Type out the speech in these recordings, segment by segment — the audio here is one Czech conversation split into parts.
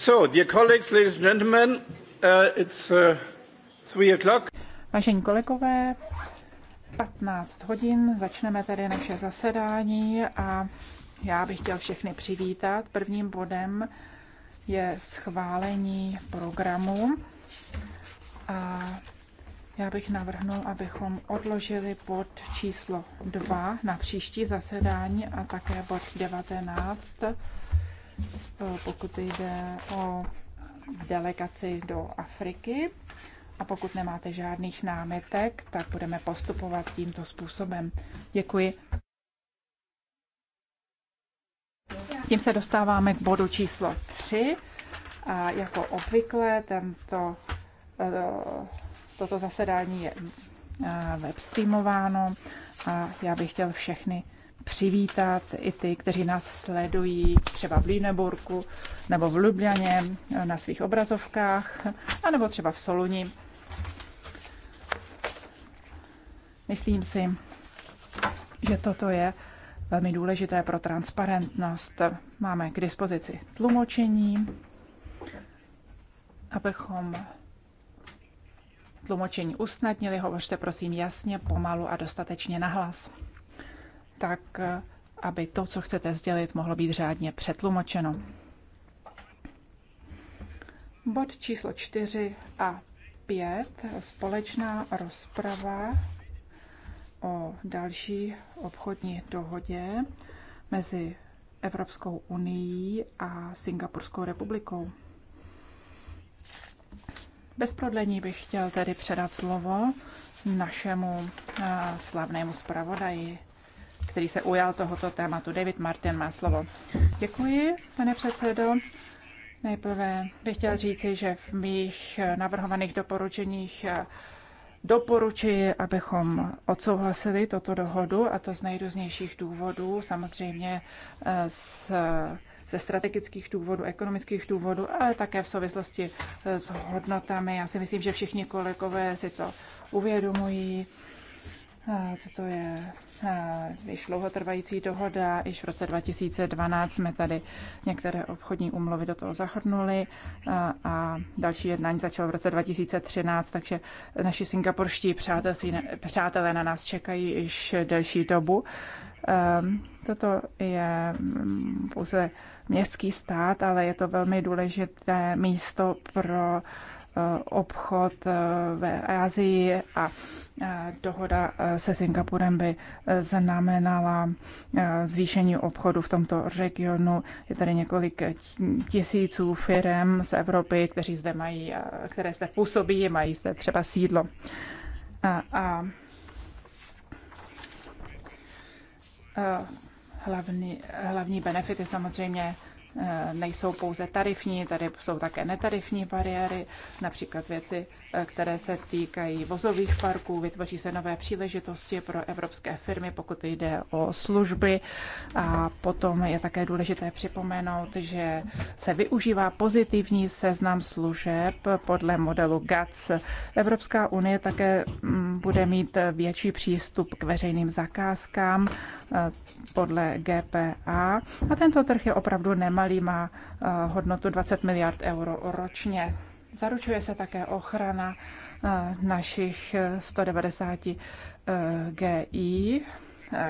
So, dear colleagues, ladies and gentlemen, uh, it's uh, three o'clock. Vážení kolegové, 15 hodin, začneme tedy naše zasedání a já bych chtěl všechny přivítat. Prvním bodem je schválení programu a já bych navrhnul, abychom odložili bod číslo 2 na příští zasedání a také bod 19 Eh, pokud jde o delegaci do Afriky. A pokud nemáte žádných námitek, tak budeme postupovat tímto způsobem. Děkuji. Tím se dostáváme k bodu číslo 3. A jako obvykle tento, eh, toto zasedání je eh, webstreamováno a já bych chtěl všechny přivítat i ty, kteří nás sledují třeba v Líneburku nebo v Ljubljaně na svých obrazovkách, anebo třeba v Soluni. Myslím si, že toto je velmi důležité pro transparentnost. Máme k dispozici tlumočení, abychom tlumočení usnadnili. Hovořte prosím jasně, pomalu a dostatečně nahlas tak eh, aby to, co chcete sdělit, mohlo být řádně přetlumočeno. Bod číslo 4 a 5, společná rozprava o další obchodní dohodě mezi Evropskou unii a Singapurskou republikou. Bez prodlení bych chtěl tedy předat slovo našemu eh, slavnému zpravodaji který se ujal tohoto tématu. David Martin má slovo. Děkuji, pane předsedo. Nejprve bych chtěl říci, že v mých navrhovaných doporučeních eh, Doporučuji, abychom odsouhlasili toto dohodu, a to z nejrůznějších důvodů, samozřejmě z, eh, ze strategických důvodů, ekonomických důvodů, ale také v souvislosti eh, s hodnotami. Já si myslím, že všichni kolegové si to uvědomují. Toto je již dlouhotrvající dohoda. Již v roce 2012 jsme tady některé obchodní umluvy do toho zahrnuli a další jednání začalo v roce 2013, takže naši singapurští přátelé na nás čekají již delší dobu. Ehm, toto je mm, pouze městský stát, ale je to velmi důležité místo pro Eh, obchod eh, v Asii a eh, dohoda se Singapurem by znamenala zvýšení obchodu v tomto regionu. Je tady několik tisíců firm z Evropy, kteří zde mají, které zde působí, mají zde třeba sídlo. A, a, a hlavní, hlavní benefit je samozřejmě Eh, nejsou pouze tarifní, tady jsou také netarifní bariéry, například věci které se týkají vozových parků, vytvoří se nové příležitosti pro evropské firmy, pokud jde o služby. A potom je také důležité připomenout, že se využívá pozitivní seznam služeb podle modelu GATS. Evropská unie také mm, bude mít větší přístup k veřejným zakázkám eh, podle GPA. A tento trh je opravdu nemalý, má eh, hodnotu 20 miliard euro ročně. Zaručuje se také ochrana eh, našich 190 eh, eh, GI,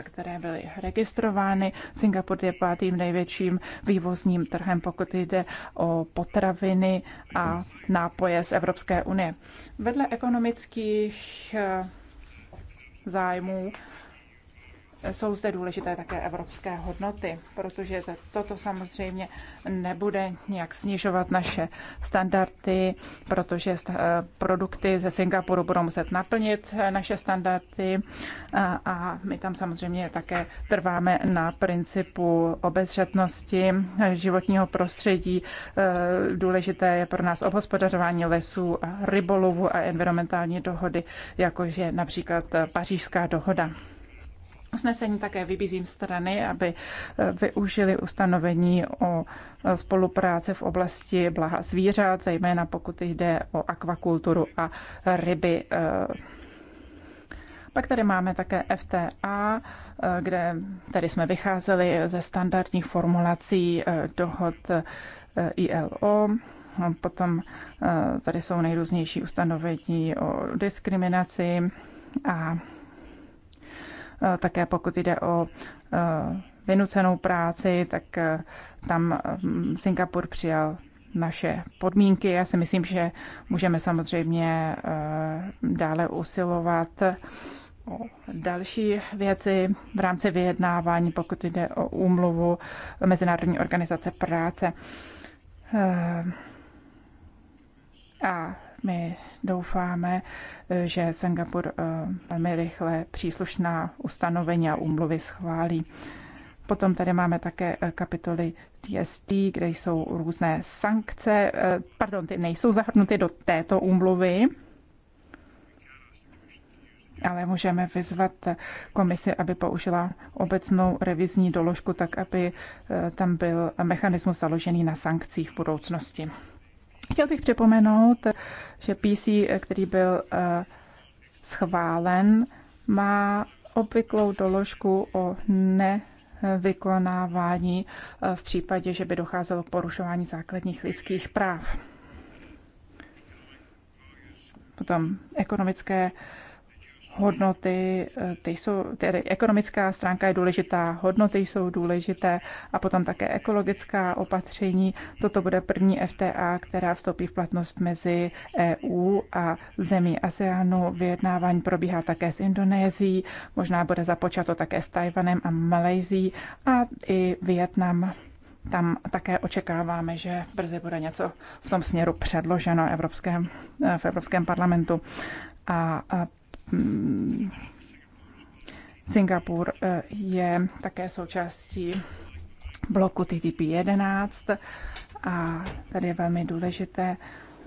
které byly registrovány. Singapur je pátým největším vývozním trhem, pokud jde o potraviny a nápoje z Evropské unie. Vedle ekonomických zájmů jsou zde důležité také evropské hodnoty, protože toto samozřejmě nebude nějak snižovat naše standardy, protože eh, produkty ze Singapuru budou muset naplnit eh, naše standardy a my tam samozřejmě také trváme na principu obezřetnosti eh, životního prostředí. Důležité je pro nás obhospodařování lesů, rybolovu a environmentální dohody, jakože například pařížská dohoda. Usnesení také vybízím strany, aby eh, využili ustanovení o eh, spolupráce v oblasti blaha zvířat, zejména pokud jde o akvakulturu a ryby. Eh. Pak tady máme také FTA, kde tady jsme vycházeli ze standardních formulací dohod ILO. Potom tady jsou nejrůznější ustanovení o diskriminaci a Eh, také pokud jde o eh, vynucenou práci, tak eh, tam mm, Singapur přijal naše podmínky. Já si myslím, že můžeme samozřejmě dále usilovat o další věci v rámci vyjednávání, pokud jde o úmluvu Mezinárodní organizace práce. A my doufáme, eh, že Singapur eh, velmi rychle příslušná ustanovení a úmluvy schválí. Potom tady máme také eh, kapitoly TST, kde jsou různé sankce. Pardon, ty nejsou zahrnuty do této úmluvy, ale můžeme vyzvat komisi, aby použila obecnou revizní doložku, tak aby tam byl mechanismus založený na sankcích v budoucnosti. Chtěl bych připomenout, že PC, který byl eh, schválen, má obvyklou doložku o nevykonávání eh, v případě, že by docházelo k porušování základních lidských práv. Potom ekonomické uh, hodnoty, eh, ty jsou, tedy ekonomická stránka je důležitá, hodnoty jsou důležité a potom také ekologická opatření. Toto bude první FTA, která vstoupí v platnost mezi EU a zemí ASEANu. Vyjednávání probíhá také s Indonésií, možná bude započato také s Tajvanem a Malajzí a i Vietnam. Tam také očekáváme, že brzy bude něco v tom směru předloženo Evropském, eh, v Evropském parlamentu. A Hmm. Singapur eh, je také součástí bloku TTP 11 a tady je velmi důležité,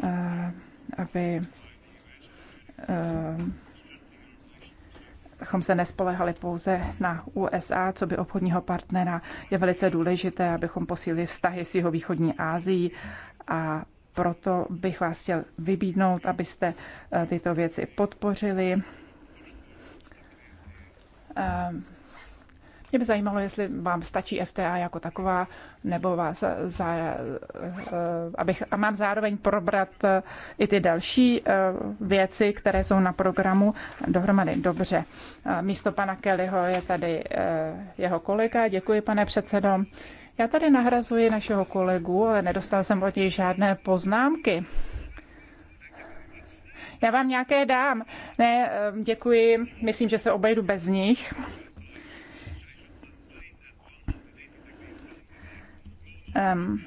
eh, aby eh, abychom se nespolehali pouze na USA, co by obchodního partnera. Je velice důležité, abychom posílili vztahy s východní Ázií a proto bych vás chtěl vybídnout, abyste eh, tyto věci podpořili. Ehm, mě by zajímalo, jestli vám stačí FTA jako taková, nebo vás eh, za, eh, abych, a mám zároveň probrat i ty další věci, které jsou na programu dohromady. Dobře. Místo pana Kellyho je tady jeho kolega. Děkuji, pane předsedo. Já tady nahrazuji našeho kolegu, ale nedostal jsem od něj žádné poznámky. Já vám nějaké dám. Ne, eh, děkuji. Myslím, že se obejdu bez nich. Um,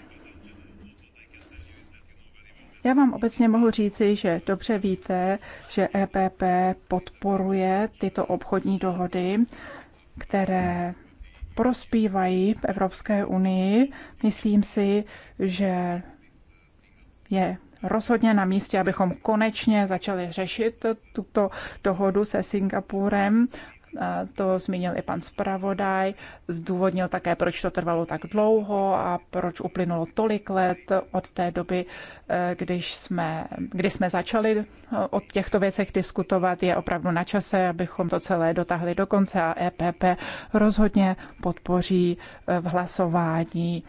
já vám obecně mohu říci, že dobře víte, že EPP podporuje tyto obchodní dohody, které prospívají v Evropské unii. Myslím si, že je rozhodně na místě, abychom konečně začali řešit tuto dohodu se Singapurem to zmínil i pan zpravodaj, zdůvodnil také, proč to trvalo tak dlouho a proč uplynulo tolik let od té doby, eh, když jsme, kdy jsme začali eh, o těchto věcech diskutovat. Je opravdu na čase, abychom to celé dotáhli do konce a EPP rozhodně podpoří eh, v hlasování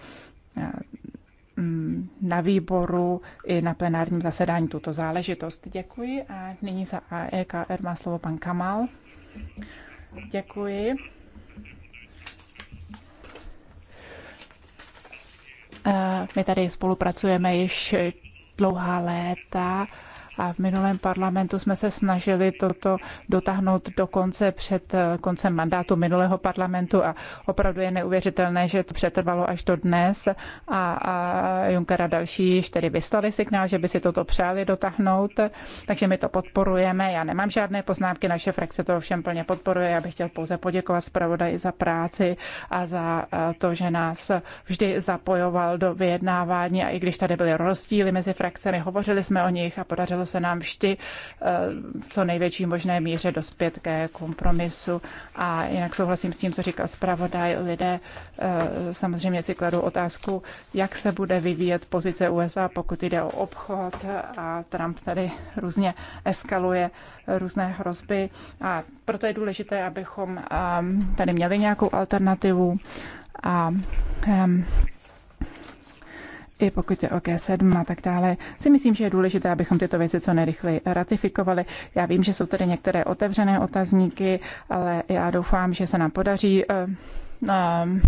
mm, na výboru i na plenárním zasedání tuto záležitost. Děkuji a nyní za AEKR má slovo pan Kamal. Děkuji. My tady spolupracujeme již dlouhá léta a v minulém parlamentu jsme se snažili toto dotáhnout do konce před eh, koncem mandátu minulého parlamentu a opravdu je neuvěřitelné, že to přetrvalo až do dnes a, a Junkera a další již tedy vyslali signál, že by si toto přáli dotáhnout, takže my to podporujeme. Já nemám žádné poznámky, naše frakce to všem plně podporuje. Já bych chtěl pouze poděkovat zpravodaji za práci a za eh, to, že nás vždy zapojoval do vyjednávání a i když tady byly rozdíly mezi frakcemi, hovořili jsme o nich a podařilo se nám vždy v eh, co největší možné míře dospět ke kompromisu. A jinak souhlasím s tím, co říkal zpravodaj. Lidé eh, samozřejmě si kladou otázku, jak se bude vyvíjet pozice USA, pokud jde o obchod a Trump tady různě eskaluje různé hrozby. A proto je důležité, abychom ehm, tady měli nějakou alternativu. A um, i pokud je o G7 a tak dále, si myslím, že je důležité, abychom tyto věci co nejrychleji ratifikovali. Já vím, že jsou tady některé otevřené otazníky, ale já doufám, že se nám podaří uh, uh,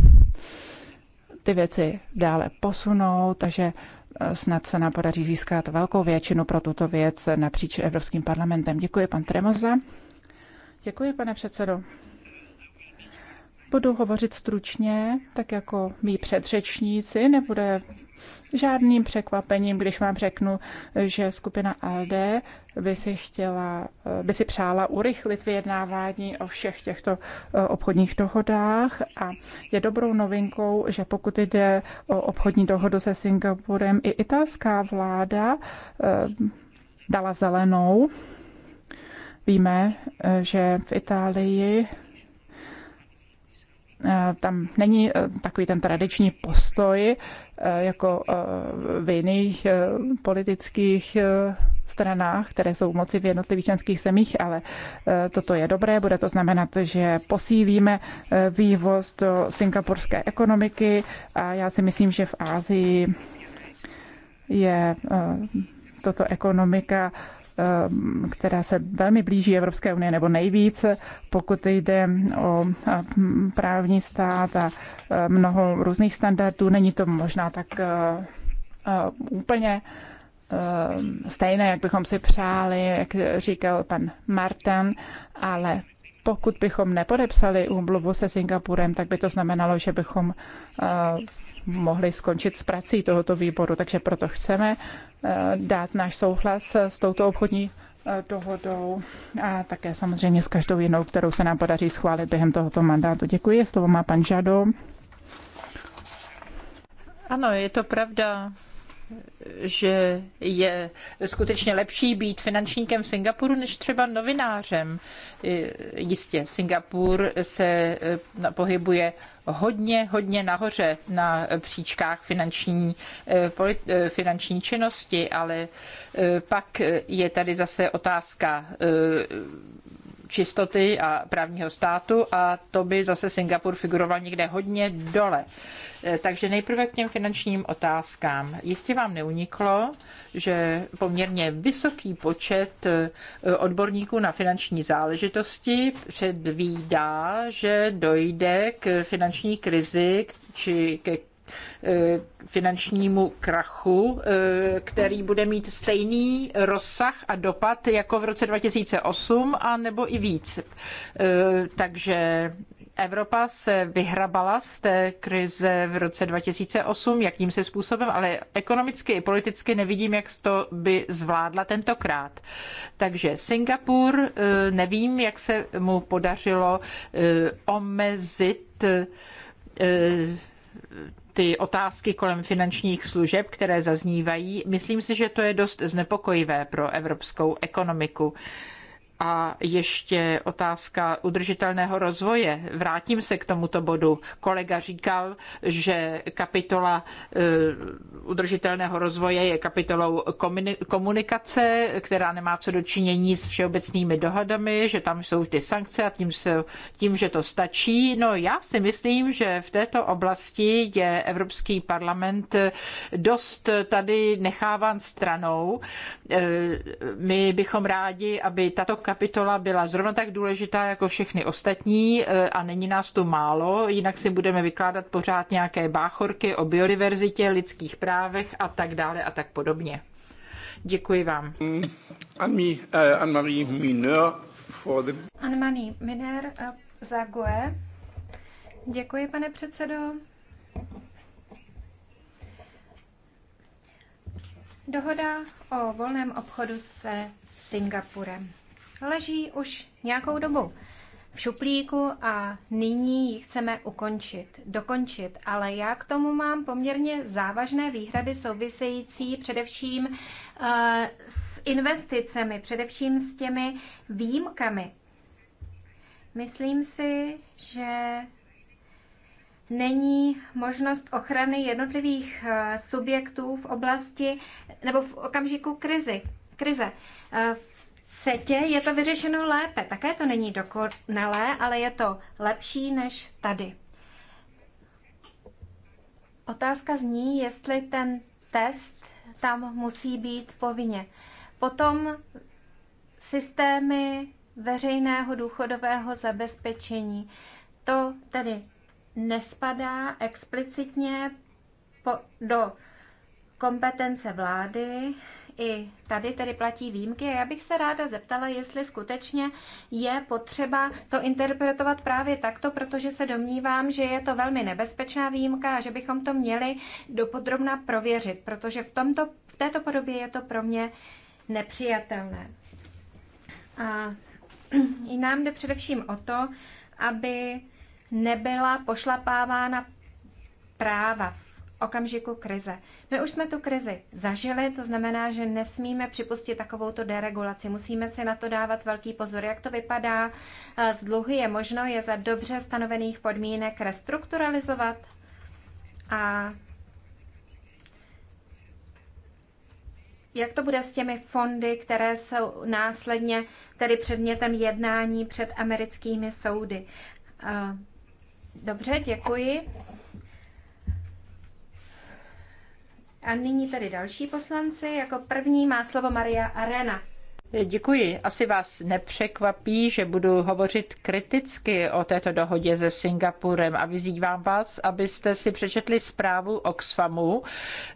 ty věci dále posunout, takže eh, snad se nám podaří získat velkou většinu pro tuto věc napříč Evropským parlamentem. Děkuji, pan Tremoza. Děkuji, pane předsedo. Budu hovořit stručně, tak jako mý předřečníci, nebude žádným překvapením, když vám řeknu, že skupina LD by si, chtěla, by si přála urychlit vyjednávání o všech těchto eh, obchodních dohodách a je dobrou novinkou, že pokud jde o obchodní dohodu se Singapurem, i italská vláda eh, dala zelenou. Víme, eh, že v Itálii tam není takový ten tradiční postoj, Eh, jako eh, v jiných eh, politických stranách, které jsou v moci v jednotlivých členských zemích, ale toto je dobré. Bude to znamenat, že posílíme vývoz do singapurské ekonomiky a já si myslím, že v Ázii je toto ekonomika Eh, která se velmi blíží Evropské unie nebo nejvíce, pokud jde o eh, právní stát a eh, mnoho různých standardů. Není to možná tak úplně stejné, jak bychom si přáli, jak říkal pan Martin, ale pokud bychom nepodepsali úmluvu se Singapurem, tak by to znamenalo, že bychom mohli skončit s prací tohoto výboru. Takže proto chceme eh, dát náš souhlas s touto obchodní eh, dohodou a také samozřejmě s každou jinou, kterou se nám podaří schválit během tohoto mandátu. Děkuji. Slovo má pan Žado. Ano, je to pravda že je skutečně lepší být finančníkem v Singapuru než třeba novinářem. Jistě, Singapur se e, pohybuje hodně, hodně nahoře na příčkách finanční, e, e, finanční činnosti, ale pak je tady zase otázka čistoty a právního státu a to by zase Singapur figuroval někde hodně dole. Eh, takže nejprve k těm finančním otázkám. Jistě vám neuniklo, že poměrně vysoký počet eh, odborníků na finanční záležitosti předvídá, že dojde k finanční krizi či ke E, finančnímu krachu, e, který bude mít stejný rozsah a dopad jako v roce 2008 a nebo i víc. E, takže Evropa se vyhrabala z té krize v roce 2008, jakým se způsobem, ale ekonomicky i politicky nevidím, jak to by zvládla tentokrát. Takže Singapur, nevím, jak se mu podařilo omezit ty otázky kolem finančních služeb, které zaznívají, myslím si, že to je dost znepokojivé pro evropskou ekonomiku. A ještě otázka udržitelného rozvoje. Vrátím se k tomuto bodu. Kolega říkal, že kapitola e, udržitelného rozvoje je kapitolou komunikace, která nemá co dočinění s všeobecnými dohodami, že tam jsou vždy sankce a tím, se, tím, že to stačí. No já si myslím, že v této oblasti je Evropský parlament dost tady necháván stranou. E, my bychom rádi, aby tato kapitola byla zrovna tak důležitá jako všechny ostatní eh, a není nás tu málo, jinak si budeme vykládat pořád nějaké báchorky o biodiverzitě, lidských právech a tak dále a tak podobně. Děkuji vám. Eh, Anne-Marie Miner for the... anne Miner eh, za GUE. Děkuji, pane předsedo. Dohoda o volném obchodu se Singapurem leží už nějakou dobu v šuplíku a nyní ji chceme ukončit, dokončit. Ale já k tomu mám poměrně závažné výhrady související především uh, s investicemi, především s těmi výjimkami. Myslím si, že není možnost ochrany jednotlivých eh, subjektů v oblasti nebo v okamžiku krizi, krize. V eh, setě je to vyřešeno lépe. Také to není dokonalé, ale je to lepší než tady. Otázka zní, jestli ten test tam musí být povinně. Potom systémy veřejného důchodového zabezpečení. To tedy nespadá explicitně po, do kompetence vlády, i tady tedy platí výjimky. Já bych se ráda zeptala, jestli skutečně je potřeba to interpretovat právě takto, protože se domnívám, že je to velmi nebezpečná výjimka a že bychom to měli dopodrobna prověřit, protože v, tomto, v této podobě je to pro mě nepřijatelné. A i nám jde především o to, aby nebyla pošlapávána práva okamžiku krize. My už jsme tu krizi zažili, to znamená, že nesmíme připustit takovouto deregulaci. Musíme si na to dávat velký pozor, jak to vypadá. Eh, z dluhy je možno je za dobře stanovených podmínek restrukturalizovat a jak to bude s těmi fondy, které jsou následně tedy předmětem jednání před americkými soudy. Eh, dobře, děkuji. A nyní tady další poslanci. Jako první má slovo Maria Arena. Děkuji. Asi vás nepřekvapí, že budu hovořit kriticky o této dohodě se Singapurem a vyzývám vás, abyste si přečetli zprávu Oxfamu.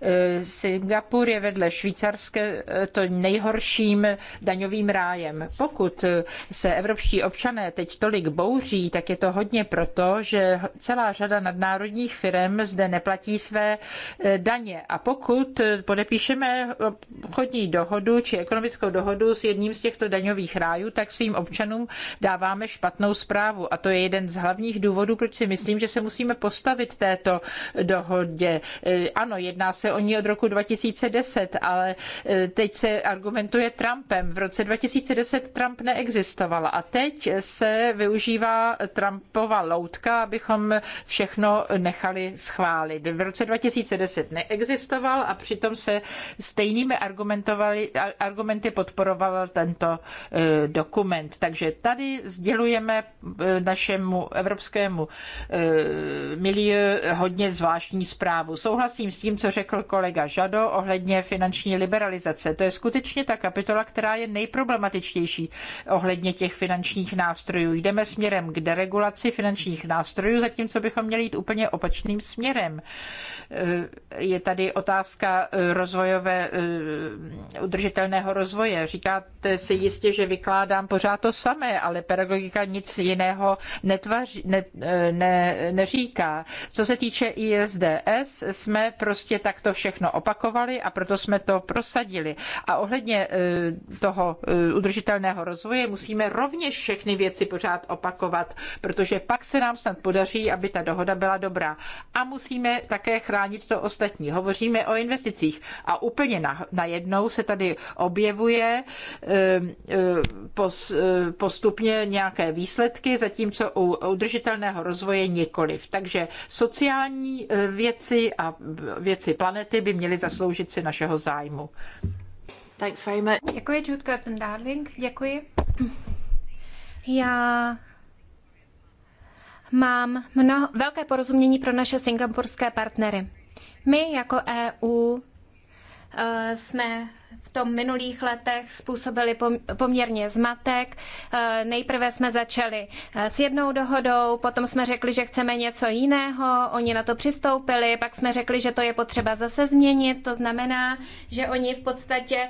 Eh, Singapur je vedle Švýcarské eh, to nejhorším daňovým rájem. Pokud eh, se evropští občané teď tolik bouří, tak je to hodně proto, že celá řada nadnárodních firm zde neplatí své daně. A pokud podepíšeme obchodní dohodu či ekonomickou dohodu jedním z těchto daňových rájů, tak svým občanům dáváme špatnou zprávu. A to je jeden z hlavních důvodů, proč si myslím, že se musíme postavit této dohodě. Eh, ano, jedná se o ní od roku 2010, ale eh, teď se argumentuje Trumpem. V roce 2010 Trump neexistoval a teď se využívá Trumpova loutka, abychom všechno nechali schválit. V roce 2010 neexistoval a přitom se stejnými argumenty podporoval vypracovával tento eh, dokument. Takže tady sdělujeme eh, našemu evropskému eh, milieu hodně zvláštní zprávu. Souhlasím s tím, co řekl kolega Žado ohledně finanční liberalizace. To je skutečně ta kapitola, která je nejproblematičtější ohledně těch finančních nástrojů. Jdeme směrem k deregulaci finančních nástrojů, zatímco bychom měli jít úplně opačným směrem. Je tady otázka rozvojové udržitelného rozvoje. Říká říkáte si jistě, že vykládám pořád to samé, ale pedagogika nic jiného netvaří, ne, ne, neříká. Co se týče ISDS, jsme prostě takto všechno opakovali a proto jsme to prosadili. A ohledně eh, toho eh, udržitelného rozvoje musíme rovněž všechny věci pořád opakovat, protože pak se nám snad podaří, aby ta dohoda byla dobrá. A musíme také chránit to ostatní. Hovoříme o investicích a úplně najednou na se tady objevuje Eh, eh, eh, postupně nějaké výsledky, zatímco u udržitelného rozvoje nikoliv. Takže sociální věci a věci planety by měly zasloužit si našeho zájmu. Thanks very much. Děkuji, Jude Curtin Darling. Děkuji. Já mám mnoho, velké porozumění pro naše singapurské partnery. My jako EU jsme v tom minulých letech způsobily poměrně zmatek. Eh, nejprve jsme začali eh, s jednou dohodou, potom jsme řekli, že chceme něco jiného, oni na to přistoupili, pak jsme řekli, že to je potřeba zase změnit, to znamená, že oni v podstatě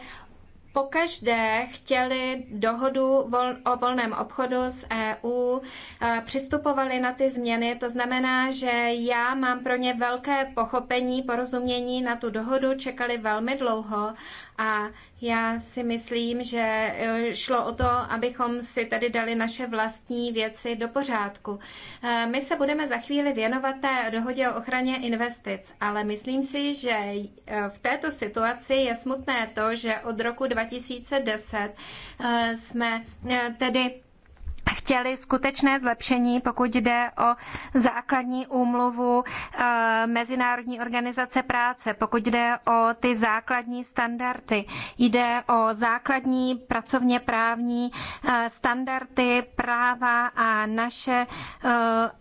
pokaždé chtěli dohodu vol, o volném obchodu s EU, eh, přistupovali na ty změny, to znamená, že já mám pro ně velké pochopení, porozumění na tu dohodu, čekali velmi dlouho a já si myslím, že eh, šlo o to, abychom si tady dali naše vlastní věci do pořádku. Eh, my se budeme za chvíli věnovat té dohodě o ochraně investic, ale myslím si, že eh, v této situaci je smutné to, že od roku 2010 jsme tedy chtěli skutečné zlepšení, pokud jde o základní úmluvu eh, Mezinárodní organizace práce, pokud jde o ty základní standardy, jde o základní pracovně právní eh, standardy, práva a naše eh,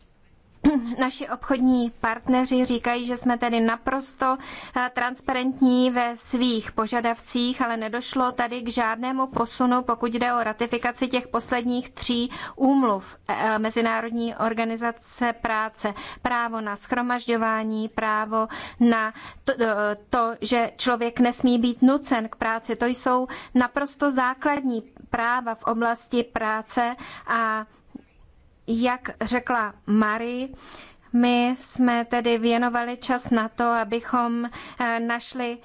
Naši obchodní partneři říkají, že jsme tedy naprosto eh, transparentní ve svých požadavcích, ale nedošlo tady k žádnému posunu, pokud jde o ratifikaci těch posledních tří úmluv eh, eh, Mezinárodní organizace práce. Právo na schromažďování, právo na to, to že člověk nesmí být nucen k práci. To jsou naprosto základní práva v oblasti práce a jak řekla Marie, my jsme tedy věnovali čas na to, abychom eh, našli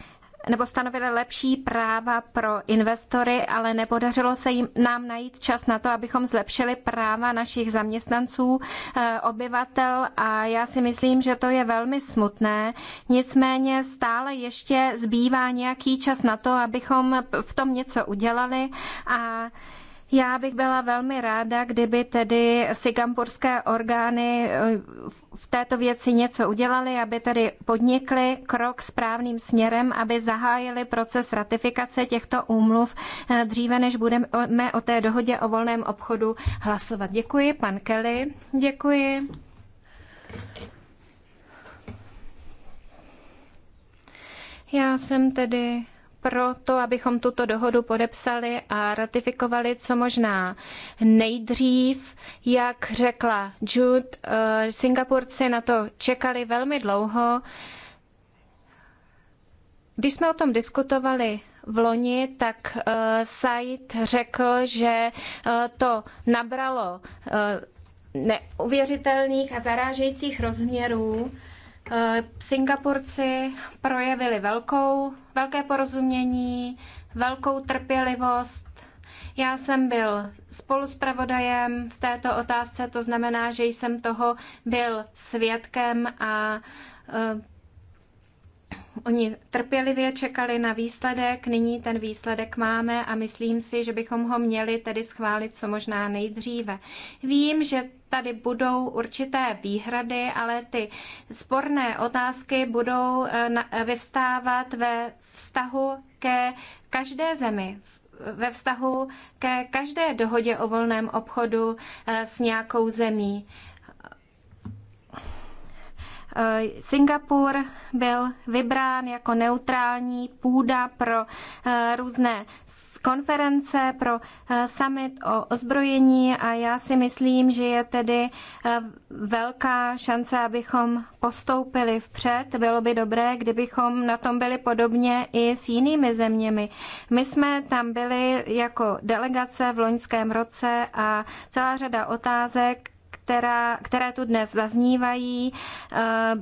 nebo stanovili lepší práva pro investory, ale nepodařilo se jim, nám najít čas na to, abychom zlepšili práva našich zaměstnanců, eh, obyvatel a já si myslím, že to je velmi smutné. Nicméně stále ještě zbývá nějaký čas na to, abychom v tom něco udělali a já bych byla velmi ráda, kdyby tedy sigamburské orgány e, v této věci něco udělali, aby tedy podnikli krok správným směrem, aby zahájili proces ratifikace těchto úmluv e, dříve, než budeme o té dohodě o volném obchodu hlasovat. Děkuji, pan Kelly. Děkuji. Já jsem tedy pro to, abychom tuto dohodu podepsali a ratifikovali co možná nejdřív. Jak řekla Jude, eh, Singapurci na to čekali velmi dlouho. Když jsme o tom diskutovali v loni, tak uh, Said řekl, že uh, to nabralo uh, neuvěřitelných a zarážejících rozměrů Eh, Singapurci projevili velkou, velké porozumění, velkou trpělivost. Já jsem byl spoluspravodajem v této otázce, to znamená, že jsem toho byl svědkem a eh, Oni trpělivě čekali na výsledek, nyní ten výsledek máme a myslím si, že bychom ho měli tedy schválit co možná nejdříve. Vím, že tady budou určité výhrady, ale ty sporné otázky budou eh, eh, vyvstávat ve vztahu ke každé zemi, ve vztahu ke každé dohodě o volném obchodu eh, s nějakou zemí. Eh, Singapur byl vybrán jako neutrální půda pro eh, různé konference pro eh, summit o ozbrojení a já si myslím, že je tedy velká šance, abychom postoupili vpřed. Bylo by dobré, kdybychom na tom byli podobně i s jinými zeměmi. My jsme tam byli jako delegace v loňském roce a celá řada otázek která, které tu dnes zaznívají, eh,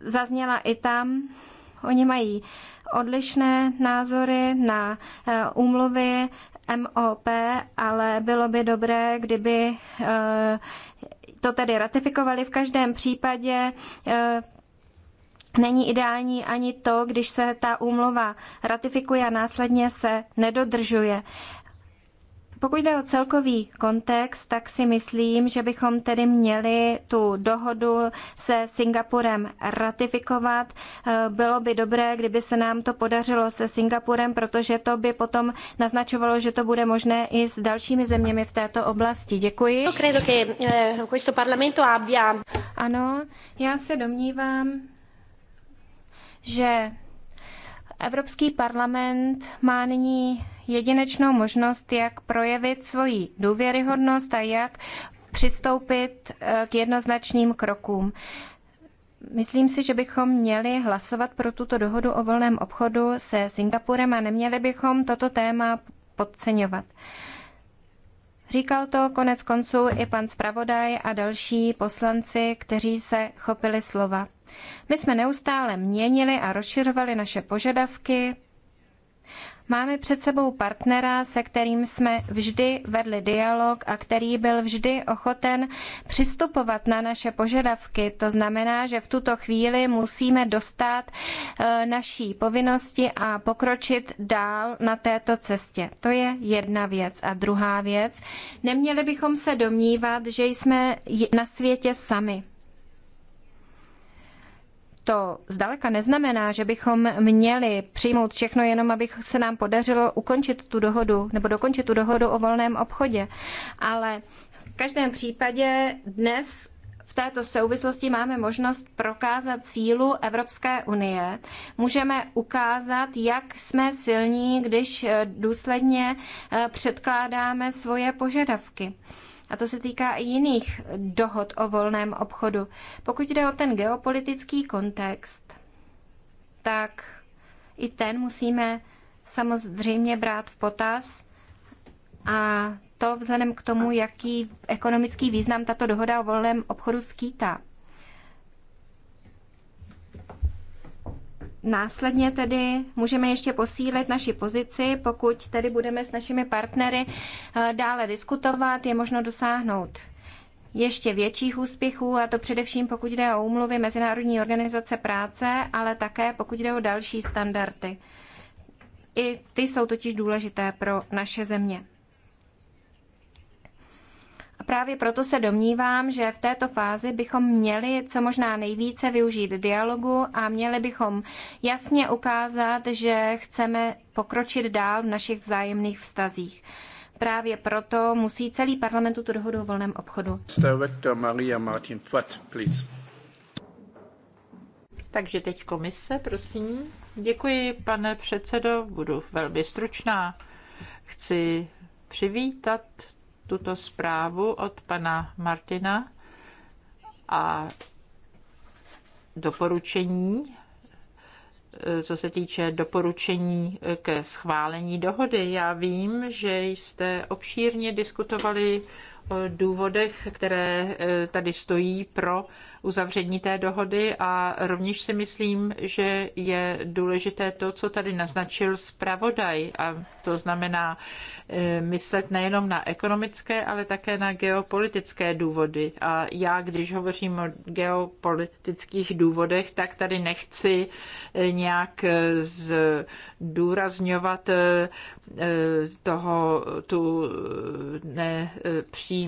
zazněla i tam. Oni mají odlišné názory na eh, úmluvy MOP, ale bylo by dobré, kdyby eh, to tedy ratifikovali v každém případě. Není ideální ani to, když se ta úmluva ratifikuje a následně se nedodržuje. Pokud jde o celkový kontext, tak si myslím, že bychom tedy měli tu dohodu se Singapurem ratifikovat. Eh, bylo by dobré, kdyby se nám to podařilo se Singapurem, protože to by potom naznačovalo, že to bude možné i s dalšími zeměmi v této oblasti. Děkuji. No, eh, ano, já se domnívám, že Evropský parlament má nyní jedinečnou možnost, jak projevit svoji důvěryhodnost a jak přistoupit eh, k jednoznačným krokům. Myslím si, že bychom měli hlasovat pro tuto dohodu o volném obchodu se Singapurem a neměli bychom toto téma podceňovat. Říkal to konec konců i pan zpravodaj a další poslanci, kteří se chopili slova. My jsme neustále měnili a rozšiřovali naše požadavky, Máme před sebou partnera, se kterým jsme vždy vedli dialog a který byl vždy ochoten přistupovat na naše požadavky. To znamená, že v tuto chvíli musíme dostat eh, naší povinnosti a pokročit dál na této cestě. To je jedna věc. A druhá věc, neměli bychom se domnívat, že jsme na světě sami to zdaleka neznamená, že bychom měli přijmout všechno jenom, abych se nám podařilo ukončit tu dohodu nebo dokončit tu dohodu o volném obchodě. Ale v každém případě dnes v této souvislosti máme možnost prokázat sílu Evropské unie. Můžeme ukázat, jak jsme silní, když eh, důsledně eh, předkládáme svoje požadavky. A to se týká i jiných dohod o volném obchodu. Pokud jde o ten geopolitický kontext, tak i ten musíme samozřejmě brát v potaz a to vzhledem k tomu, jaký ekonomický význam tato dohoda o volném obchodu skýtá. Následně tedy můžeme ještě posílit naši pozici, pokud tedy budeme s našimi partnery eh, dále diskutovat, je možno dosáhnout ještě větších úspěchů, a to především pokud jde o úmluvy Mezinárodní organizace práce, ale také pokud jde o další standardy. I ty jsou totiž důležité pro naše země. A právě proto se domnívám, že v této fázi bychom měli co možná nejvíce využít dialogu a měli bychom jasně ukázat, že chceme pokročit dál v našich vzájemných vztazích. Právě proto musí celý parlament tuto dohodu o volném obchodu. Maria Martin Platt, please. Takže teď komise, prosím. Děkuji, pane předsedo, budu velmi stručná. Chci přivítat tuto zprávu od pana Martina a doporučení, co se týče doporučení ke schválení dohody. Já vím, že jste obšírně diskutovali důvodech, které eh, tady stojí pro uzavření té dohody a rovněž si myslím, že je důležité to, co tady naznačil zpravodaj a to znamená eh, myslet nejenom na ekonomické, ale také na geopolitické důvody. A já, když hovořím o geopolitických důvodech, tak tady nechci eh, nějak zdůrazňovat toho tu nepří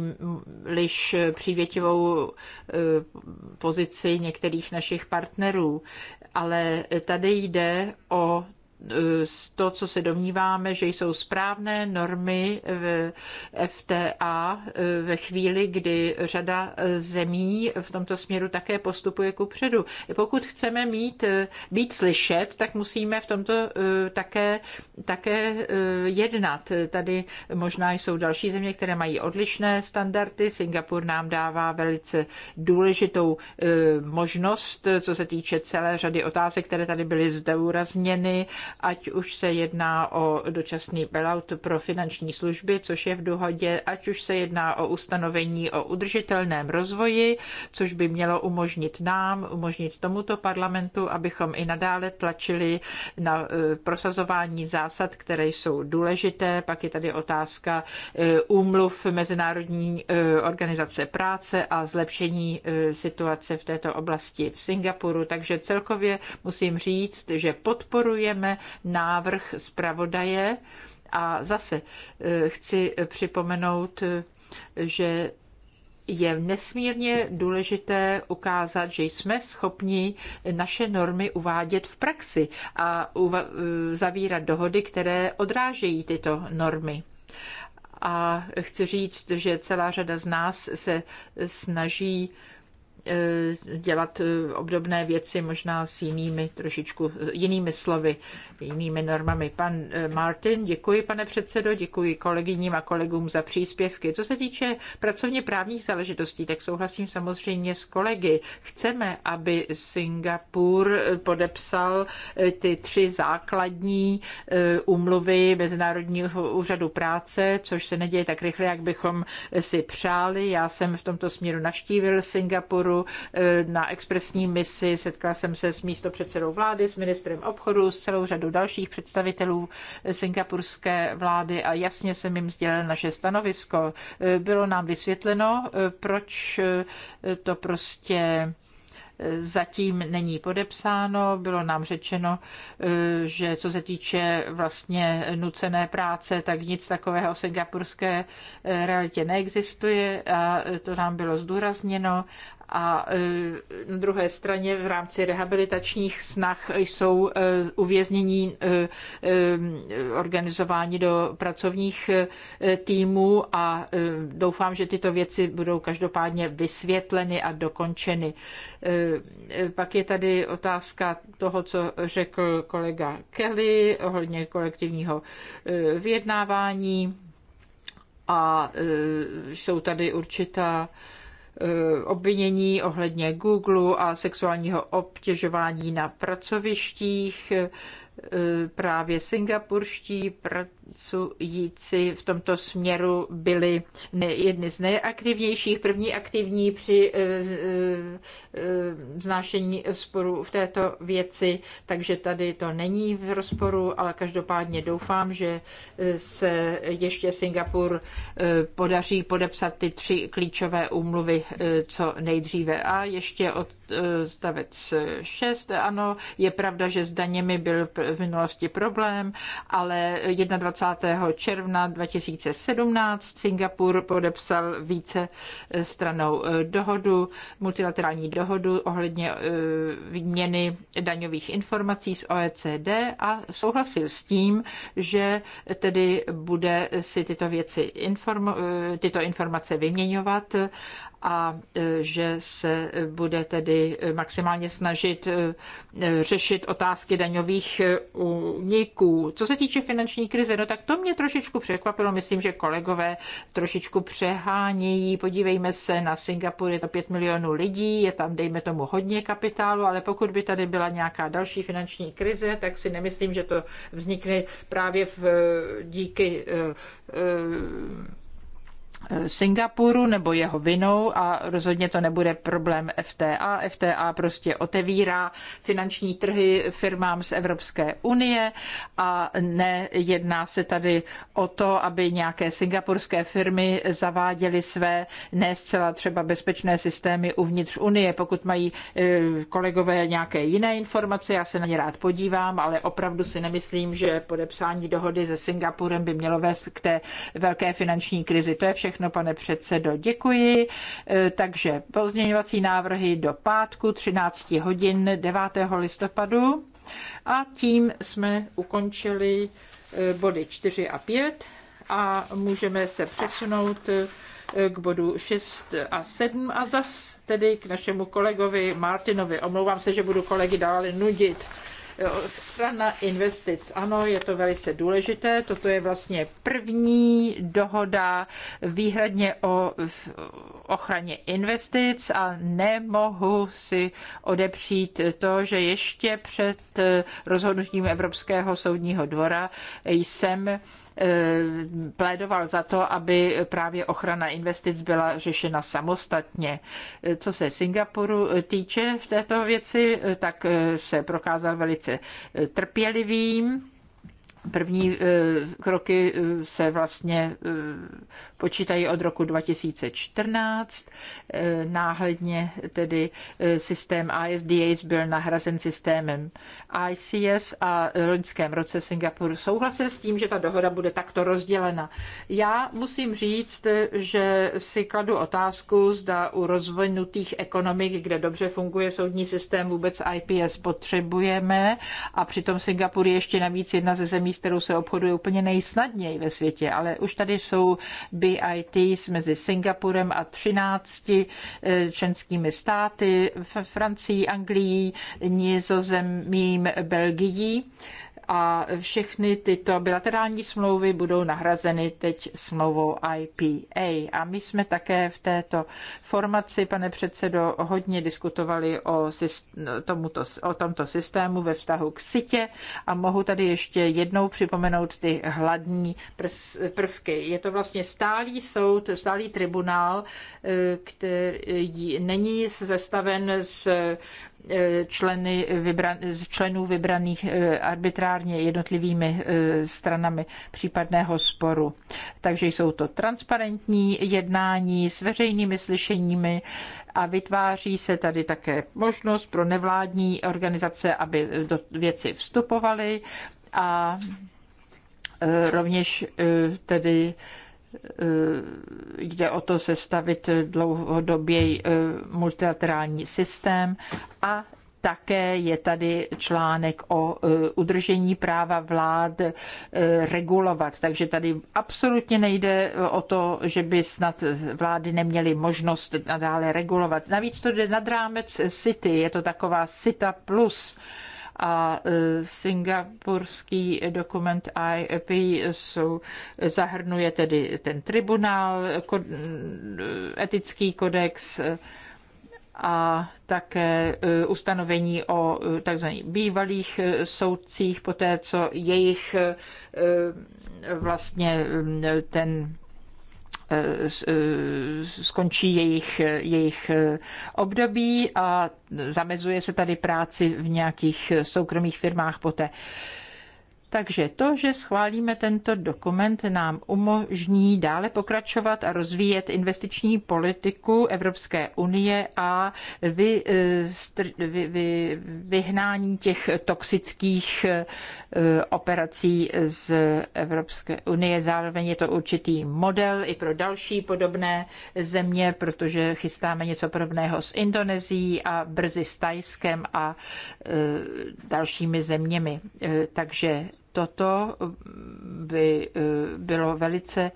příliš přívětivou eh, pozici některých našich partnerů, ale tady jde o to, co se domníváme, že jsou správné normy v FTA eh, ve chvíli, kdy řada eh, zemí v tomto směru také postupuje ku předu. Pokud chceme mít, eh, být slyšet, tak musíme v tomto také, také jednat. Tady možná jsou další země, které mají odlišné standardy. Singapur nám dává velice důležitou možnost, co se týče celé řady otázek, které tady byly zdůrazněny ať už se jedná o dočasný bailout pro finanční služby, což je v dohodě, ať už se jedná o ustanovení o udržitelném rozvoji, což by mělo umožnit nám, umožnit tomuto parlamentu, abychom i nadále tlačili na e, prosazování zásad, které jsou důležité. Pak je tady otázka e, úmluv Mezinárodní e, organizace práce a zlepšení situace v této oblasti v Singapuru. Takže celkově musím říct, že podporujeme návrh zpravodaje. A zase eh, chci připomenout, eh, že je nesmírně důležité ukázat, že jsme schopni naše normy uvádět v praxi a eh, zavírat dohody, které odrážejí tyto normy a chci říct, že celá řada z nás se snaží Eh, dělat eh, obdobné věci možná s jinými trošičku, jinými slovy, jinými normami. Pan eh, Martin, děkuji pane předsedo, děkuji kolegyním a kolegům za příspěvky. Co se týče pracovně právních záležitostí, tak souhlasím samozřejmě s kolegy. Chceme, aby Singapur podepsal ty tři základní umluvy Mezinárodního úřadu práce, což se neděje tak rychle, jak bychom si přáli. Já jsem v tomto směru naštívil Singapuru výboru eh, na expresní misi. Setkala jsem se s místo předsedou vlády, s ministrem obchodu, s celou řadou dalších představitelů eh, singapurské vlády a jasně jsem jim sdělil naše stanovisko. Eh, bylo nám vysvětleno, proč to prostě zatím není podepsáno. Bylo nám řečeno, že co se týče vlastně nucené práce, tak nic takového v singapurské realitě neexistuje a to nám bylo zdůrazněno a e, na druhé straně v rámci rehabilitačních snah jsou e, uvěznění e, organizováni do pracovních týmů a doufám, že tyto věci budou každopádně vysvětleny a dokončeny. Pak je tady otázka toho, co řekl kolega Kelly ohledně kolektivního vyjednávání a jsou tady určitá Eh, obvinění ohledně Google a sexuálního obtěžování na pracovištích. Eh, právě singapurští pracující v tomto směru byli jedni z nejaktivnějších, první aktivní při eh, eh, znášení sporu v této věci, takže tady to není v rozporu, ale každopádně doufám, že se ještě Singapur podaří podepsat ty tři klíčové úmluvy co nejdříve. A ještě odstavec 6, ano, je pravda, že s daněmi byl v minulosti problém, ale 21. června 2017 Singapur podepsal více stranou eh, dohodu, multilaterální dohodu ohledně eh, výměny daňových informací z OECD a souhlasil s tím, že tedy bude si tyto věci, eh, tyto informace vyměňovat a e, že se e, bude tedy e, maximálně snažit řešit otázky daňových úniků. Co se týče finanční krize, no tak to mě trošičku překvapilo. Myslím, že kolegové trošičku přehánějí. Podívejme se na Singapur, je to 5 milionů lidí, je tam, dejme tomu, hodně kapitálu, ale pokud by tady byla nějaká další finanční krize, tak si nemyslím, že to vznikne právě v, díky Singapuru nebo jeho vinou a rozhodně to nebude problém FTA. FTA prostě otevírá finanční trhy firmám z Evropské unie a nejedná se tady o to, aby nějaké singapurské firmy zaváděly své ne zcela třeba bezpečné systémy uvnitř unie. Pokud mají eh, kolegové nějaké jiné informace, já se na ně rád podívám, ale opravdu si nemyslím, že podepsání dohody se Singapurem by mělo vést k té velké finanční krizi. To je všechno všechno, pane předsedo. Děkuji. E, takže pozměňovací návrhy do pátku 13 hodin 9. listopadu. A tím jsme ukončili e, body 4 a 5 a můžeme se přesunout e, k bodu 6 a 7 a zas tedy k našemu kolegovi Martinovi. Omlouvám se, že budu kolegy dále nudit. Ochrana investic. Ano, je to velice důležité. Toto je vlastně první dohoda výhradně o ochraně investic a nemohu si odepřít to, že ještě před eh, rozhodnutím Evropského soudního dvora jsem Eh, plédoval za to, aby právě ochrana investic byla řešena samostatně. Eh, co se Singapuru eh, týče v této věci, tak se prokázal velice trpělivým První eh, kroky eh, se vlastně eh, počítají od roku 2014. Náhledně tedy systém ISDS byl nahrazen systémem ICS a v loňském roce Singapur souhlasil s tím, že ta dohoda bude takto rozdělena. Já musím říct, že si kladu otázku, zda u rozvinutých ekonomik, kde dobře funguje soudní systém, vůbec IPS potřebujeme a přitom Singapur je ještě navíc jedna ze zemí s kterou se obchoduje úplně nejsnadněji ve světě, ale už tady jsou BITs mezi Singapurem a 13 eh, členskými státy, Francií, Anglií, Nizozemím, Belgií a všechny tyto bilaterální smlouvy budou nahrazeny teď smlouvou IPA. A my jsme také v této formaci, pane předsedo, hodně diskutovali o, tomuto, o tomto systému ve vztahu k sitě a mohu tady ještě jednou připomenout ty hladní prvky. Je to vlastně stálý soud, stálý tribunál, eh, který není sestaven z E, členy vybran, z členů vybraných e, arbitrárně jednotlivými e, stranami případného sporu. Takže jsou to transparentní jednání s veřejnými slyšeními a vytváří se tady také možnost pro nevládní organizace, aby do věci vstupovaly a rovněž tedy Eh, jde o to sestavit dlouhodobě eh, multilaterální systém a také je tady článek o eh, udržení práva vlád regulovat. Takže tady absolutně nejde o to, že by snad vlády neměly možnost nadále regulovat. Navíc to jde nad rámec City, je to taková Sita plus a e, singapurský dokument IP jsou, zahrnuje tedy ten tribunál, etický kodex, e, a také e, ustanovení o tzv. bývalých soudcích, poté co jejich vlastně ten skončí jejich, jejich eh, období a zamezuje se tady práci v nějakých soukromých firmách poté. Takže to, že schválíme tento dokument, nám umožní dále pokračovat a rozvíjet investiční politiku Evropské unie a vy, eh, vy, vy, vyhnání těch toxických eh, operací z Evropské unie. Zároveň je to určitý model i pro další podobné země, protože chystáme něco podobného s Indonésií a brzy s Tajskem a eh, dalšími zeměmi. Takže toto by eh, bylo velice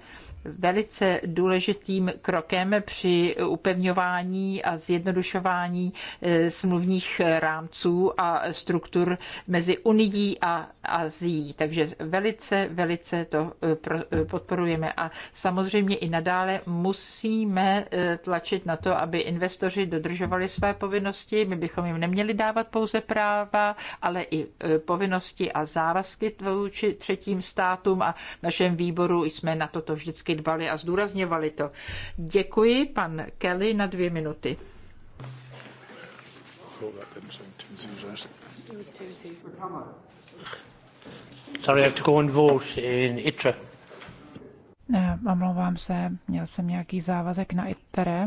velice důležitým krokem při upevňování a zjednodušování eh, smluvních rámců a struktur mezi Unidí a Azií. Takže velice, velice to eh, eh, podporujeme. A samozřejmě i nadále musíme tlačit na to, aby investoři dodržovali své povinnosti. My bychom jim neměli dávat pouze práva, ale i povinnosti a závazky vůči třetím státům a v našem výboru jsme na toto vždycky vždycky dbali a zdůrazněvali to. Děkuji, pan Kelly, na dvě minuty. Sorry, I have to go and vote in ITRA. Ne, omlouvám se, měl jsem nějaký závazek na ITERE.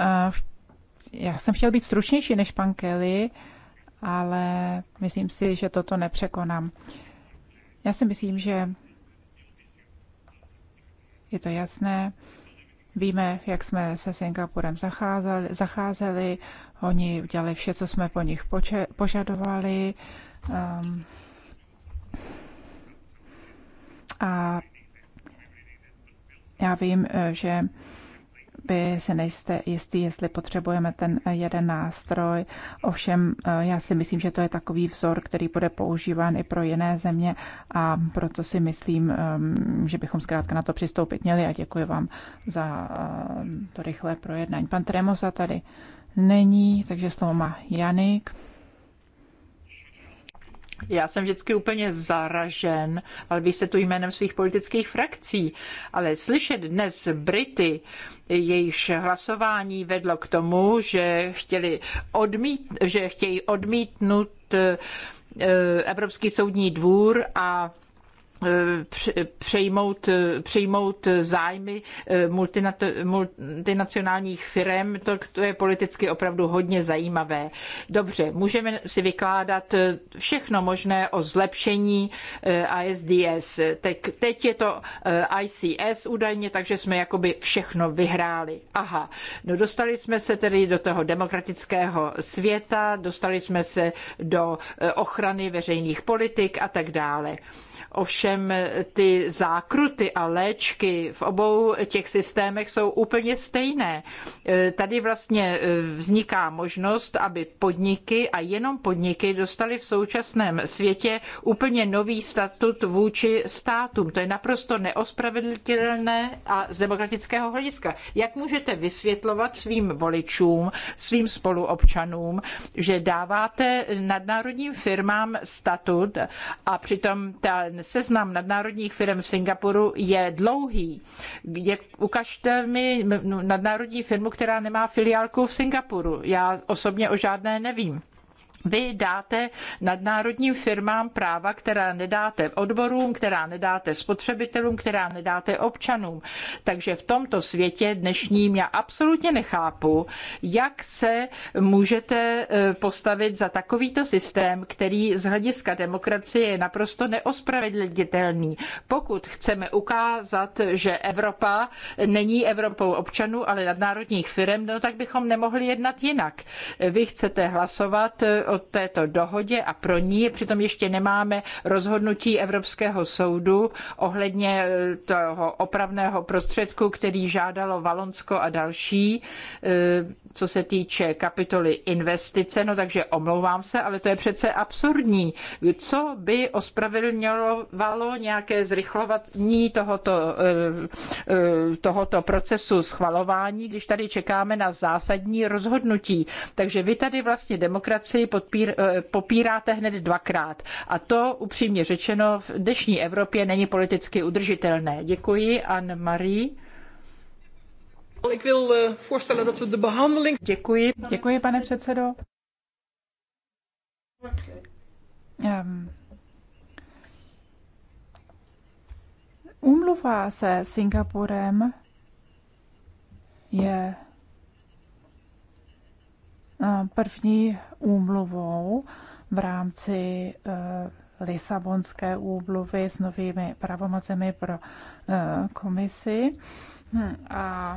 Eh, já jsem chtěl být stručnější než pan Kelly ale myslím si, že toto nepřekonám. Já si myslím, že je to jasné. Víme, jak jsme se Singapurem zacházeli, zacházeli. oni udělali vše, co jsme po nich poče- požadovali. Um, a já vím, eh, že vy se nejste jistý, jestli potřebujeme ten jeden nástroj. Ovšem, eh, já si myslím, že to je takový vzor, který bude používán i pro jiné země a proto si myslím, ehm, že bychom zkrátka na to přistoupit měli a děkuji vám za ehm, to rychlé projednání. Pan Tremosa tady není, takže slovo má Janik. Já jsem vždycky úplně zaražen, ale vy se tu jménem svých politických frakcí. Ale slyšet dnes Brity, jejichž hlasování vedlo k tomu, že, chtěli odmít, že chtějí odmítnout eh, Evropský soudní dvůr a přejmout, přejmout zájmy eh, multinacionálních firm, to, to je politicky opravdu hodně zajímavé. Dobře, můžeme si vykládat eh, všechno možné o zlepšení ISDS. Eh, teď, teď je to ICS údajně, takže jsme jakoby všechno vyhráli. Aha, no dostali jsme se tedy do toho demokratického světa, dostali jsme se do ochrany veřejných politik a tak dále. Ovšem ty zákruty a léčky v obou těch systémech jsou úplně stejné. E, tady vlastně e, vzniká možnost, aby podniky a jenom podniky dostaly v současném světě úplně nový statut vůči státům. To je naprosto neospravedlitelné a z demokratického hlediska. Jak můžete vysvětlovat svým voličům, svým spoluobčanům, že dáváte nadnárodním firmám statut a přitom ta seznam nadnárodních firm v Singapuru je dlouhý. Je, ukažte mi nadnárodní firmu, která nemá filiálku v Singapuru. Já osobně o žádné nevím vy dáte nadnárodním firmám práva, která nedáte odborům, která nedáte spotřebitelům, která nedáte občanům. Takže v tomto světě dnešním já absolutně nechápu, jak se můžete eh, postavit za takovýto systém, který z hlediska demokracie je naprosto neospravedlnitelný. Pokud chceme ukázat, že Evropa není Evropou občanů, ale nadnárodních firm, no tak bychom nemohli jednat jinak. Vy chcete hlasovat eh, o této dohodě a pro ní. Přitom ještě nemáme rozhodnutí Evropského soudu ohledně eh, toho opravného prostředku, který žádalo Valonsko a další, eh, co se týče kapitoly investice. No takže omlouvám se, ale to je přece absurdní. Co by ospravedlňovalo nějaké zrychlování tohoto, eh, tohoto procesu schvalování, když tady čekáme na zásadní rozhodnutí? Takže vy tady vlastně demokracii podpír, eh, popíráte hned dvakrát. A to upřímně řečeno v dnešní Evropě není politicky udržitelné. Děkuji, Anne-Marie. Eh, děkuji. Děkuji, pane předsedo. Um, ehm, umluva se Singapurem je Eh, první úmluvou v rámci eh, Lisabonské úmluvy s novými pravomocemi pro eh, komisi. Hm, a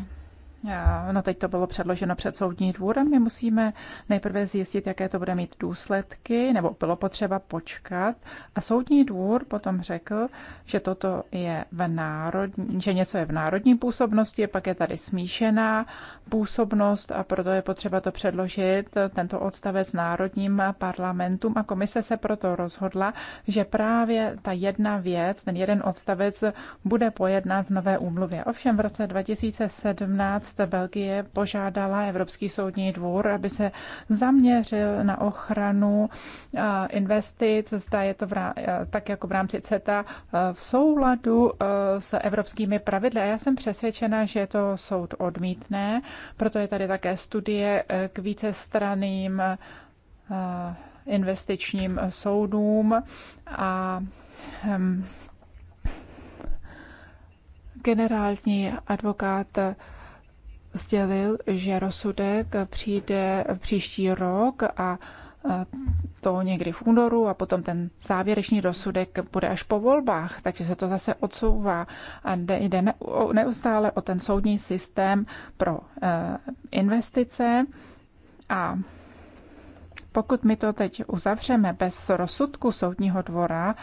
no teď to bylo předloženo před soudní dvůr, my musíme nejprve zjistit, jaké to bude mít důsledky, nebo bylo potřeba počkat. A soudní dvůr potom řekl, že toto je v národní, že něco je v národní působnosti, pak je tady smíšená působnost a proto je potřeba to předložit, tento odstavec národním parlamentům a komise se proto rozhodla, že právě ta jedna věc, ten jeden odstavec bude pojednán v nové úmluvě. Ovšem v roce 2017 Veřejnost Belgie požádala Evropský soudní dvůr, aby se zaměřil na ochranu eh, investic, zda je to v, eh, tak jako v rámci CETA eh, v souladu s evropskými pravidly. A já jsem přesvědčena, že to soud odmítne, proto je tady také studie k straným investičním soudům a ehm, generální advokát sdělil, že rozsudek přijde příští rok a to někdy v únoru a potom ten závěrečný rozsudek bude až po volbách, takže se to zase odsouvá a jde neustále o ten soudní systém pro e, investice a pokud my to teď uzavřeme bez rozsudku soudního dvora,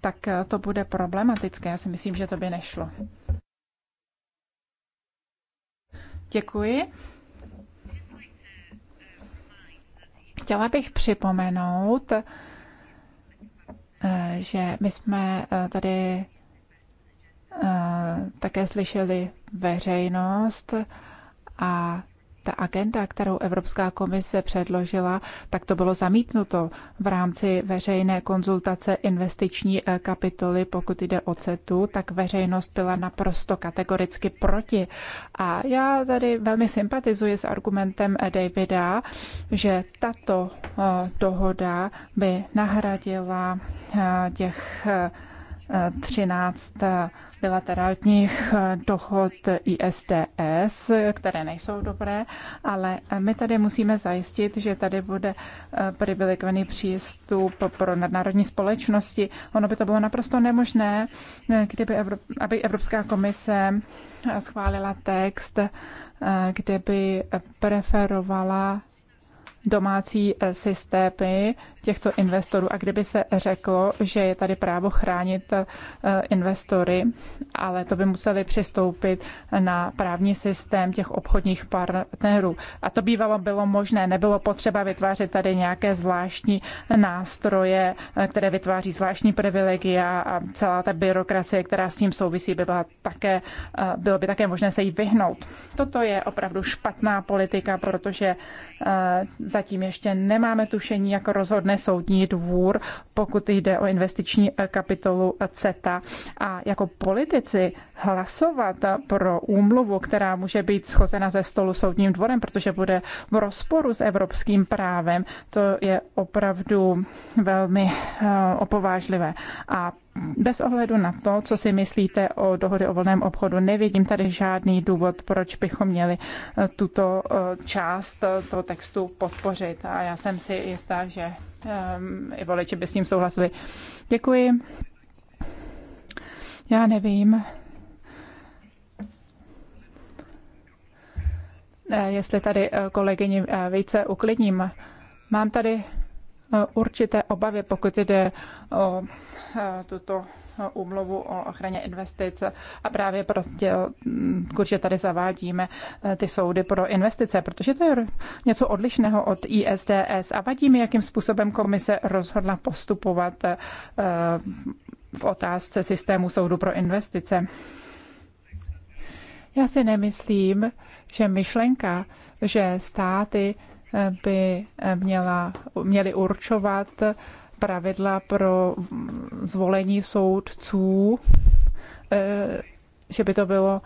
tak e, to bude problematické. Já si myslím, že to by nešlo. Děkuji. Chtěla bych připomenout, eh, že my jsme eh, tady eh, také slyšeli veřejnost a ta agenda, kterou Evropská komise předložila, tak to bylo zamítnuto v rámci veřejné konzultace investiční eh, kapitoly, pokud jde o CETu, tak veřejnost byla naprosto kategoricky proti. A já tady velmi sympatizuji s argumentem eh, Davida, že tato eh, dohoda by nahradila těch 13 bilaterálních eh, dohod ISDS, které nejsou dobré, ale eh, my tady musíme zajistit, že tady bude eh, privilegovaný přístup pro nadnárodní společnosti. Ono by to bylo naprosto nemožné, kdyby Evrop, aby Evropská komise schválila text, kdyby preferovala domácí systémy těchto investorů. A kdyby se řeklo, že je tady právo chránit eh, investory, ale to by museli přistoupit na právní systém těch obchodních partnerů. A to bývalo bylo možné, nebylo potřeba vytvářet tady nějaké zvláštní nástroje, eh, které vytváří zvláštní privilegia a celá ta byrokracie, která s tím souvisí, by byla také, eh, bylo by také možné se jí vyhnout. Toto je opravdu špatná politika, protože zatím ještě nemáme tušení, jak rozhodne rozhodne soudní dvůr, pokud jde o investiční eh, kapitolu eh, CETA. A jako politici hlasovat eh, pro úmluvu, která může být schozena ze stolu soudním dvorem, protože bude v rozporu s evropským právem, to je opravdu velmi opovážlivé. A bez ohledu na to, co si myslíte o dohody o volném obchodu, nevidím tady žádný důvod, proč bychom měli eh, tuto eh, část eh, toho textu podpořit. A já jsem si jistá, že ehm, i voliči by s ním souhlasili. Děkuji. Já nevím. Jestli tady kolegyni více uklidním. Mám tady určité obavy, pokud jde o tuto úmluvu o ochraně investic a právě proto, když tady zavádíme eh, ty soudy pro investice, protože to je něco odlišného od ISDS a vadí mi, jakým způsobem komise rozhodla postupovat eh, v otázce systému soudu pro investice. Já si nemyslím, že myšlenka, že státy eh, by měla, měly určovat, pravidla pro zvolení soudců, eh, že by to bylo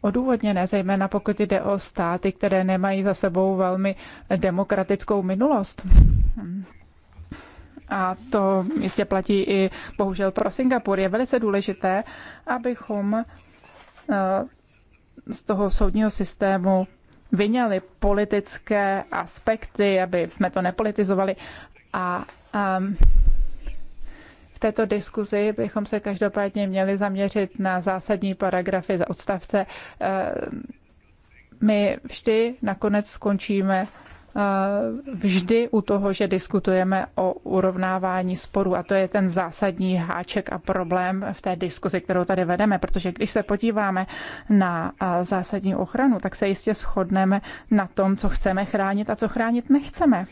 odůvodněné, zejména pokud jde o státy, které nemají za sebou velmi demokratickou minulost. A to jistě platí i bohužel pro Singapur. Je velice důležité, abychom eh, z toho soudního systému vyňali politické aspekty, aby jsme to nepolitizovali. A um, v této diskuzi bychom se každopádně měli zaměřit na zásadní paragrafy za odstavce. Uh, my vždy nakonec skončíme uh, vždy u toho, že diskutujeme o urovnávání sporu a to je ten zásadní háček a problém v té diskuzi, kterou tady vedeme, protože když se podíváme na uh, zásadní ochranu, tak se jistě shodneme na tom, co chceme chránit a co chránit nechceme.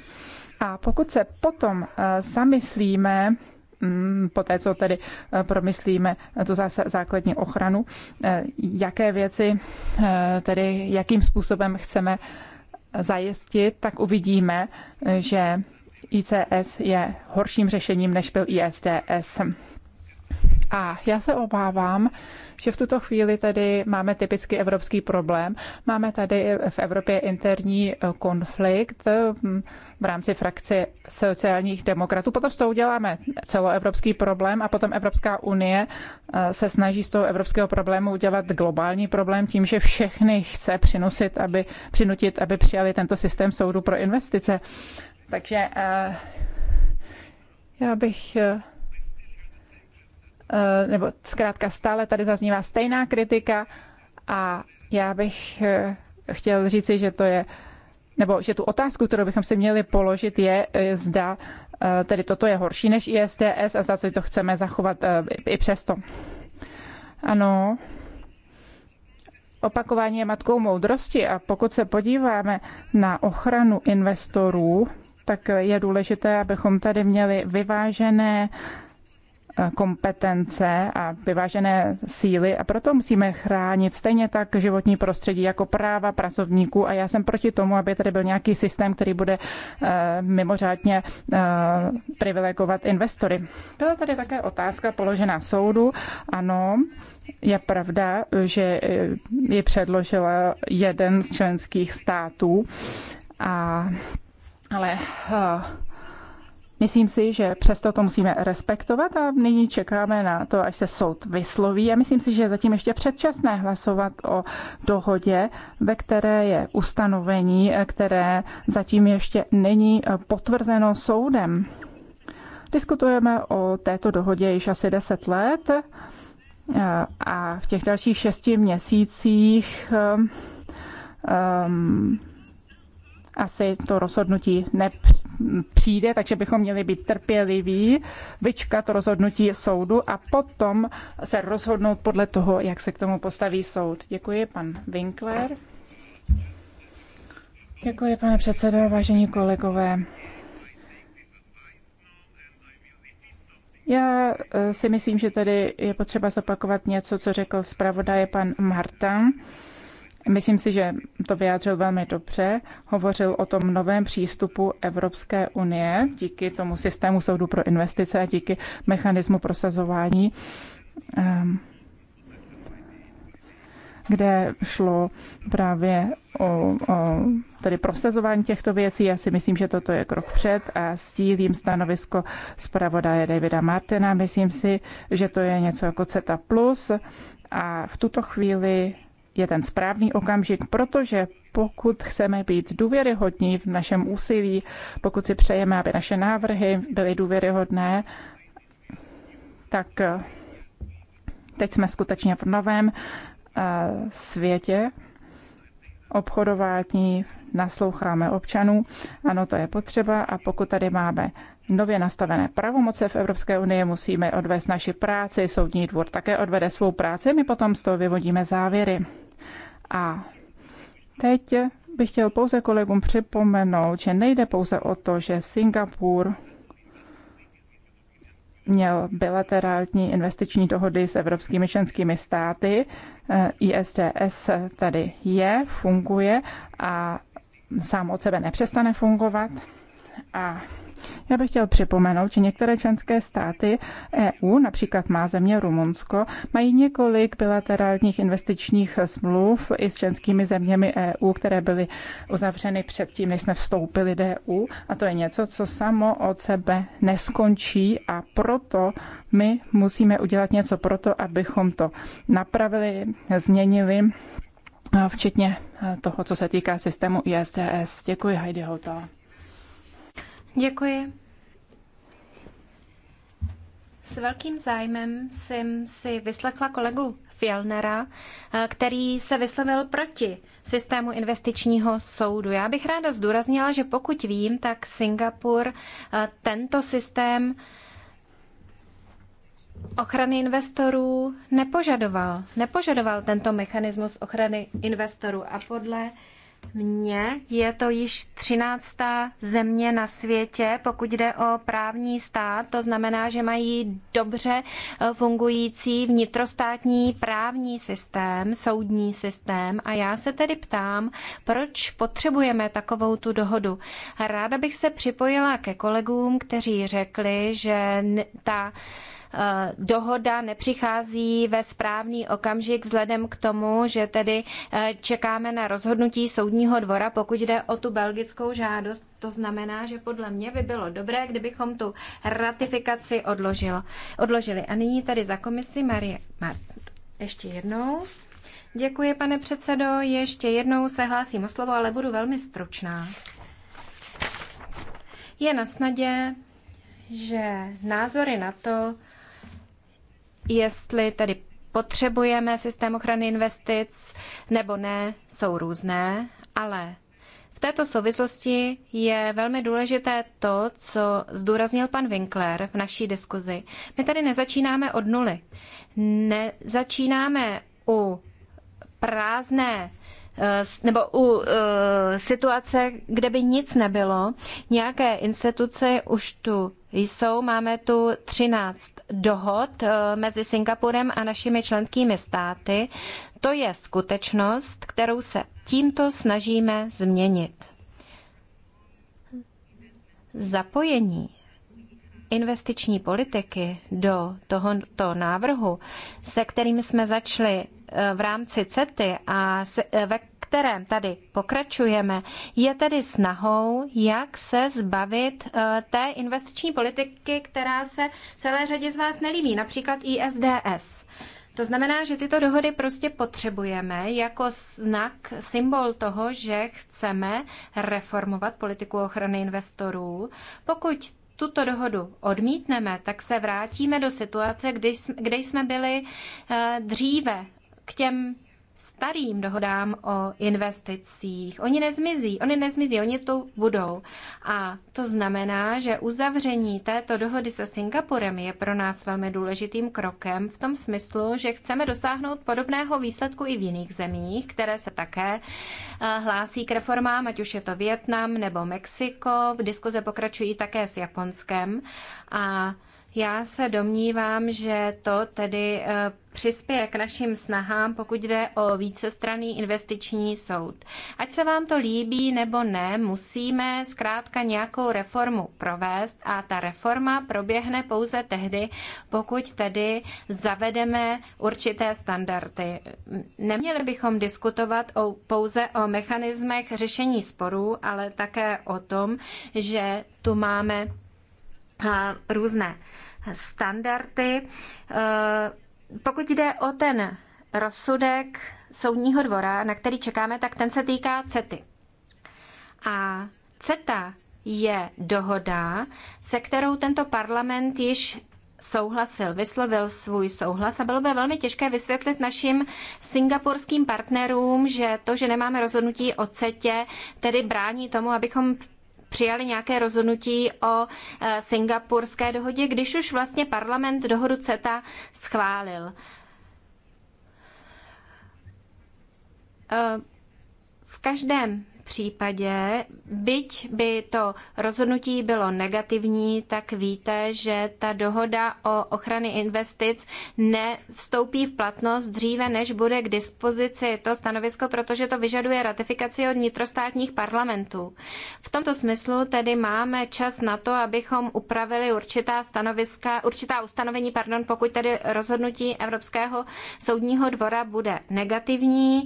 A pokud se potom eh, zamyslíme, mm, po té, co tedy eh, promyslíme tu základní ochranu, eh, jaké věci, tedy jakým způsobem chceme zajistit, tak uvidíme, že ICS je horším řešením, než byl ISDS. A já se obávám, že v tuto chvíli tady máme typicky evropský problém. Máme tady v Evropě interní eh, konflikt hm, v rámci frakce sociálních demokratů. Potom s toho uděláme celoevropský problém a potom Evropská unie eh, se snaží z toho evropského problému udělat globální problém tím, že všechny chce přinusit, aby, přinutit, aby přijali tento systém soudu pro investice. Takže eh, já bych Eh, nebo zkrátka stále tady zaznívá stejná kritika a já bych eh, chtěl říci, že to je, nebo že tu otázku, kterou bychom si měli položit, je, eh, zda tedy toto je horší než ISDS a zda si to chceme zachovat i přesto. Ano, opakování je matkou moudrosti a pokud se podíváme na ochranu investorů, tak je důležité, abychom tady měli vyvážené uh, kompetence a vyvážené síly a proto musíme chránit stejně tak životní prostředí jako práva pracovníků a já jsem proti tomu, aby tady byl nějaký systém, který bude eh, mimořádně eh, privilegovat investory. Byla tady také otázka položená soudu. Ano, je pravda, že eh, ji předložila jeden z členských států, a, ale uh, Myslím si, že přesto to musíme respektovat a nyní čekáme na to, až se soud vysloví. A myslím si, že je zatím ještě předčasné hlasovat o dohodě, ve které je ustanovení, které zatím ještě není eh, potvrzeno soudem. Diskutujeme o této dohodě již asi 10 let eh, a v těch dalších šesti měsících um, asi to rozhodnutí nepřijde, takže bychom měli být trpěliví, vyčkat rozhodnutí soudu a potom se rozhodnout podle toho, jak se k tomu postaví soud. Děkuji, pan Winkler. Děkuji, pane předsedo, vážení kolegové. Já eh, si myslím, že tady je potřeba zopakovat něco, co řekl zpravodaj pan Martin. Myslím si, že to vyjádřil velmi dobře. Hovořil o tom novém přístupu Evropské unie díky tomu systému soudu pro investice a díky mechanismu prosazování, ehm, kde šlo právě o, o tedy prosazování těchto věcí. Já si myslím, že toto je krok před a sdílím stanovisko zpravodaje Davida Martina. Myslím si, že to je něco jako CETA+. Plus a v tuto chvíli je ten správný okamžik, protože pokud chceme být důvěryhodní v našem úsilí, pokud si přejeme, aby naše návrhy byly důvěryhodné, tak eh, teď jsme skutečně v novém eh, světě obchodování, nasloucháme občanů. Ano, to je potřeba a pokud tady máme nově nastavené pravomoce v Evropské unii, musíme odvést naši práci, soudní dvůr také odvede svou práci, my potom z toho vyvodíme závěry. A teď bych chtěl pouze kolegům připomenout, že nejde pouze o to, že Singapur měl bilaterální investiční dohody s evropskými členskými státy. Eh, ISDS tady je, funguje a sám od sebe nepřestane fungovat. A já bych chtěl připomenout, že některé členské státy EU, například má země Rumunsko, mají několik bilaterálních investičních smluv i s členskými zeměmi EU, které byly uzavřeny předtím, než jsme vstoupili do EU. A to je něco, co samo od sebe neskončí a proto my musíme udělat něco proto, abychom to napravili, změnili včetně toho, co se týká systému ISDS. Děkuji, Heidi Hotel. Děkuji. S velkým zájmem jsem si vyslechla kolegu Fjellnera, eh, který se vyslovil proti systému investičního soudu. Já bych ráda zdůraznila, že pokud vím, tak Singapur eh, tento systém ochrany investorů nepožadoval. Nepožadoval tento mechanismus ochrany investorů a podle mně je to již 13. země na světě, pokud jde o právní stát. To znamená, že mají dobře eh, fungující vnitrostátní právní systém, soudní systém. A já se tedy ptám, proč potřebujeme takovou tu dohodu. Ráda bych se připojila ke kolegům, kteří řekli, že ta Eh, dohoda nepřichází ve správný okamžik vzhledem k tomu, že tedy eh, čekáme na rozhodnutí soudního dvora, pokud jde o tu belgickou žádost. To znamená, že podle mě by bylo dobré, kdybychom tu ratifikaci odložilo, odložili. A nyní tady za komisi Marie Mart. Ještě jednou. Děkuji, pane předsedo. Ještě jednou se hlásím o slovo, ale budu velmi stručná. Je na snadě, že názory na to, jestli tedy potřebujeme systém ochrany investic nebo ne, jsou různé, ale v této souvislosti je velmi důležité to, co zdůraznil pan Winkler v naší diskuzi. My tady nezačínáme od nuly. Nezačínáme u prázdné eh, nebo u eh, situace, kde by nic nebylo. Nějaké instituce už tu jsou. Máme tu 13 dohod eh, mezi Singapurem a našimi členskými státy. To je skutečnost, kterou se tímto snažíme změnit. Zapojení investiční politiky do tohoto návrhu, se kterým jsme začali eh, v rámci CETY a se, eh, ve kterém tady pokračujeme, je tedy snahou, jak se zbavit eh, té investiční politiky, která se celé řadě z vás nelíbí, například ISDS. To znamená, že tyto dohody prostě potřebujeme jako znak, symbol toho, že chceme reformovat politiku ochrany investorů. Pokud tuto dohodu odmítneme, tak se vrátíme do situace, kde jsme byli eh, dříve k těm starým dohodám o investicích. Oni nezmizí, oni nezmizí, oni tu budou. A to znamená, že uzavření této dohody se Singapurem je pro nás velmi důležitým krokem v tom smyslu, že chceme dosáhnout podobného výsledku i v jiných zemích, které se také eh, hlásí k reformám, ať už je to Větnam nebo Mexiko. V diskuze pokračují také s Japonskem. A já se domnívám, že to tedy eh, přispěje k našim snahám, pokud jde o vícestranný investiční soud. Ať se vám to líbí nebo ne, musíme zkrátka nějakou reformu provést a ta reforma proběhne pouze tehdy, pokud tedy zavedeme určité standardy. Neměli bychom diskutovat o, pouze o mechanismech řešení sporů, ale také o tom, že tu máme eh, různé standardy. Eh, pokud jde o ten rozsudek soudního dvora, na který čekáme, tak ten se týká CETY. A CETA je dohoda, se kterou tento parlament již souhlasil, vyslovil svůj souhlas a bylo by velmi těžké vysvětlit našim singapurským partnerům, že to, že nemáme rozhodnutí o CETě, tedy brání tomu, abychom přijali nějaké rozhodnutí o e, singapurské dohodě, když už vlastně parlament dohodu CETA schválil. E, v každém případě, byť by to rozhodnutí bylo negativní, tak víte, že ta dohoda o ochrany investic nevstoupí v platnost dříve, než bude k dispozici to stanovisko, protože to vyžaduje ratifikaci od nitrostátních parlamentů. V tomto smyslu tedy máme čas na to, abychom upravili určitá stanoviska, určitá ustanovení, pardon, pokud tedy rozhodnutí Evropského soudního dvora bude negativní.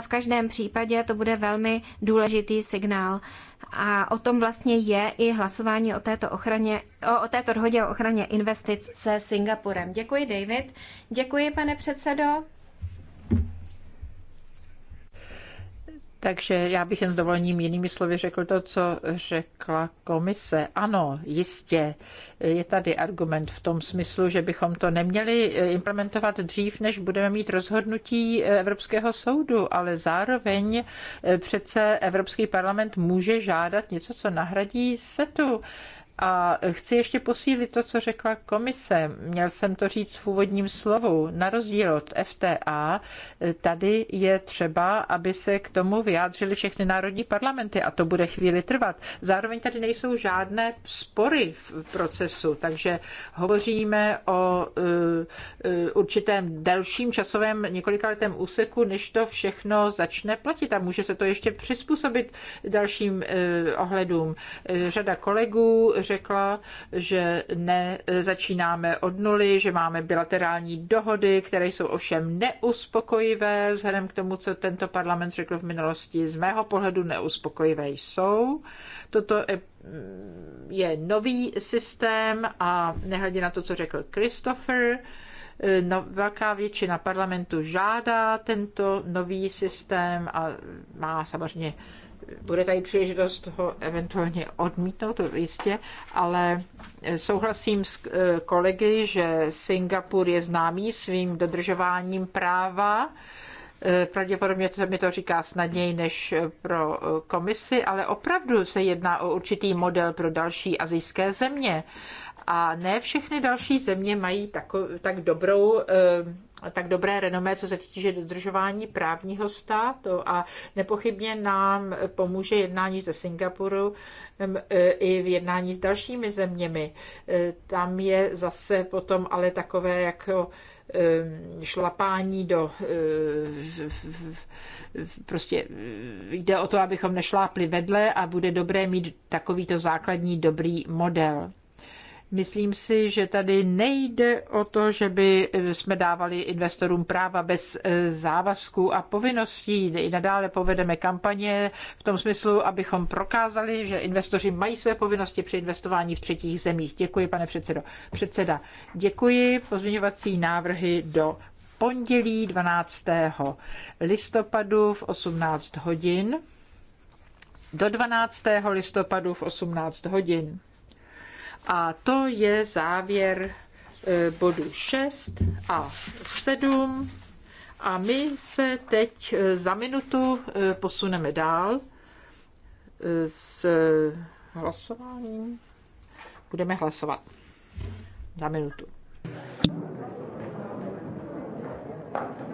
V každém případě to bude velmi důležité důležitý signál. A o tom vlastně je i hlasování o této, ochraně, o, o této dohodě o ochraně investic se Singapurem. Děkuji, David. Děkuji, pane předsedo. Takže já bych jen s dovolením jinými slovy řekl to, co řekla komise. Ano, jistě, je tady argument v tom smyslu, že bychom to neměli eh, implementovat dřív, než budeme mít rozhodnutí eh, Evropského soudu, ale zároveň eh, přece Evropský parlament může žádat něco, co nahradí SETu. A chci ještě posílit to, co řekla komise. Měl jsem to říct v úvodním slovu. Na rozdíl od FTA, tady je třeba, aby se k tomu vyjádřili všechny národní parlamenty a to bude chvíli trvat. Zároveň tady nejsou žádné spory v procesu, takže hovoříme o e, e, určitém delším časovém několikaletém úseku, než to všechno začne platit a může se to ještě přizpůsobit dalším e, ohledům. Řada kolegů, řekla, že ne, začínáme od nuly, že máme bilaterální dohody, které jsou ovšem neuspokojivé, vzhledem k tomu, co tento parlament řekl v minulosti, z mého pohledu neuspokojivé jsou. Toto je nový systém a nehledě na to, co řekl Christopher, no, velká většina parlamentu žádá tento nový systém a má samozřejmě bude tady příležitost ho eventuálně odmítnout, to jistě, ale souhlasím s eh, kolegy, že Singapur je známý svým dodržováním práva. Eh, pravděpodobně se mi to říká snadněji než pro eh, komisi, ale opravdu se jedná o určitý model pro další azijské země. A ne všechny další země mají tak, tak dobrou eh, tak dobré renomé, co se týče dodržování právního státu a nepochybně nám pomůže jednání ze Singapuru eh, i v jednání s dalšími zeměmi. Eh, tam je zase potom ale takové jako šlapání do prostě jde o to, abychom nešlápli vedle a bude dobré mít takovýto základní dobrý model. Myslím si, že tady nejde o to, že by jsme dávali investorům práva bez eh, závazků a povinností. I nadále povedeme kampaně v tom smyslu, abychom prokázali, že investoři mají své povinnosti při investování v třetích zemích. Děkuji, pane předsedo. Předseda, děkuji. Pozměňovací návrhy do pondělí 12. listopadu v 18 hodin. Do 12. listopadu v 18 hodin. A to je závěr e, bodu 6 a 7. A my se teď e, za minutu e, posuneme dál s hlasováním. Budeme hlasovat za minutu. Thank you.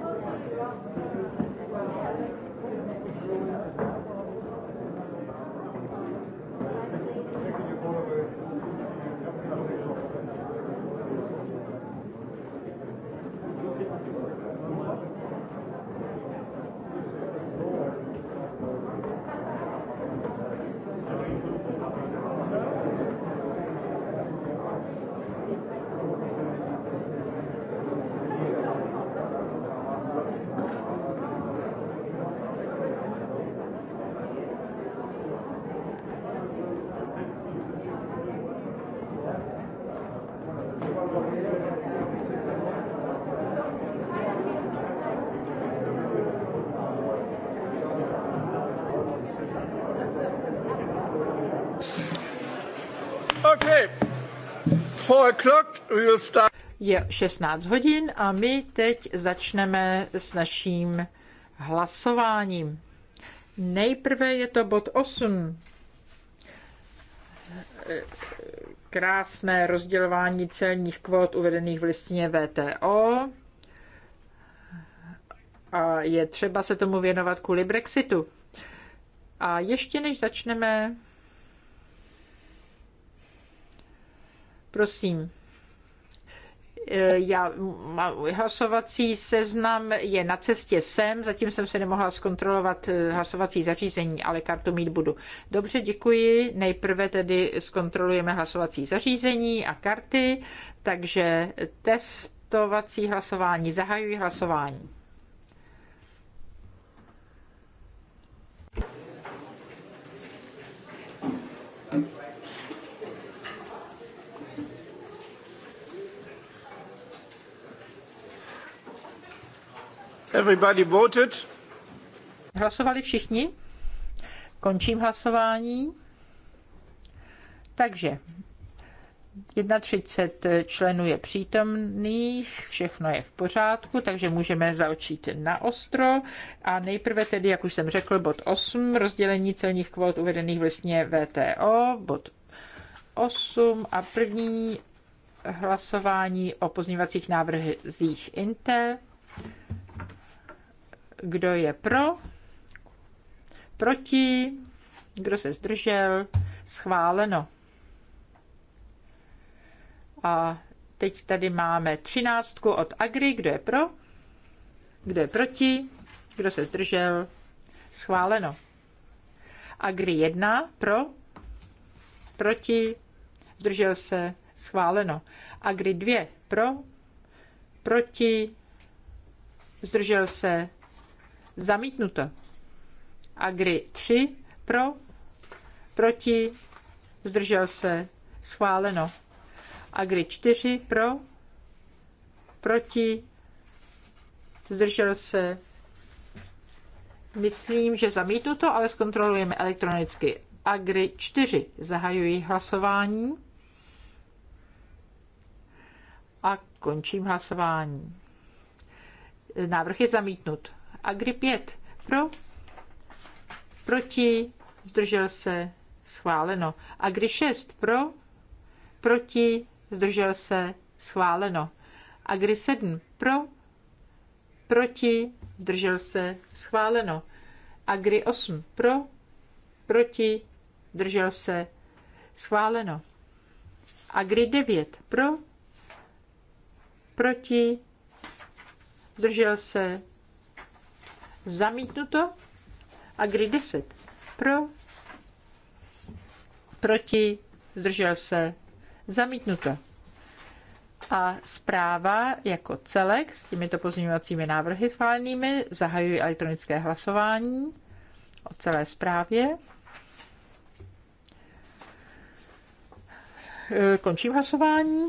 Je 16 hodin a my teď začneme s naším hlasováním. Nejprve je to bod 8. Krásné rozdělování celních kvót uvedených v listině VTO. A je třeba se tomu věnovat kvůli Brexitu. A ještě než začneme Prosím. E, já, hlasovací seznam je na cestě sem, zatím jsem se nemohla zkontrolovat e, hlasovací zařízení, ale kartu mít budu. Dobře, děkuji. Nejprve tedy zkontrolujeme hlasovací zařízení a karty, takže testovací hlasování, zahajuji hlasování. Everybody voted. Hlasovali všichni? Končím hlasování. Takže 31 členů je přítomných, všechno je v pořádku, takže můžeme začít na ostro. A nejprve tedy, jak už jsem řekl, bod 8, rozdělení celních kvót uvedených v VTO, bod 8 a první hlasování o pozměňovacích návrzích INTE. Kdo je pro? Proti? Kdo se zdržel? Schváleno. A teď tady máme třináctku od Agri. Kdo je pro? Kdo je proti? Kdo se zdržel? Schváleno. Agri 1 pro, proti, zdržel se, schváleno. Agri 2 pro, proti, zdržel se, Zamítnuto. Agri 3 pro, proti, zdržel se, schváleno. Agri 4 pro, proti, zdržel se. Myslím, že zamítnu to, ale zkontrolujeme elektronicky. Agri 4. Zahajuji hlasování a končím hlasování. Návrh je zamítnut. Agri 5 pro, proti, zdržel se, schváleno. Agri 6 pro, proti, zdržel se, schváleno. Agri 7 pro, proti, zdržel se, schváleno. Agri 8 pro, proti, zdržel se, schváleno. Agri 9 pro, proti, zdržel se, Zamítnuto. A kdy 10? Pro. Proti. Zdržel se. Zamítnuto. A zpráva jako celek s těmito pozměňovacími návrhy schválenými zahajuji elektronické hlasování o celé zprávě. E, končím hlasování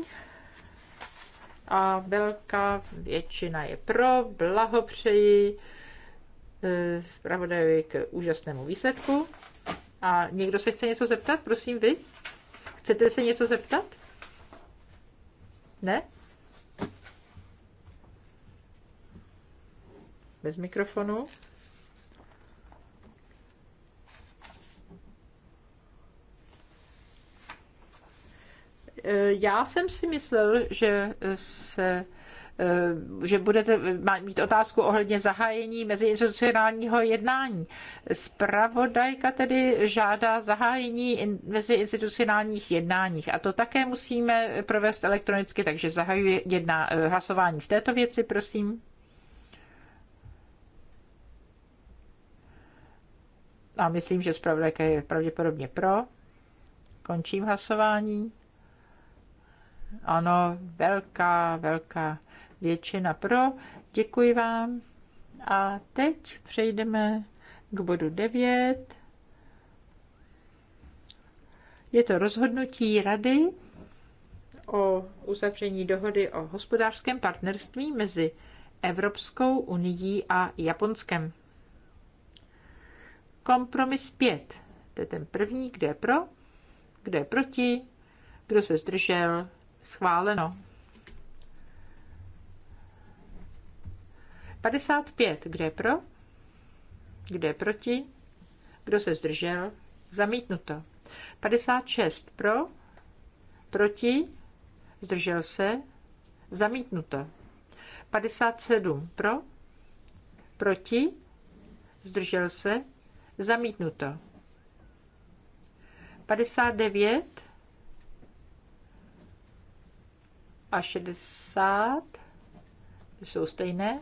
a velká většina je pro. Blahopřeji zpravodajovi k úžasnému výsledku. A někdo se chce něco zeptat? Prosím, vy? Chcete se něco zeptat? Ne? Bez mikrofonu. E, já jsem si myslel, že se Eh, že budete mít otázku ohledně zahájení meziinstitucionálního jednání. Spravodajka tedy žádá zahájení meziinstitucionálních jednáních a to také musíme provést elektronicky, takže zahajuji jedna eh, hlasování v této věci, prosím. A myslím, že zpravodajka je pravděpodobně pro. Končím hlasování. Ano, velká, velká většina pro. Děkuji vám. A teď přejdeme k bodu 9. Je to rozhodnutí Rady o uzavření dohody o hospodářském partnerství mezi Evropskou unii a Japonskem. Kompromis 5. To je ten první, kde je pro, kde je proti, kdo se zdržel, schváleno. 55. Kdo je pro? Kdo je proti? Kdo se zdržel? Zamítnuto. 56. Pro? Proti? Zdržel se? Zamítnuto. 57. Pro? Proti? Zdržel se? Zamítnuto. 59 a 60 jsou stejné.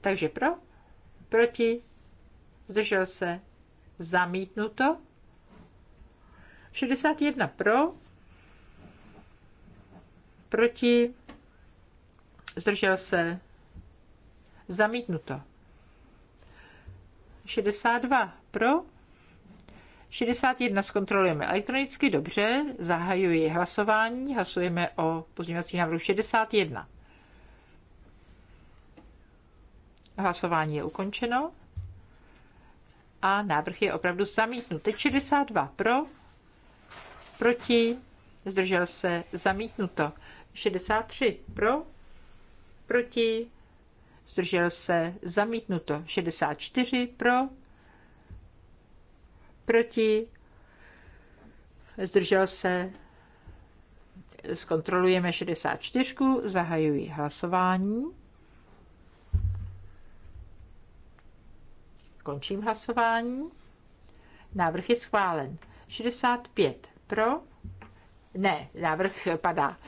Takže pro, proti, zdržel se, zamítnuto. 61 pro, proti, zdržel se, zamítnuto. 62 pro, 61 zkontrolujeme elektronicky, dobře, zahajuji hlasování, hlasujeme o pozměňovací návrhu 61. Hlasování je ukončeno. A návrh je opravdu zamítnut. Teď 62 pro, proti, zdržel se, zamítnuto. 63 pro, proti, zdržel se, zamítnuto. 64 pro, proti, zdržel se, zkontrolujeme 64, zahajuji hlasování. Končím hlasování. Návrh je schválen. 65 pro. Ne, návrh padá.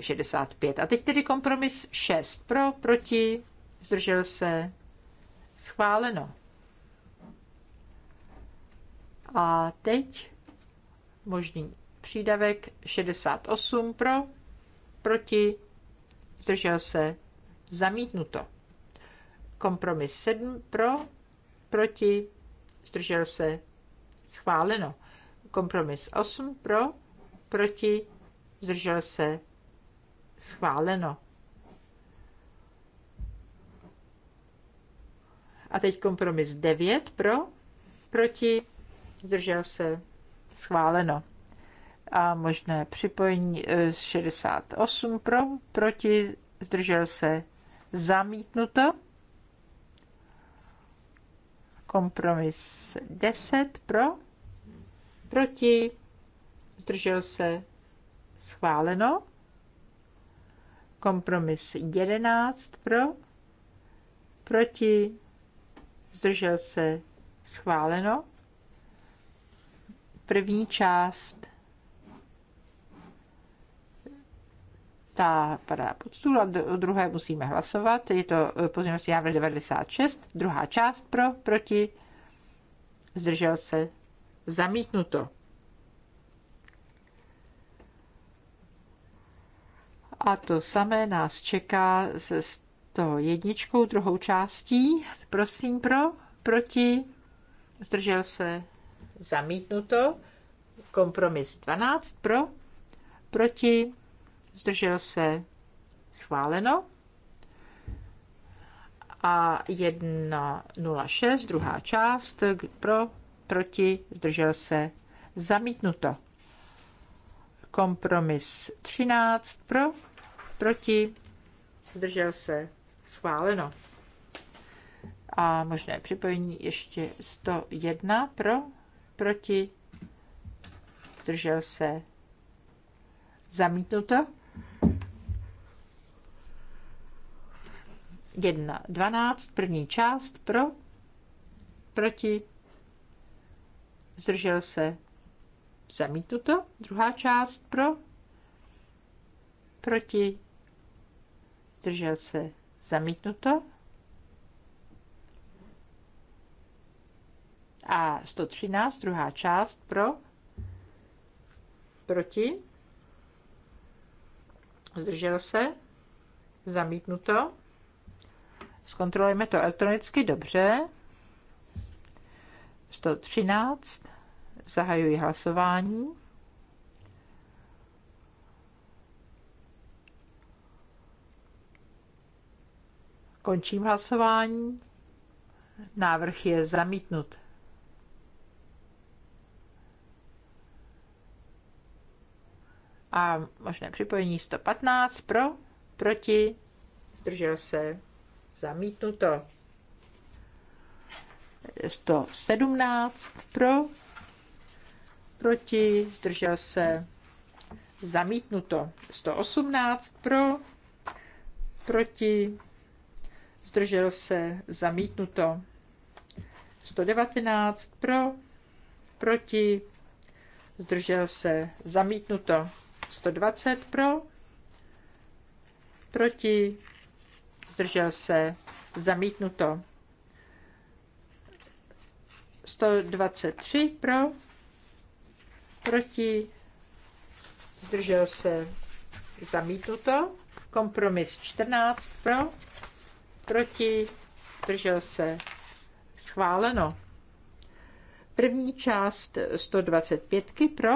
65. A teď tedy kompromis 6 pro, proti, zdržel se, schváleno. A teď možný přídavek 68 pro, proti, zdržel se, zamítnuto. Kompromis 7 pro, proti, zdržel se, schváleno. Kompromis 8 pro, proti, zdržel se, schváleno. A teď kompromis 9 pro, proti, zdržel se, schváleno. A možné připojení z eh, 68 pro, proti, zdržel se, zamítnuto. Kompromis 10 pro, proti, zdržel se, schváleno. Kompromis 11 pro, proti, zdržel se, schváleno. První část ta padá pod stůl a druhé musíme hlasovat. Je to eh, pozměňovací návrh 96, druhá část pro, proti, zdržel se, zamítnuto. A to samé nás čeká s toho jedničkou, druhou částí. Prosím pro, proti, zdržel se, zamítnuto. Kompromis 12 pro, proti, zdržel se, schváleno. A 1.06, druhá část, pro, proti, zdržel se, zamítnuto. Kompromis 13, pro, proti, zdržel se, schváleno. A možné připojení ještě 101 pro, proti, zdržel se, zamítnuto. 1, 12, první část pro, proti, zdržel se, zamítnuto, druhá část pro, proti, zdržel se, zamítnuto. A 113, druhá část pro, proti, Zdržel se? Zamítnuto. Zkontrolujeme to elektronicky. Dobře. 113. Zahajuji hlasování. Končím hlasování. Návrh je zamítnut. a možné připojení 115 pro, proti, zdržel se, zamítnuto. 117 pro, proti, zdržel se, zamítnuto. 118 pro, proti, zdržel se, zamítnuto. 119 pro, proti, zdržel se, zamítnuto. 120 pro, proti, zdržel se, zamítnuto. 123 pro, proti, zdržel se, zamítnuto. Kompromis 14 pro, proti, zdržel se, schváleno. První část 125 pro,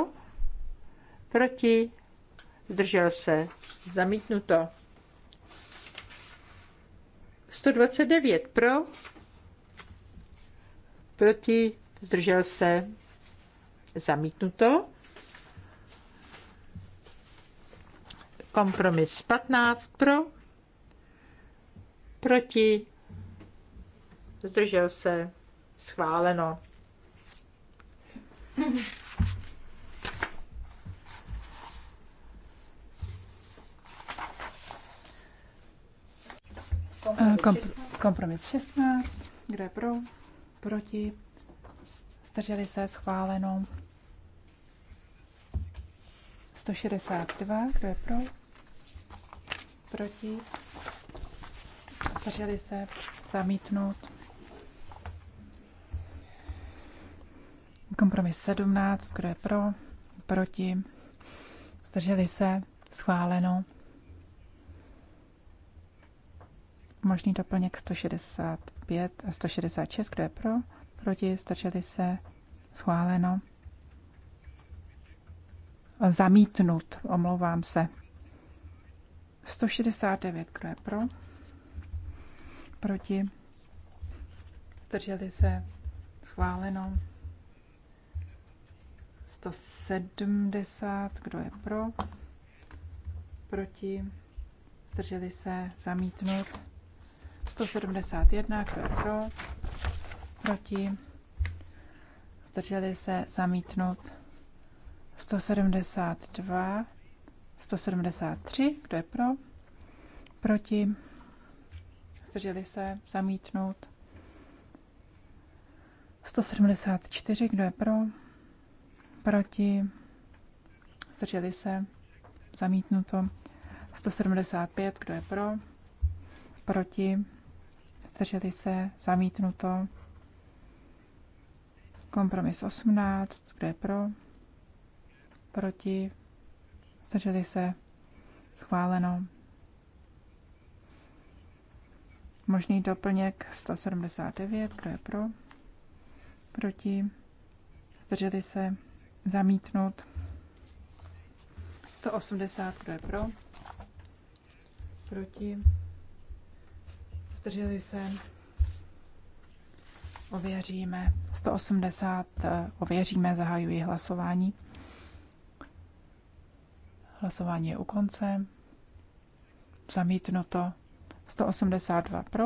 proti, zdržel se, zamítnuto. 129 pro, proti, zdržel se, zamítnuto. Kompromis 15 pro, proti, zdržel se, schváleno. Eh, kompromis, 16. Kdo je pro? Proti? Zdrželi se schváleno. 162. Kdo je pro? Proti? Zdrželi se zamítnout. Kompromis 17. Kdo je pro? Proti? Zdrželi se schváleno. možný doplněk 165 a 166, kdo je pro, proti, stačili se, schváleno. Zamítnut, omlouvám se. 169, kdo je pro, proti, zdrželi se, schváleno. 170, kdo je pro, proti, zdrželi se, zamítnut. 171, kdo je pro, proti, zdrželi se, zamítnout. 172, 173, kdo je pro, proti, zdrželi se, zamítnout. 174, kdo je pro, proti, zdrželi se, zamítnuto. 175, kdo je pro, proti, zdrželi se, zamítnuto. Kompromis 18, kdo je pro, proti, zdrželi se, schváleno. Možný doplněk 179, kdo je pro, proti, zdrželi se, zamítnout. 180, kdo je pro, proti, Zdrželi se. Ověříme. 180 eh, ověříme, zahajuji hlasování. Hlasování je u konce. Zamítnuto. 182 pro.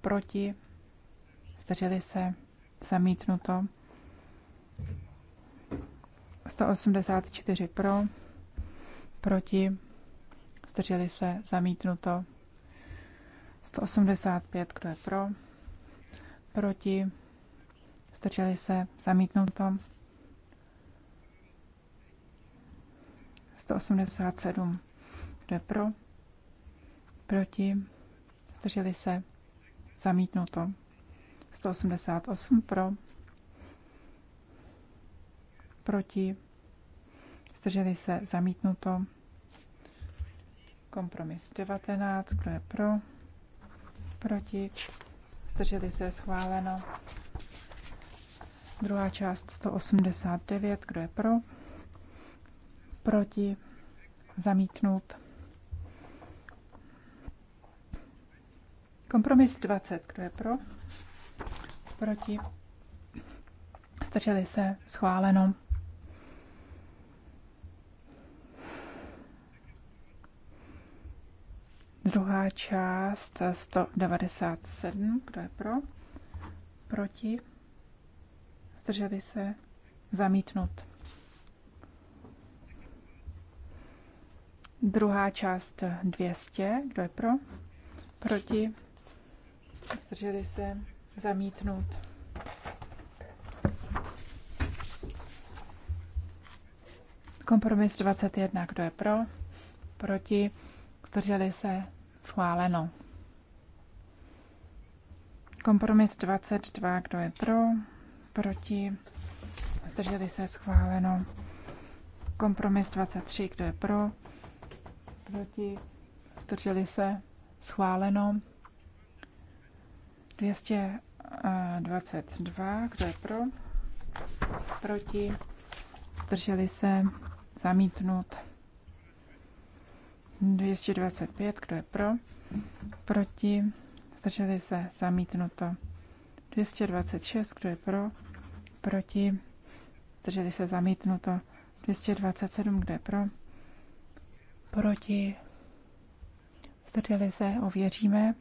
Proti. Zdrželi se. Zamítnuto. 184 pro. Proti. Zdrželi se. Zamítnuto. 185, kdo je pro, proti, zdrželi se, zamítnout to. 187, kdo je pro, proti, zdrželi se, zamítnout to. 188 pro, proti, zdrželi se, zamítnuto. Kompromis 19, kdo je pro, proti, zdrželi se schváleno. Druhá část 189, kdo je pro, proti, zamítnout. Kompromis 20, kdo je pro, proti, zdrželi se schváleno. Druhá část 197, eh, kdo je pro? Proti? Zdrželi se? Zamítnut. Druhá část 200, eh, kdo je pro? Proti? Zdrželi se? Zamítnut. Kompromis 21, kdo je pro? Proti? Zdrželi se? Schváleno. Kompromis 22, kdo je pro, proti, zdrželi se, schváleno. Kompromis 23, kdo je pro, proti, zdrželi se, schváleno. 222, kdo je pro, proti, zdrželi se, zamítnut. 225, kdo je pro, proti, zdrželi se, zamítnuto. 226, kdo je pro, proti, zdrželi se, zamítnuto. 227, kdo je pro, proti, zdrželi se, ověříme.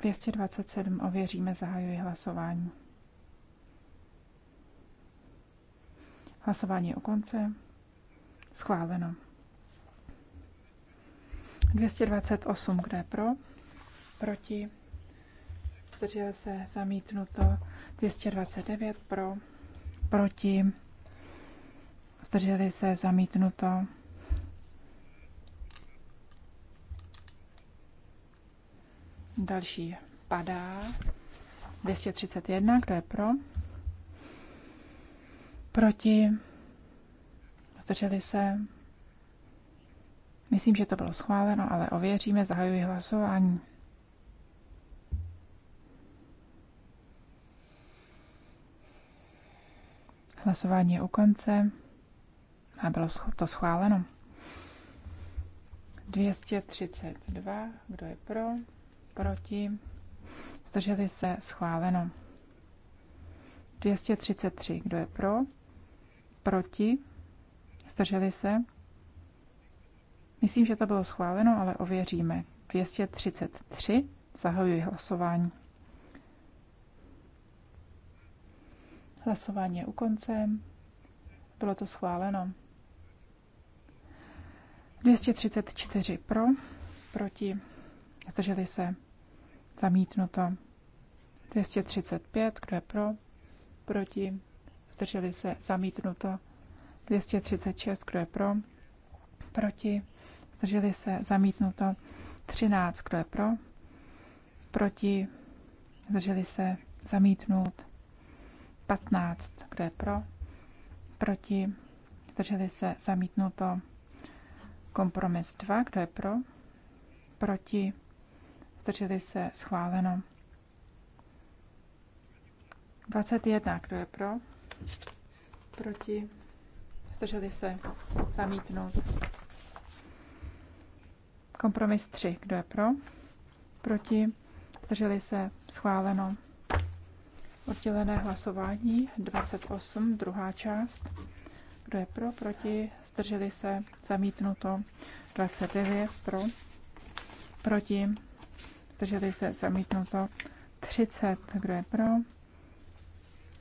227, ověříme, zahajuji hlasování. Hlasování o konce. Schváleno. 228, kde je pro, proti, zdržel se, zamítnuto. 229 pro, proti, zdrželi se, zamítnuto. Další padá. 231, kdo je pro? Proti, zdrželi se, Myslím, že to bylo schváleno, ale ověříme, zahajuji hlasování. Hlasování je u konce a bylo to schváleno. 232, kdo je pro, proti, zdrželi se, schváleno. 233, kdo je pro, proti, zdrželi se, Myslím, že to bylo schváleno, ale ověříme. 233. Zahajuji hlasování. Hlasování je u konce. Bylo to schváleno. 234 pro, proti, zdrželi se, zamítnuto. 235, kdo je pro, proti, zdrželi se, zamítnuto. 236, kdo je pro, proti, Zdrželi se zamítnuto 13. Kdo je pro? Proti? Zdrželi se zamítnout 15. Kdo je pro? Proti? Zdrželi se zamítnuto kompromis 2. Kdo je pro? Proti? Zdrželi se schváleno 21. Kdo je pro? Proti? Zdrželi se zamítnout Kompromis 3. Kdo je pro? Proti? Zdrželi se? Schváleno. Oddělené hlasování 28, druhá část. Kdo je pro? Proti? Zdrželi se? Zamítnuto. 29 pro. Proti? Zdrželi se? Zamítnuto. 30. Kdo je pro?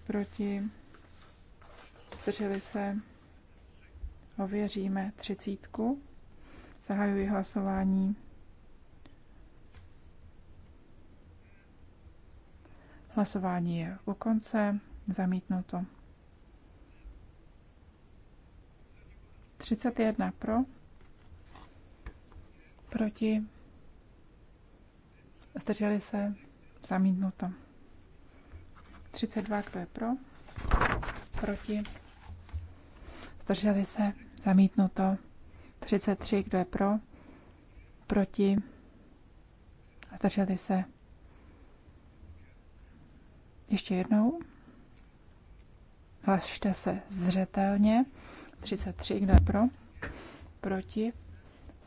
Proti? Zdrželi se? Ověříme třicítku. Zahajuji hlasování. Hlasování je u konce. Zamítnuto. 31 pro. Proti. Zdrželi se. Zamítnuto. 32, kdo je pro? Proti. Zdrželi se. Zamítnuto. 33, kdo je pro, proti, zdrželi se. Ještě jednou. Hlašte se zřetelně. 33, kdo je pro, proti,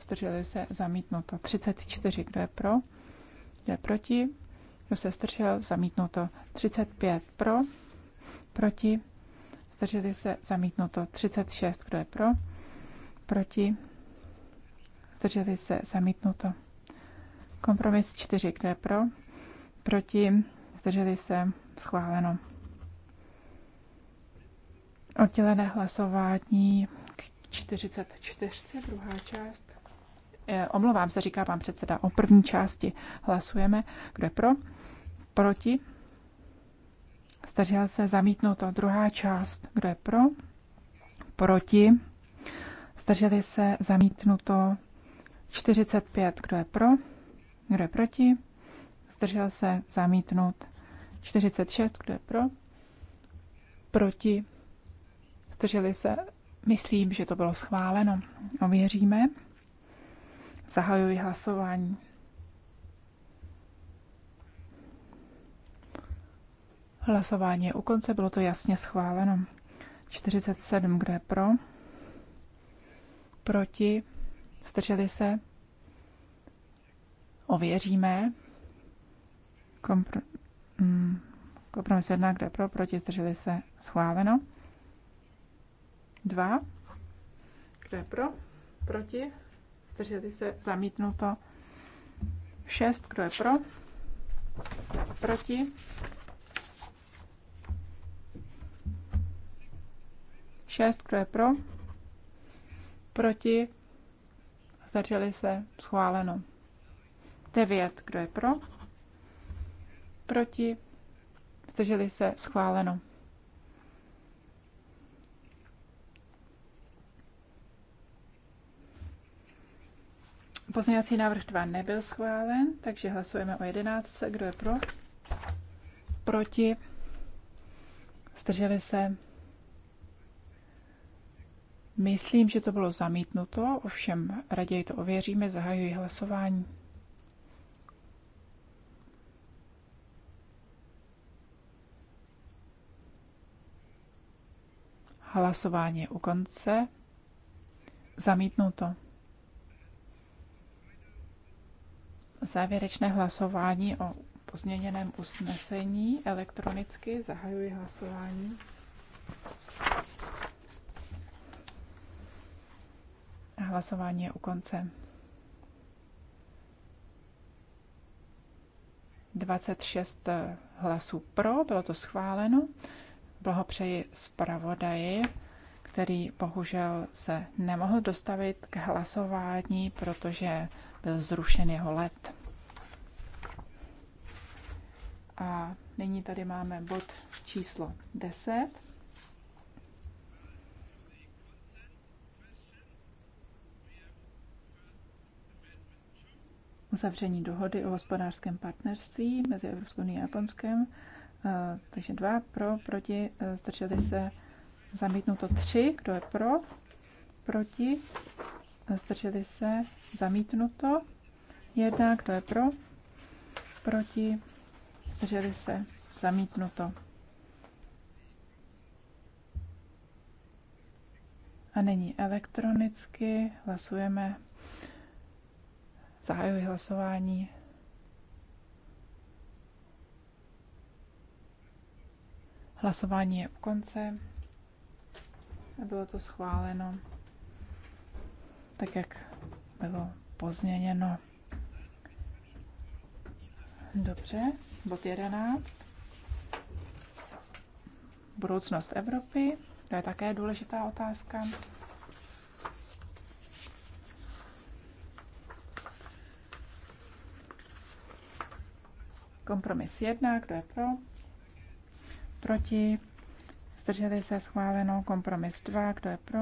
zdrželi se, zamítnuto. 34, kdo je pro, kdo je proti, kdo se zdržel, zamítnuto. 35 pro, proti, zdrželi se, zamítnuto. 36, kdo je pro, proti, zdrželi se zamítnuto. Kompromis 4, kde pro, proti, zdrželi se schváleno. Oddělené hlasování k 44, druhá část. E, omlouvám se, říká pan předseda, o první části hlasujeme. Kdo je pro? Proti? Zdržel se zamítnuto. Druhá část. Kdo je pro? Proti? Zdrželi se zamítnuto 45. Kdo je pro? Kdo je proti? Zdržel se zamítnut 46. Kdo je pro? Proti? Zdrželi se? Myslím, že to bylo schváleno. Ověříme. Zahajuji hlasování. Hlasování je u konce, bylo to jasně schváleno. 47, kdo je pro, proti, zdrželi se, ověříme. Mm, kompromis jedna, kde pro, proti, zdrželi se, schváleno. dva, kde pro, proti, zdrželi se, zamítnuto. šest, kdo je pro, proti. Šest, kdo je pro? proti, zdrželi se, schváleno. 9, kdo je pro, proti, zdrželi se, schváleno. Pozměňovací návrh 2 nebyl schválen, takže hlasujeme o 11. Kdo je pro? Proti? Zdrželi se? Myslím, že to bylo zamítnuto, ovšem raději to ověříme, zahajuji hlasování. Hlasování je u konce. Zamítnuto. Závěrečné hlasování o pozměněném usnesení elektronicky zahajuji hlasování. Hlasování je u konce. 26 eh, hlasů pro, bylo to schváleno. Blahopřeji zpravodaji, který bohužel se nemohl dostavit k hlasování, protože byl zrušen jeho let. A nyní tady máme bod číslo 10. uzavření dohody o hospodářském partnerství mezi Evropskou unii a Japonskem. Eh, takže dva pro, proti, eh, zdrželi se zamítnuto tři, kdo je pro, proti, eh, zdrželi se zamítnuto jedna, kdo je pro, proti, zdrželi se zamítnuto. A nyní elektronicky hlasujeme Zahajuji hlasování. Hlasování je u konce. A bylo to schváleno tak, jak bylo pozměněno. Dobře, bod 11. Budoucnost Evropy, to je také důležitá otázka. Kompromis 1, kdo je pro? Proti? Zdrželi se schváleno. Kompromis 2, kdo je pro?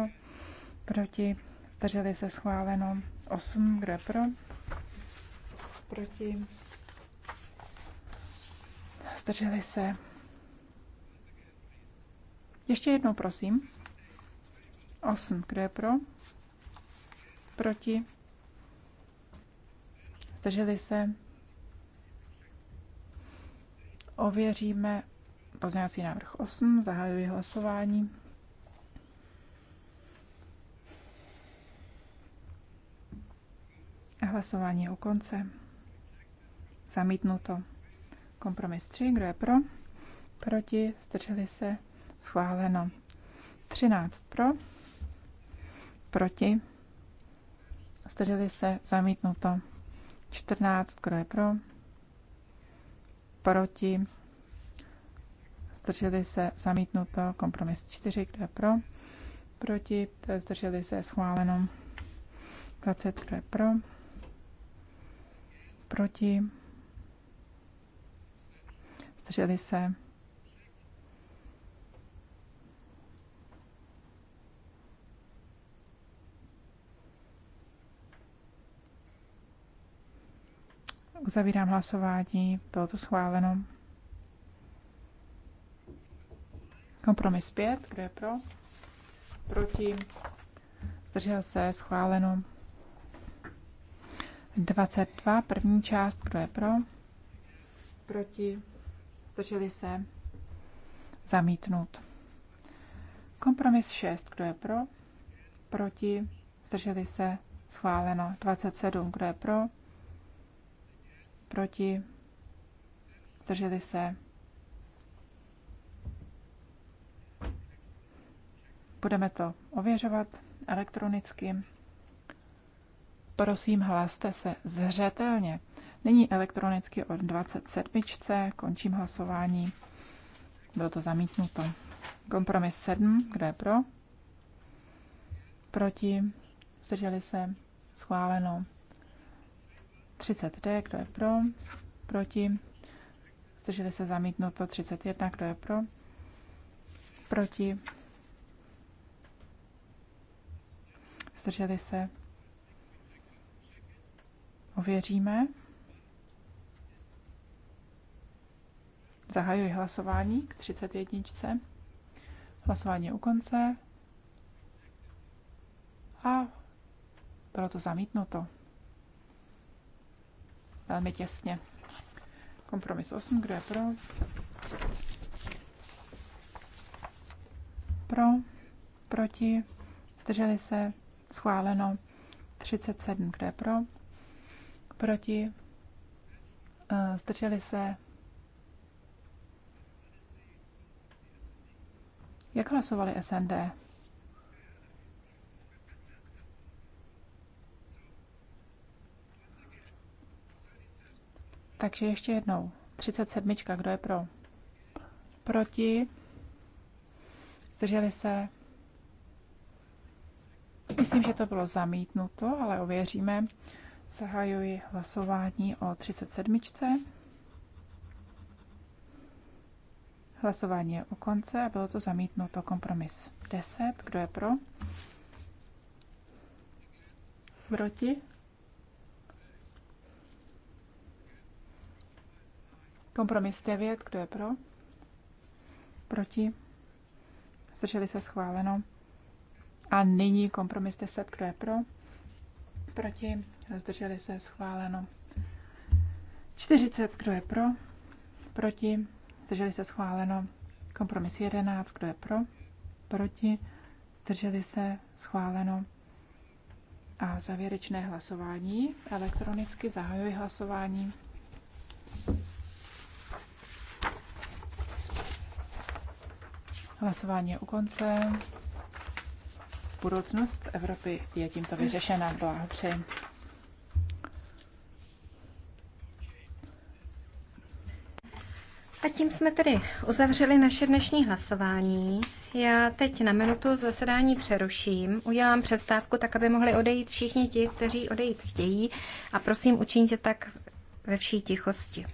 Proti? Zdrželi se schváleno. 8, kdo je pro? Proti? Zdrželi se. Ještě jednou, prosím. 8, kdo je pro? Proti? Zdrželi se. Ověříme pozměňovací návrh 8, zahajuji hlasování. Hlasování je u konce. Zamítnuto. Kompromis 3, kdo je pro? Proti, zdrželi se, schváleno. 13 pro, proti, zdrželi se, zamítnuto. 14, kdo je pro? proti, zdrželi se, zamítnuto, kompromis 4, kdo je pro, proti, zdrželi se, schváleno, 20, kdo je pro, proti, zdrželi se, Uzavírám hlasování, bylo to schváleno. Kompromis 5, kdo je pro? Proti? Zdržel se, schváleno. 22, první část, kdo je pro? Proti? Zdrželi se? Zamítnut. Kompromis 6, kdo je pro? Proti? Zdrželi se? Schváleno. 27, kdo je pro? proti, zdrželi se. Budeme to ověřovat elektronicky. Prosím, hlaste se zřetelně. Nyní elektronicky od 27. Končím hlasování. Bylo to zamítnuto. Kompromis 7. Kdo je pro? Proti? Zdrželi se? Schváleno. 30D, kdo je pro, proti, zdrželi se zamítnuto 31, kdo je pro, proti, zdrželi se, ověříme, zahajuji hlasování k 31. Hlasování je u konce a bylo to zamítnuto velmi těsně. Kompromis 8, kdo je pro? Pro, proti, zdrželi se, schváleno 37, kdo je pro? Proti, eh, zdrželi se. Jak hlasovali SND? Takže ještě jednou. 37. Kdo je pro? Proti? Zdrželi se? Myslím, že to bylo zamítnuto, ale ověříme. Zahajuji hlasování o 37. Hlasování je u konce a bylo to zamítnuto. Kompromis 10. Kdo je pro? Proti? Kompromis 9, kdo je pro? Proti? Zdrželi se schváleno. A nyní kompromis 10, kdo je pro? Proti? Zdrželi se schváleno. 40, kdo je pro? Proti? Zdrželi se schváleno. Kompromis 11, kdo je pro? Proti? Zdrželi se schváleno. A závěrečné hlasování. Elektronicky zahajuji hlasování. Hlasování je u konce. Budoucnost Evropy je tímto vyřešena. Blahopřeji. A tím jsme tedy uzavřeli naše dnešní hlasování. Já teď na minutu zasedání přeruším, udělám přestávku tak, aby mohli odejít všichni ti, kteří odejít chtějí a prosím učiňte tak ve vší tichosti.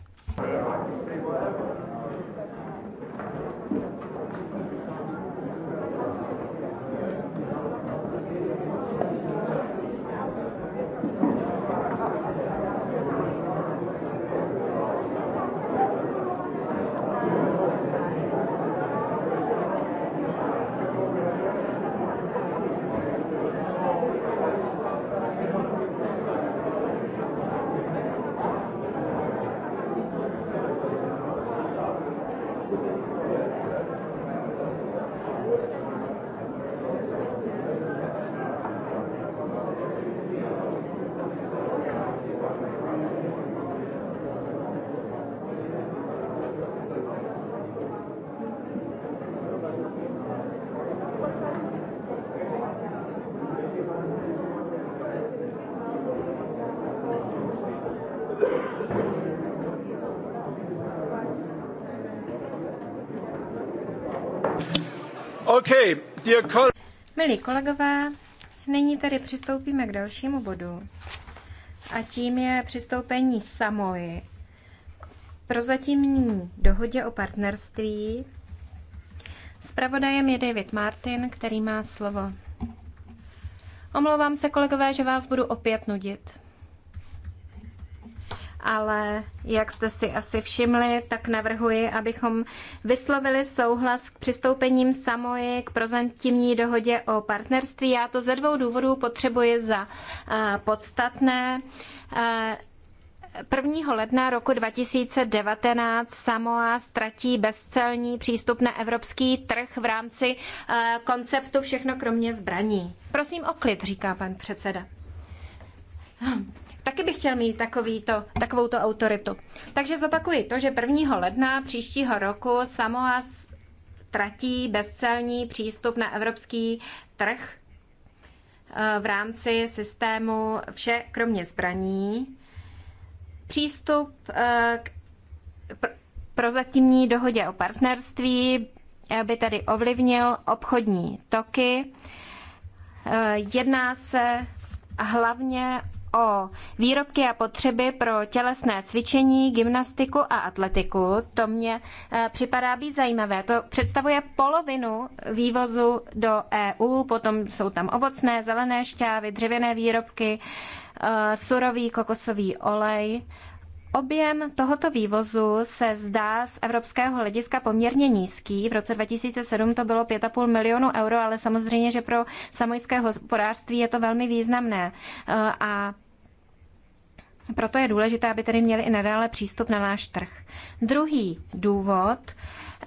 Okay, dear Milí kolegové, nyní tedy přistoupíme k dalšímu bodu. A tím je přistoupení Samoji k prozatímní dohodě o partnerství. Spravodajem je David Martin, který má slovo. Omlouvám se, kolegové, že vás budu opět nudit ale jak jste si asi všimli, tak navrhuji, abychom vyslovili souhlas k přistoupením Samoji k prozentivní dohodě o partnerství. Já to ze dvou důvodů potřebuji za eh, podstatné. 1. Eh, ledna roku 2019 Samoa ztratí bezcelní přístup na evropský trh v rámci eh, konceptu všechno kromě zbraní. Prosím o klid, říká pan předseda taky bych chtěl mít takovýto, takovouto autoritu. Takže zopakuji to, že 1. ledna příštího roku Samoa tratí bezcelní přístup na evropský trh eh, v rámci systému vše kromě zbraní. Přístup eh, k prozatímní dohodě o partnerství eh, by tedy ovlivnil obchodní toky. Jedná se hlavně o výrobky a potřeby pro tělesné cvičení, gymnastiku a atletiku. To mně eh, připadá být zajímavé. To představuje polovinu vývozu do EU, potom jsou tam ovocné, zelené šťávy, dřevěné výrobky, eh, surový kokosový olej. Objem tohoto vývozu se zdá z evropského hlediska poměrně nízký. V roce 2007 to bylo 5,5 milionu euro, ale samozřejmě, že pro samojské hospodářství je to velmi významné. Eh, a proto je důležité, aby tedy měli i nadále přístup na náš trh. Druhý důvod,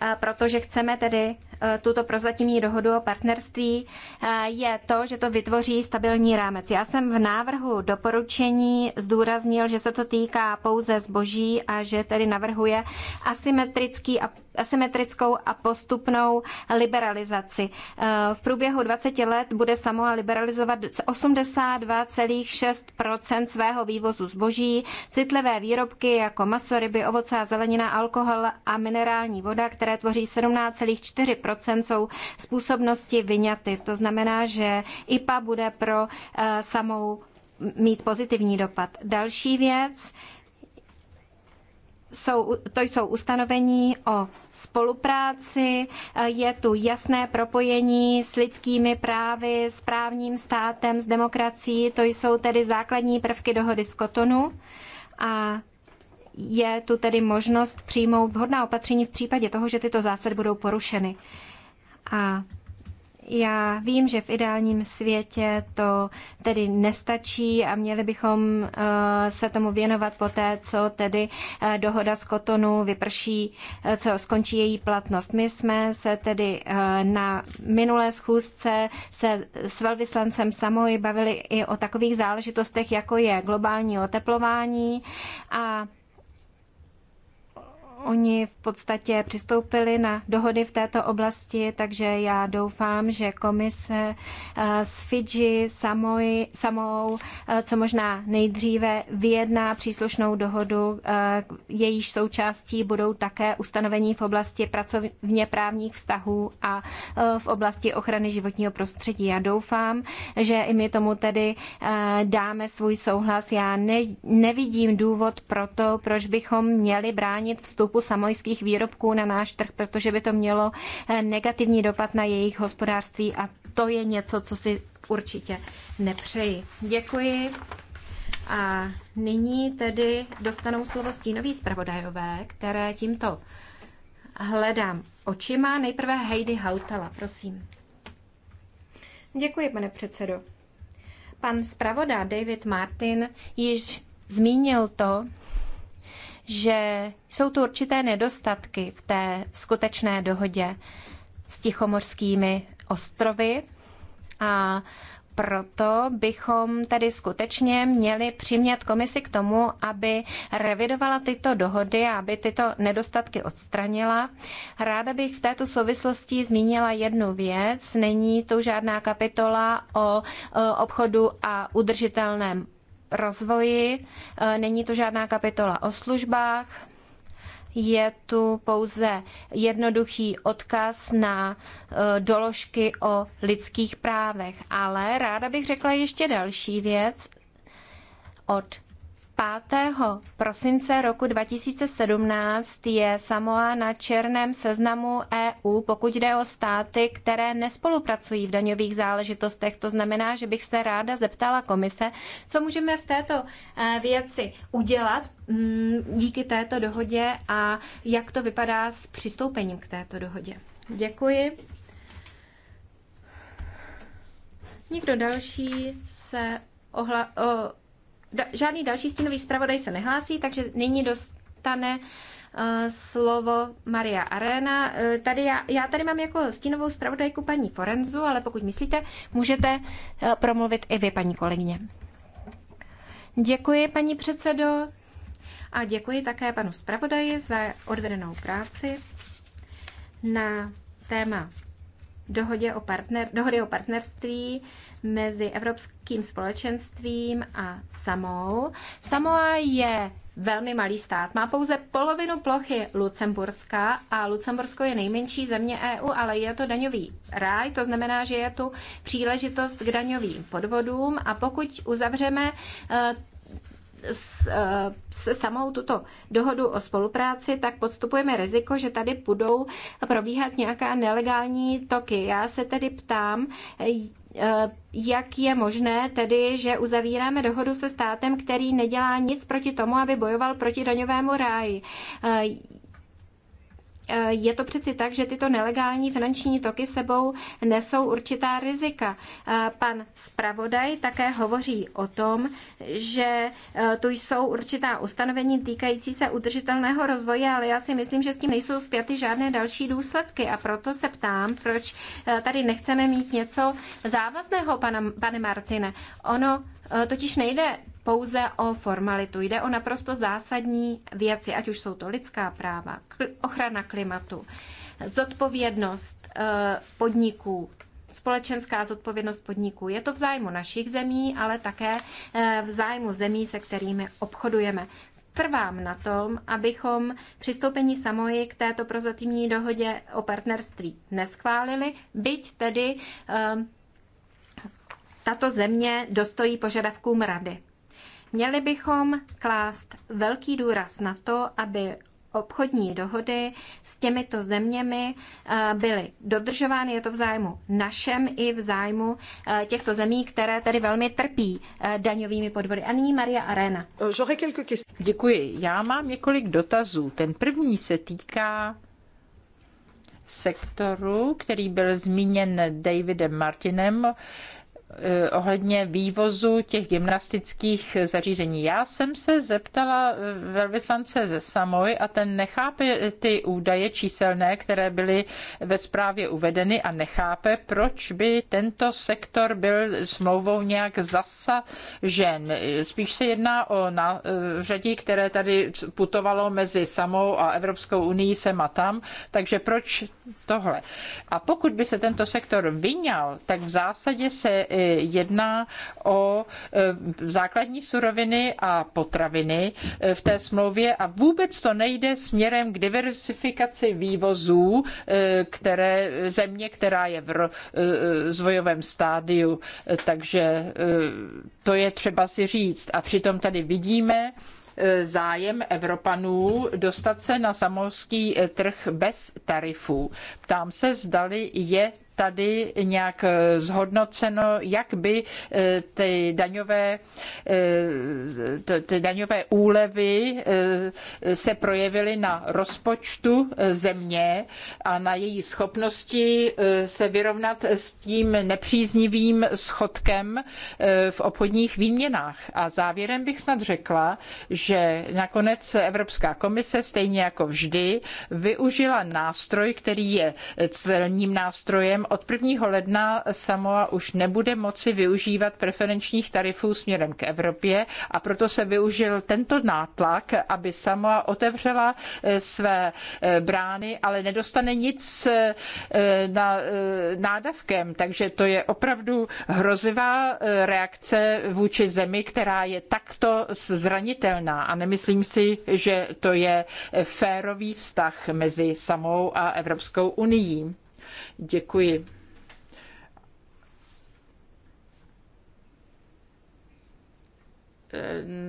eh, protože chceme tedy Eh, tuto prozatímní dohodu o partnerství, eh, je to, že to vytvoří stabilní rámec. Já jsem v návrhu doporučení zdůraznil, že se to týká pouze zboží a že tedy navrhuje asymetrický a asymetrickou a postupnou liberalizaci. Eh, v průběhu 20 let bude Samoa liberalizovat 82,6 svého vývozu zboží, citlivé výrobky jako maso, ryby, ovoce a zelenina, alkohol a minerální voda, které tvoří 17,4 jsou působnosti vyňaty. To znamená, že IPA bude pro eh, samou mít pozitivní dopad. Další věc, jsou, to jsou ustanovení o spolupráci, eh, je tu jasné propojení s lidskými právy, s právním státem, s demokracií, to jsou tedy základní prvky dohody z Kotonu. A je tu tedy možnost přijmout vhodná opatření v případě toho, že tyto zásady budou porušeny. A já vím, že v ideálním světě to tedy nestačí a měli bychom eh, se tomu věnovat po té, co tedy eh, dohoda z Kotonu vyprší, eh, co skončí její platnost. My jsme se tedy na minulé schůzce se s velvyslancem Samoy bavili i o takových záležitostech, jako je globální oteplování a Oni v podstatě přistoupili na dohody v této oblasti, takže já doufám, že komise eh, s Fidži samoj, samou, eh, co možná nejdříve, vyjedná příslušnou dohodu. Eh, jejíž součástí budou také ustanovení v oblasti pracovně právních vztahů a v oblasti ochrany životního prostředí. Já doufám, že i my tomu tedy dáme svůj souhlas. Já ne, nevidím důvod pro to, proč bychom měli bránit vstupu vstupu samojských výrobků na náš trh, protože by to mělo eh, negativní dopad na jejich hospodářství a to je něco, co si určitě nepřeji. Děkuji. A nyní tedy dostanou slovo stínový zpravodajové, které tímto hledám očima. Nejprve Heidi Hautala, prosím. Děkuji, pane předsedo. Pan zpravoda David Martin již zmínil to, že jsou tu určité nedostatky v té skutečné dohodě s Tichomorskými ostrovy a proto bychom tedy skutečně měli přimět komisi k tomu, aby revidovala tyto dohody a aby tyto nedostatky odstranila. Ráda bych v této souvislosti zmínila jednu věc. Není to žádná kapitola o obchodu a udržitelném rozvoji, eh, není to žádná kapitola o službách, je tu pouze jednoduchý odkaz na eh, doložky o lidských právech. Ale ráda bych řekla ještě další věc od 5. prosince roku 2017 je Samoa na černém seznamu EU, pokud jde o státy, které nespolupracují v daňových záležitostech. To znamená, že bych se ráda zeptala komise, co můžeme v této eh, věci udělat mm, díky této dohodě a jak to vypadá s přistoupením k této dohodě. Děkuji. Nikdo další se ohla- o da, žádný další stínový zpravodaj se nehlásí, takže nyní dostane uh, slovo Maria Arena. Uh, tady já, já tady mám jako stínovou zpravodajku paní Forenzu, ale pokud myslíte, můžete uh, promluvit i vy, paní kolegyně. Děkuji, paní předsedo, a děkuji také panu zpravodaji za odvedenou práci na téma dohodě o partner, dohody o partnerství mezi Evropským společenstvím a Samou. Samoa je velmi malý stát. Má pouze polovinu plochy Lucemburska a Lucembursko je nejmenší země EU, ale je to daňový ráj, to znamená, že je tu příležitost k daňovým podvodům a pokud uzavřeme eh, Eh, se samou tuto dohodu o spolupráci, tak podstupujeme riziko, že tady budou probíhat nějaká nelegální toky. Já se tedy ptám, eh, jak je možné tedy, že uzavíráme dohodu se státem, který nedělá nic proti tomu, aby bojoval proti daňovému ráji. Eh, Eh, je to přeci tak, že tyto nelegální finanční toky sebou nesou určitá rizika. Eh, pan zpravodaj také hovoří o tom, že eh, tu jsou určitá ustanovení týkající se udržitelného rozvoje, ale já si myslím, že s tím nejsou zpěty žádné další důsledky a proto se ptám, proč tady nechceme mít něco závazného, pana, pane Martine. Ono totiž nejde pouze o formalitu. Jde o naprosto zásadní věci, ať už jsou to lidská práva, ochrana klimatu, zodpovědnost eh, podniků, společenská zodpovědnost podniků. Je to v zájmu našich zemí, ale také eh, v zájmu zemí, se kterými obchodujeme. Trvám na tom, abychom přistoupení samoji k této prozatímní dohodě o partnerství neschválili, byť tedy eh, tato země dostojí požadavkům rady. Měli bychom klást velký důraz na to, aby obchodní dohody s těmito zeměmi eh, byly dodržovány. Je to v zájmu našem i v zájmu eh, těchto zemí, které tady velmi trpí eh, daňovými podvody. A nyní Maria Arena. Děkuji. Já mám několik dotazů. Ten první se týká sektoru, který byl zmíněn Davidem Martinem, Eh, ohledně vývozu těch gymnastických zařízení. Já jsem se zeptala eh, velvyslance ze Samoj a ten nechápe ty údaje číselné, které byly ve zprávě uvedeny a nechápe, proč by tento sektor byl smlouvou nějak zasažen. Spíš se jedná o řadí, které tady putovalo mezi Samou a Evropskou unii sem a tam, takže proč tohle? A pokud by se tento sektor vyňal, tak v zásadě se eh, jedná o e, základní suroviny a potraviny e, v té smlouvě a vůbec to nejde směrem k diversifikaci vývozů, e, které země, která je v rozvojovém stádiu. Takže to je třeba si říct. A přitom tady vidíme, zájem Evropanů dostat se na samorský trh bez tarifů. Ptám se, zdali je tady nějak eh, zhodnoceno, jak by eh, ty daňové, eh, ty daňové úlevy se projevily na rozpočtu země a na její schopnosti se vyrovnat s tím nepříznivým schodkem v obchodních výměnách. A závěrem bych snad řekla, že nakonec Evropská komise, stejně jako vždy, využila nástroj, který je celním nástrojem, od 1. ledna Samoa už nebude moci využívat preferenčních tarifů směrem k Evropě a proto se využil tento nátlak, aby Samoa otevřela eh, své eh, brány, ale nedostane nic eh, na nádavkem, takže to je opravdu hrozivá reakce vůči zemi, která je takto zranitelná a nemyslím si, že to je férový vztah mezi samou a Evropskou unii. Děkuji.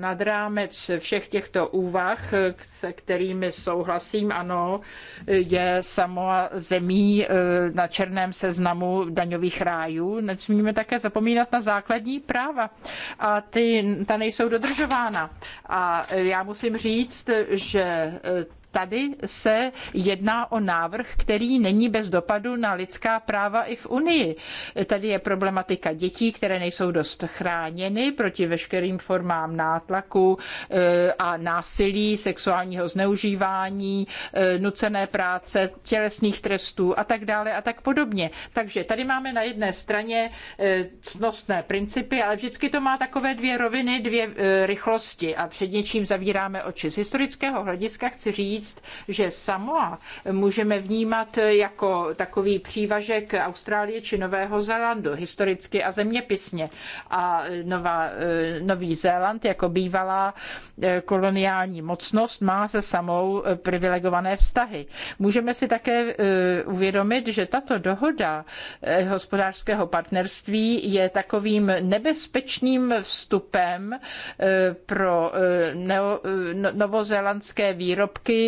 nad rámec všech těchto úvah, se kterými souhlasím, ano, je sama zemí eh, na černém seznamu daňových rájů. Nesmíme také zapomínat na základní práva a ty, ta nejsou dodržována. A já musím říct, že eh, tady se jedná o návrh, který není bez dopadu na lidská práva i v Unii. Tady je problematika dětí, které nejsou dost chráněny proti veškerým formám nátlaku eh, a násilí, sexuálního zneužívání, eh, nucené práce, tělesných trestů a tak dále a tak podobně. Takže tady máme na jedné straně eh, cnostné principy, ale vždycky to má takové dvě roviny, dvě rychlosti a před něčím zavíráme oči. Z historického hlediska chci říct, říct, že Samoa můžeme vnímat jako takový přívažek Austrálie či Nového Zélandu historicky a zeměpisně. A eh, Nový Zéland jako bývalá eh, koloniální mocnost má se samou eh, privilegované vztahy. Můžeme si také uvědomit, že tato dohoda hospodářského partnerství je takovým nebezpečným vstupem pro neo, no, novozélandské výrobky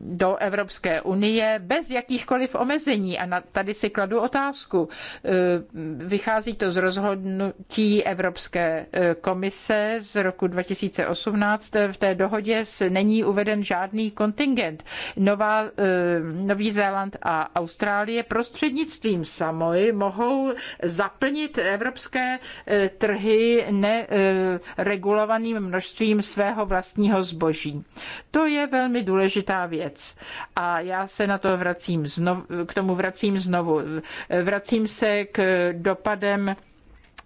do Evropské unie bez jakýchkoliv omezení. A tady si kladu otázku. E, vychází to z rozhodnutí Evropské e, komise z roku 2018. E, v té dohodě není uveden žádný kontingent. Nová, Nový Zéland a Austrálie prostřednictvím Samoj mohou zaplnit evropské trhy neregulovaným množstvím svého vlastního zboží. To je velmi důležitá věc věc. A já se na to vracím znovu, k tomu vracím znovu. Vracím se k dopadem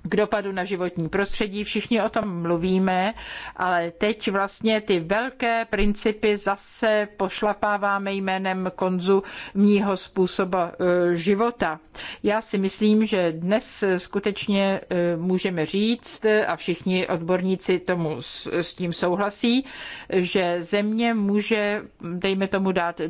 k dopadu na životní prostředí. Všichni o tom mluvíme, ale teď vlastně ty velké principy zase pošlapáváme jménem konzumního způsobu e, života. Já si myslím, že dnes skutečně e, můžeme říct, a všichni odborníci tomu s, s tím souhlasí, že země může, dejme tomu, dát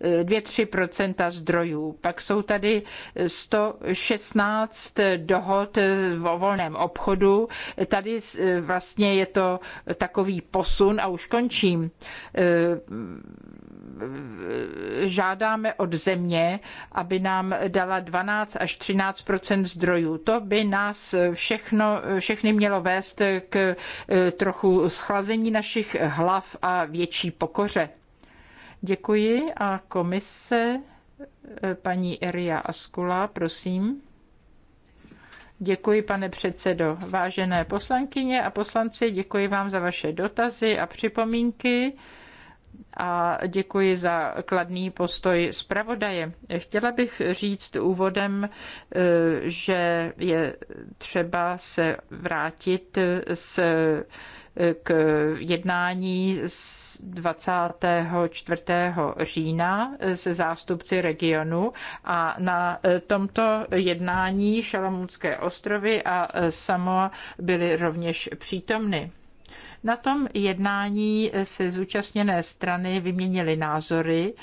2-3 e, zdrojů. Pak jsou tady 116 dohod v o volném obchodu. Tady eh, vlastně je to takový posun a už končím. Eh, žádáme od země, aby nám dala 12 až 13 zdrojů. To by nás všechno, všechny mělo vést k eh, trochu schlazení našich hlav a větší pokoře. Děkuji a komise paní Eria Askula, prosím. Děkuji, pane předsedo. Vážené poslankyně a poslanci, děkuji vám za vaše dotazy a připomínky a děkuji za kladný postoj zpravodaje. Chtěla bych říct úvodem, e, že je třeba se vrátit s k jednání z 24. října se zástupci regionu a na tomto jednání Šalamunské ostrovy a Samoa byly rovněž přítomny. Na tom jednání se zúčastněné strany vyměnily názory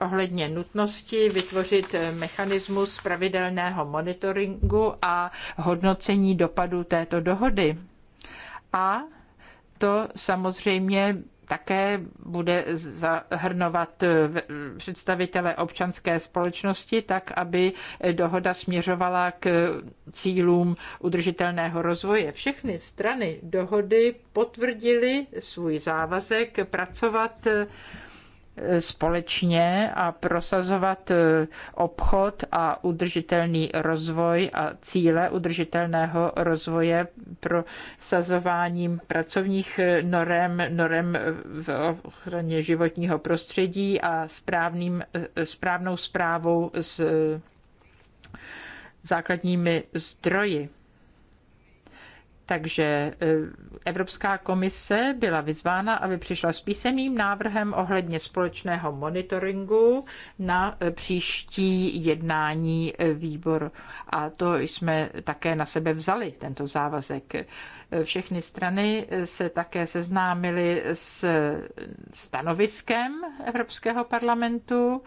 ohledně nutnosti vytvořit mechanismus pravidelného monitoringu a hodnocení dopadu této dohody. A to samozřejmě také bude zahrnovat představitele občanské společnosti tak, aby dohoda směřovala k cílům udržitelného rozvoje. Všechny strany dohody potvrdily svůj závazek pracovat společně a prosazovat e, obchod a udržitelný rozvoj a cíle udržitelného rozvoje prosazováním pracovních e, norem, norem v ochraně životního prostředí a správným, e, správnou zprávou s základními zdroji. Takže e, Evropská komise byla vyzvána, aby přišla s písemným návrhem ohledně společného monitoringu na e, příští jednání e, výboru. A to jsme také na sebe vzali, tento závazek. Všechny strany se také seznámily s stanoviskem Evropského parlamentu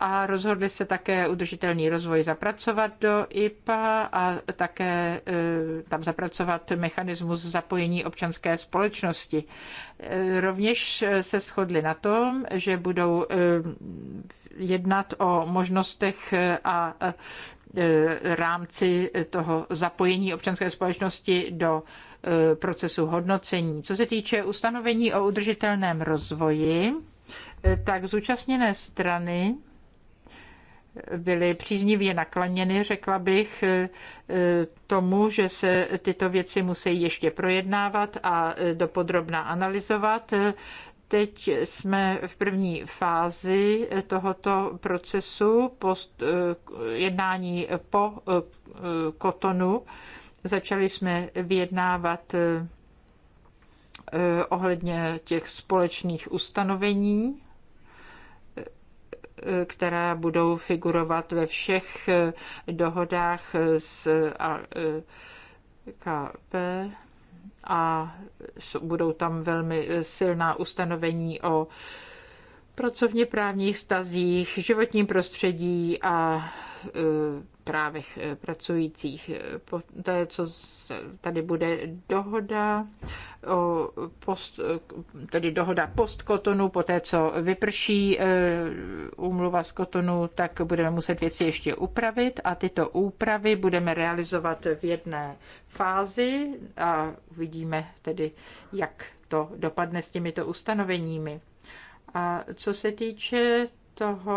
a rozhodli se také udržitelný rozvoj zapracovat do IPA a také e, tam zapracovat mechanismus zapojení občanské společnosti. E, rovněž se shodli na tom, že budou e, jednat o možnostech a rámci toho zapojení občanské společnosti do procesu hodnocení. Co se týče ustanovení o udržitelném rozvoji, tak zúčastněné strany byly příznivě nakloněny, řekla bych, e, tomu, že se tyto věci musí ještě projednávat a e, dopodrobná analyzovat. Teď jsme v první fázi tohoto procesu post, e, jednání po kotonu. Začali jsme vyjednávat ohledně těch společných ustanovení která budou figurovat ve všech eh, dohodách s AKP eh, a eh, budou tam velmi silná ustanovení o pracovně právních stazích, životním prostředí a právech eh, pracujících. Eh, po té, co tady bude dohoda, o post, eh, tedy dohoda post kotonu, po té, co vyprší úmluva z kotonu, tak budeme muset věci ještě upravit a tyto úpravy budeme realizovat v jedné fázi a uvidíme tedy, jak to dopadne s těmito ustanoveními. A co se týče toho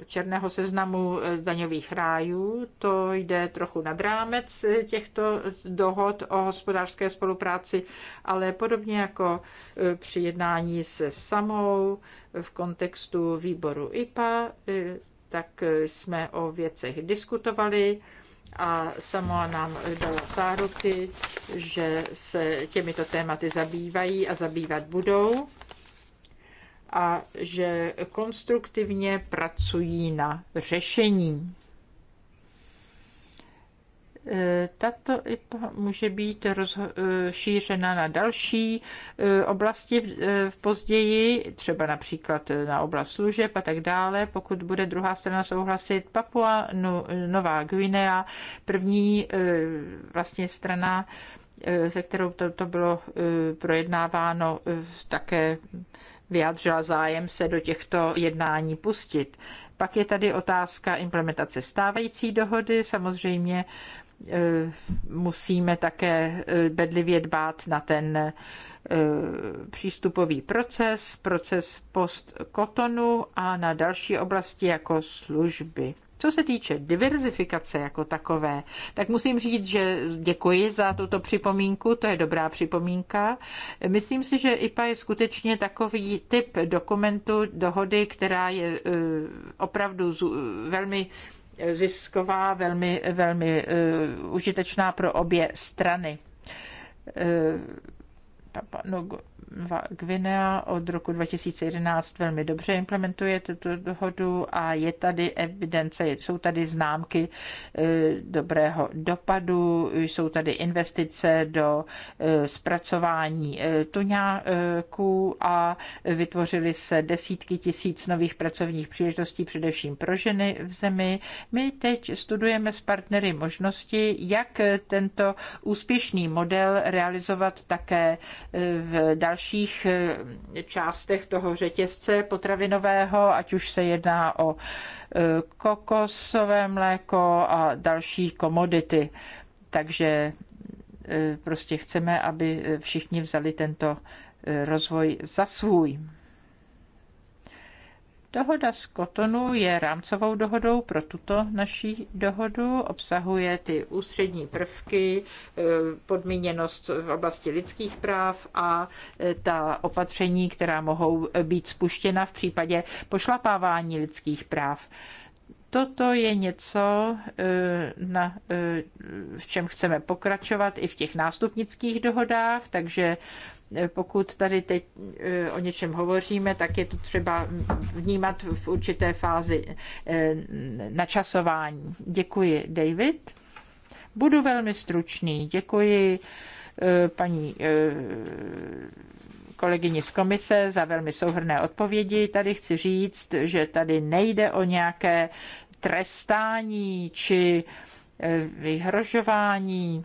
eh, černého seznamu eh, daňových rájů. To jde trochu nad rámec eh, těchto dohod o hospodářské spolupráci, ale podobně jako při jednání se samou v kontextu výboru IPA, tak jsme o věcech diskutovali a sama nám dala záruky, že se těmito tématy zabývají a zabývat budou a že konstruktivně pracují na řešení. E, tato IPA může být rozšířena e, na další e, oblasti v později, třeba například na oblast služeb a tak dále. Pokud bude druhá strana souhlasit, Papua, Nová Guinea, první vlastně strana, se kterou to, to bylo projednáváno, také vyjádřila zájem se do těchto jednání pustit. Pak je tady otázka implementace stávající dohody. Samozřejmě e, musíme také e, bedlivě dbát na ten e, přístupový proces, proces post-kotonu a na další oblasti jako služby. Co se týče diverzifikace jako takové, tak musím říct, že děkuji za tuto připomínku, to je dobrá připomínka. Myslím si, že IPA je skutečně takový typ dokumentu, dohody, která je e, opravdu velmi zisková, velmi, velmi e, užitečná pro obě strany. E, Gvinea od roku 2011 velmi dobře implementuje tuto dohodu a je tady evidence, jsou tady známky eh, dobrého dopadu, jsou tady investice do eh, zpracování eh, tuňáků a vytvořily se desítky tisíc nových pracovních příležitostí, především pro ženy v zemi. My teď studujeme s partnery možnosti, jak tento úspěšný model realizovat také v dalších dalších eh, částech toho řetězce potravinového, ať už se jedná o eh, kokosové mléko a další komodity. Takže eh, prostě chceme, aby všichni vzali tento rozvoj za svůj. Dohoda z Kotonu je rámcovou dohodou pro tuto naší dohodu, obsahuje ty ústřední prvky, eh, podmíněnost v oblasti lidských práv a eh, ta opatření, která mohou eh, být spuštěna v případě pošlapávání lidských práv. Toto je něco, eh, na, eh, v čem chceme pokračovat i v těch nástupnických dohodách, takže eh, pokud tady teď o něčem hovoříme, tak je to třeba vnímat v určité fázi načasování. Děkuji, David. Budu velmi stručný. Děkuji paní kolegyni z komise za velmi souhrné odpovědi. Tady chci říct, že tady nejde o nějaké trestání či eh, vyhrožování.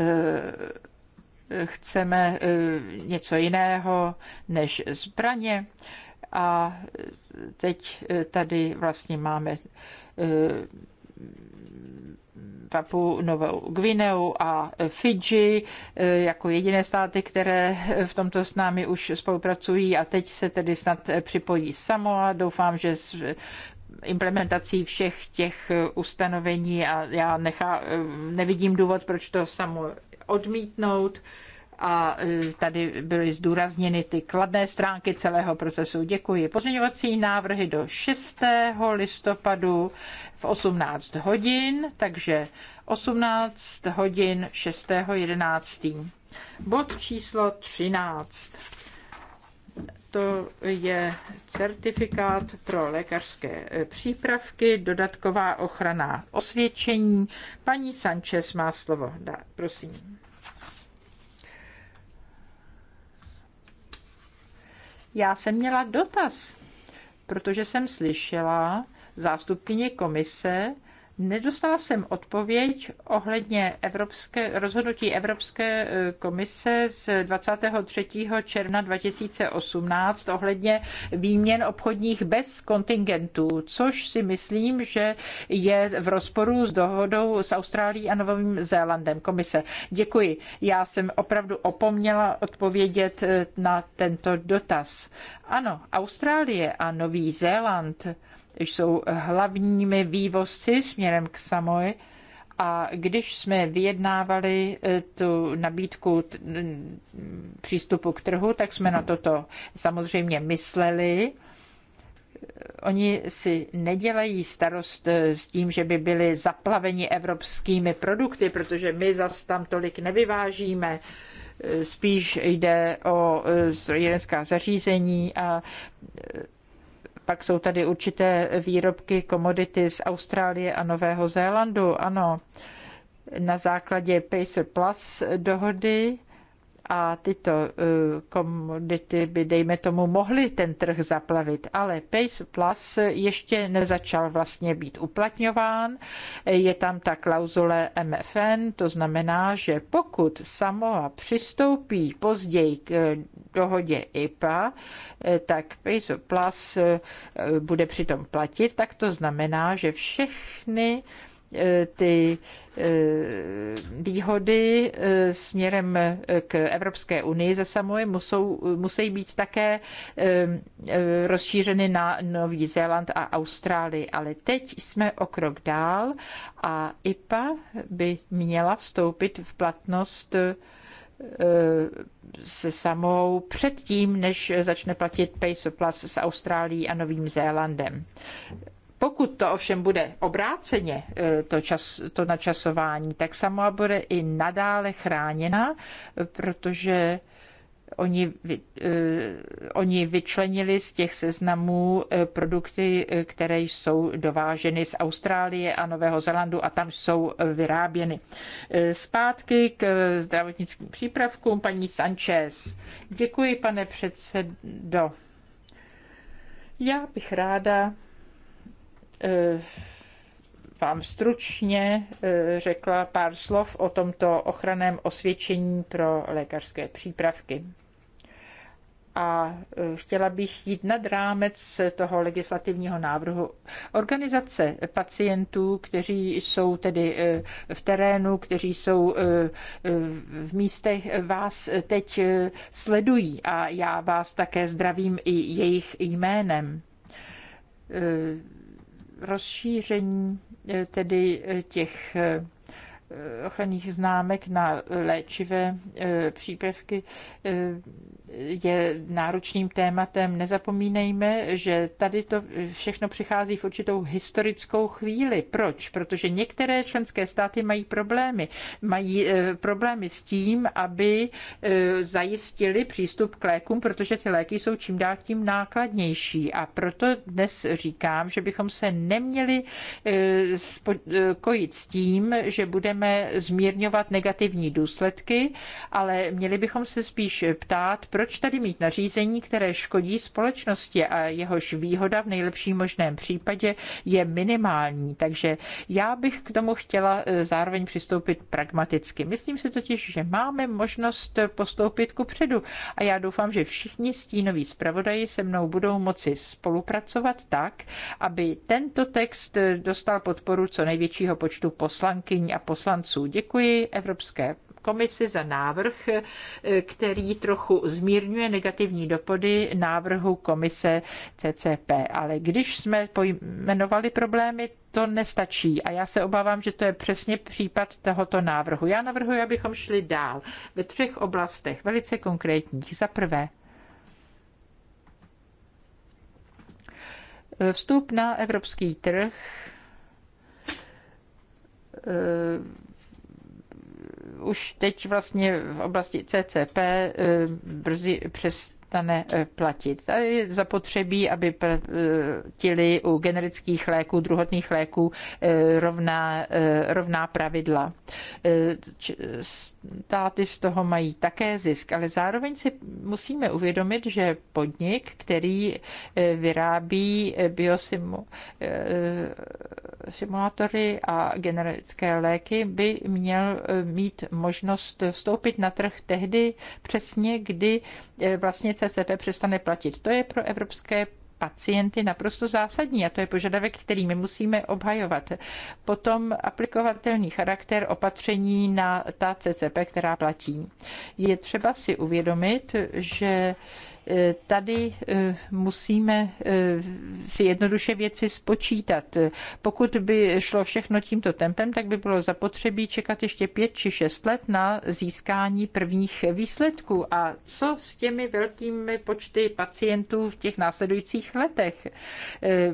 Eh, chceme eh, něco jiného než zbraně. A teď tady vlastně máme Papu Novou Gvineu a Fidži jako jediné státy, které v tomto s námi už spolupracují a teď se tedy snad připojí Samoa. Doufám, že implementací všech těch ustanovení a já nechá, eh, nevidím důvod, proč to samo odmítnout a eh, tady byly zdůrazněny ty kladné stránky celého procesu. Děkuji. Pozměňovací návrhy do 6. listopadu v 18 hodin, takže 18 hodin 6. 11. Bod číslo 13 to je certifikát pro lékařské e, přípravky, dodatková ochrana osvědčení. Paní Sanchez má slovo. Dá, prosím. Já jsem měla dotaz, protože jsem slyšela zástupkyně komise, Nedostala jsem odpověď ohledně evropské, rozhodnutí Evropské e, komise z 23. června 2018 ohledně výměn obchodních bez kontingentů, což si myslím, že je v rozporu s dohodou s Austrálií a Novým Zélandem. Komise, děkuji. Já jsem opravdu opomněla odpovědět e, na tento dotaz. Ano, Austrálie a Nový Zéland jsou hlavními vývozci směrem k Samoji. A když jsme vyjednávali eh, tu nabídku přístupu k trhu, tak jsme na toto samozřejmě mysleli. Eh, oni si nedělají starost eh, s tím, že by byli zaplaveni evropskými produkty, protože my zas tam tolik nevyvážíme. Spíš jde o strojírenská zařízení a pak jsou tady určité výrobky, komodity z Austrálie a Nového Zélandu. Ano, na základě Pacer Plus dohody a tyto eh, komodity by, dejme tomu, mohly ten trh zaplavit, ale PACE Plus ještě nezačal vlastně být uplatňován. Je tam ta klauzule MFN, to znamená, že pokud Samoa přistoupí později k eh, dohodě IPA, eh, tak PACE Plus bude přitom platit, tak to znamená, že všechny Eh, ty eh, výhody eh, směrem k Evropské unii ze samé musou, musí být také rozšířeny na Nový Zéland a Austrálii. Ale teď jsme o krok dál a IPA by měla vstoupit v platnost se samou předtím, než začne platit Pay Plus s Austrálií a Novým Zélandem. Pokud to ovšem bude obráceně, eh, to, čas, to načasování, tak sama bude i nadále chráněna, protože oni, eh, oni vyčlenili z těch seznamů eh, produkty, které jsou dováženy z Austrálie a Nového Zelandu a tam jsou vyráběny. Zpátky k zdravotnickým přípravkům paní Sanchez. Děkuji, pane předsedo. Já bych ráda Eh, vám stručně eh, řekla pár slov o tomto ochranném osvědčení pro lékařské přípravky. A eh, chtěla bych jít nad rámec toho legislativního návrhu. Organizace pacientů, kteří jsou tedy v terénu, kteří jsou v místech, vás teď sledují a já vás také zdravím i jejich jménem rozšíření eh, tedy eh, těch eh, ochranných známek na léčivé přípravky je náročným tématem. Nezapomínejme, že tady to všechno přichází v určitou historickou chvíli. Proč? Protože některé členské státy mají problémy. Mají eh, problémy s tím, aby eh, zajistili přístup k lékům, protože ty léky jsou čím dál tím nákladnější. A proto dnes říkám, že bychom se neměli eh, kojit s tím, že budeme zmírňovat negativní důsledky, ale měli bychom se spíš ptát, proč proč tady mít nařízení, které škodí společnosti a jehož výhoda v nejlepším možném případě je minimální? Takže já bych k tomu chtěla eh, zároveň přistoupit pragmaticky. Myslím si totiž, že máme možnost postoupit ku předu a já doufám, že všichni stínoví zpravodaji se mnou budou moci spolupracovat tak, aby tento text eh, dostal podporu co největšího počtu poslankyň a poslanců. Děkuji Evropské komisi za návrh, eh, který trochu zmírňuje negativní dopady návrhu komise CCP. Ale když jsme pojmenovali problémy, to nestačí. A já se obávám, že to je přesně případ tohoto návrhu. Já navrhuji, abychom šli dál ve třech oblastech, velice konkrétních. Za prvé, eh, vstup na evropský trh eh, už teď vlastně v oblasti CCP eh, brzy přes přestane eh, platit. A je zapotřebí, aby platili u generických léků, druhotných léků eh, rovná, eh, rovná pravidla. Státy z toho mají také zisk, ale zároveň si musíme uvědomit, že podnik, který vyrábí biosimulátory a generické léky, by měl mít možnost vstoupit na trh tehdy přesně, kdy vlastně CCP přestane platit. To je pro evropské pacienty naprosto zásadní a to je požadavek, který my musíme obhajovat. Potom aplikovatelný charakter opatření na ta CCP, která platí. Je třeba si uvědomit, že Eh, tady eh, musíme eh, si jednoduše věci spočítat. Pokud by šlo všechno tímto tempem, tak by bylo zapotřebí čekat ještě pět či šest let na získání prvních výsledků. A co s těmi velkými počty pacientů v těch následujících letech?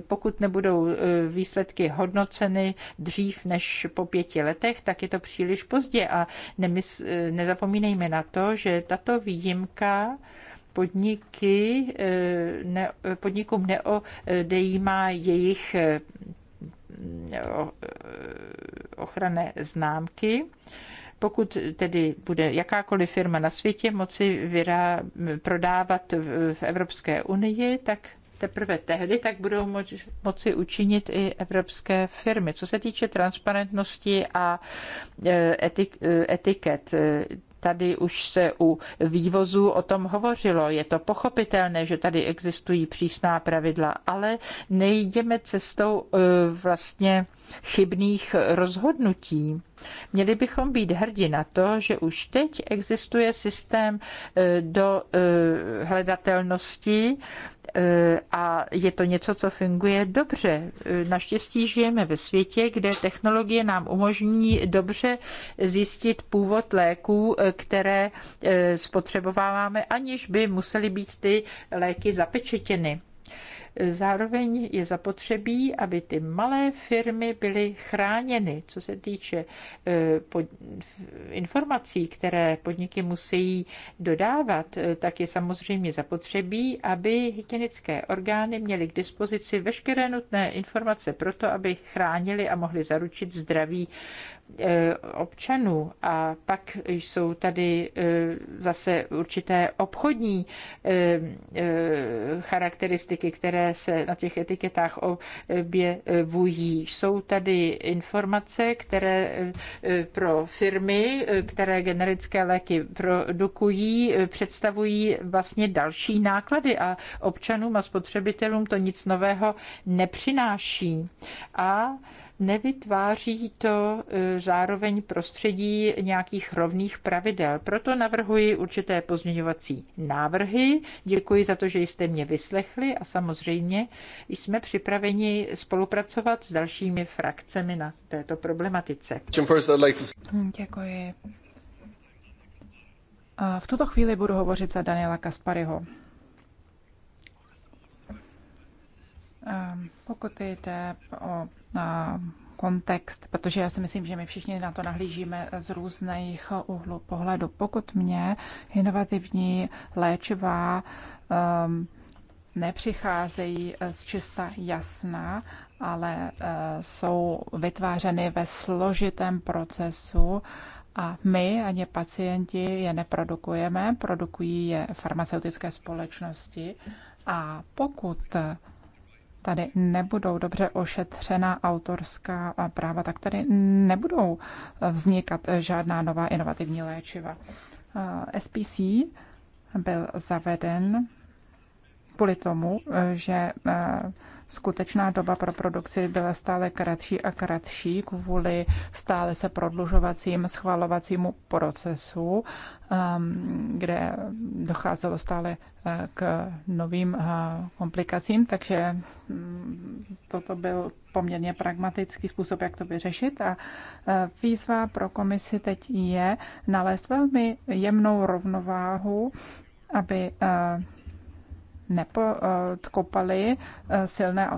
Pokud nebudou výsledky hodnoceny dřív než po pěti letech, tak je to příliš pozdě. A nemysl, nezapomínejme na to, že tato výjimka podniky, eh, ne, podnikům neodejímá jejich eh, eh, ochranné známky pokud tedy bude jakákoliv firma na světě moci vyrá, prodávat v, v Evropské unii, tak teprve tehdy tak budou moč, moci učinit i evropské firmy. Co se týče transparentnosti a etik, etiket, Tady už se u vývozu o tom hovořilo. Je to pochopitelné, že tady existují přísná pravidla, ale nejdeme cestou e, vlastně chybných rozhodnutí. Měli bychom být hrdí na to, že už teď existuje systém e, do e, hledatelnosti e, a je to něco, co funguje dobře. Naštěstí žijeme ve světě, kde technologie nám umožní dobře zjistit původ léků, které spotřebováváme, aniž by musely být ty léky zapečetěny. Zároveň je zapotřebí, aby ty malé firmy byly chráněny, co se týče eh, informací, které podniky musí dodávat, eh, tak je samozřejmě zapotřebí, aby hygienické orgány měly k dispozici veškeré nutné informace pro to, aby chránili a mohli zaručit zdraví Eh, občanů. A pak jsou tady eh, zase určité obchodní eh, charakteristiky, které se na těch etiketách objevují. Jsou tady informace, které pro firmy, které generické léky produkují, představují vlastně další náklady a občanům a spotřebitelům to nic nového nepřináší. A nevytváří to e, zároveň prostředí nějakých rovných pravidel. Proto navrhuji určité pozměňovací návrhy. Děkuji za to, že jste mě vyslechli a samozřejmě jsme připraveni spolupracovat s dalšími frakcemi na této problematice. Hmm, děkuji. A v tuto chvíli budu hovořit za Daniela Kaspariho. Ehm, pokud jde o kontext, protože já si myslím, že my všichni na to nahlížíme z různých úhlů pohledu. Pokud mě inovativní léčiva um, nepřicházejí z čista jasná, ale uh, jsou vytvářeny ve složitém procesu, a my ani pacienti je neprodukujeme, produkují je farmaceutické společnosti. A pokud tady nebudou dobře ošetřena autorská práva, tak tady nebudou vznikat žádná nová inovativní léčiva. Eh, SPC byl zaveden kvůli tomu, eh, že eh, skutečná doba pro produkci byla stále kratší a kratší kvůli stále se prodlužovacím schvalovacímu procesu, ehm, kde docházelo stále eh, k novým komplikacím, takže mm, toto byl poměrně pragmatický způsob, jak to vyřešit a výzva pro komisi teď je nalézt velmi jemnou rovnováhu, aby nepodkopali eh, silné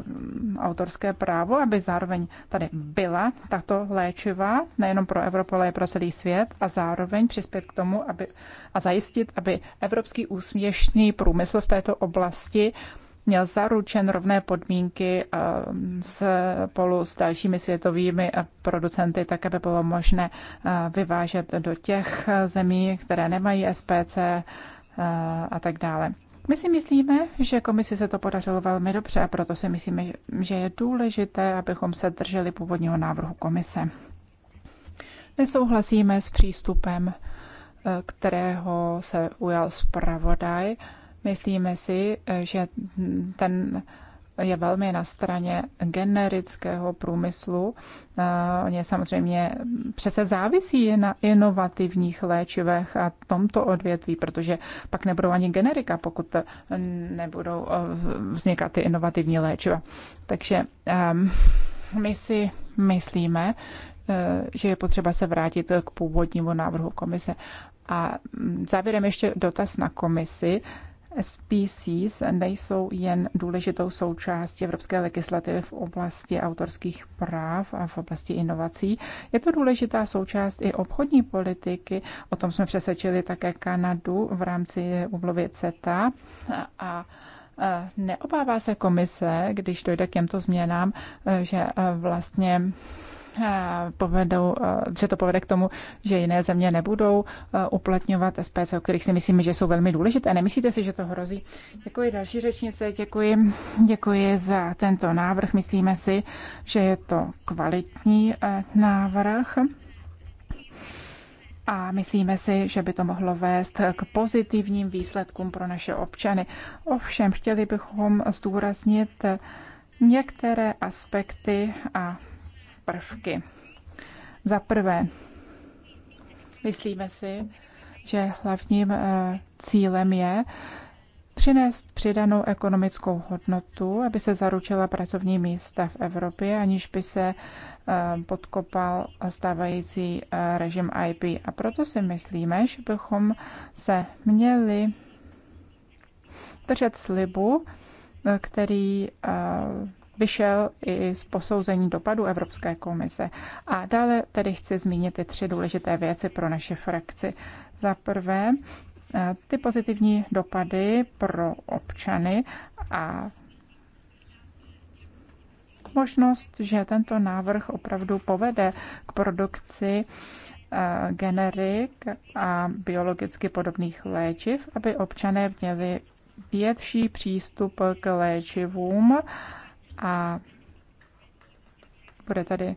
autorské právo, aby zároveň tady byla tato léčiva, nejenom pro Evropu, ale i pro celý svět a zároveň přispět k tomu, aby a zajistit, aby evropský úsměšný průmysl v této oblasti měl zaručen rovné podmínky eh, spolu s dalšími světovými eh, producenty, tak aby bylo možné vyvážet do těch zemí, které nemají SPC a tak dále. My si myslíme, že komisi se to podařilo velmi dobře a proto si myslíme, že je důležité, abychom se drželi původního návrhu komise. Nesouhlasíme s přístupem, eh, kterého se ujal zpravodaj. Myslíme si, eh, že ten je velmi na straně generického průmyslu. Oni samozřejmě přece závisí na inovativních léčivech a tomto odvětví, protože pak nebudou ani generika, pokud nebudou eh, vznikat ty inovativní léčiva. Takže ehm, my si myslíme, eh, že je potřeba se vrátit k původnímu návrhu komise. A závěrem ještě dotaz na komisi. SPCs nejsou jen důležitou součástí evropské legislativy v oblasti autorských práv a v oblasti inovací. Je to důležitá součást i obchodní politiky. O tom jsme přesvědčili také Kanadu v rámci úmluvy CETA. A neobává se komise, když dojde k těmto změnám, že vlastně Eh, povedou, eh, že to povede k tomu, že jiné země nebudou eh, uplatňovat SPC, o kterých si myslíme, že jsou velmi důležité. Nemyslíte si, že to hrozí? Děkuji další řečnice, děkuji, děkuji za tento návrh. Myslíme si, že je to kvalitní návrh a myslíme si, že by to mohlo vést k pozitivním výsledkům pro naše občany. Ovšem, chtěli bychom zdůraznit některé aspekty a prvky. Za prvé, myslíme si, že hlavním eh, cílem je přinést přidanou ekonomickou hodnotu, aby se zaručila pracovní místa v Evropě, aniž by se eh, podkopal stávající eh, režim IP. A proto si myslíme, že bychom se měli držet slibu, který vyšel i z posouzení dopadu Evropské komise. A dále tedy chci zmínit ty tři důležité věci pro naše frakci. Za prvé, eh, ty pozitivní dopady pro občany a možnost, že tento návrh opravdu povede k produkci eh, generik a biologicky podobných léčiv, aby občané měli větší přístup k léčivům a bude tady,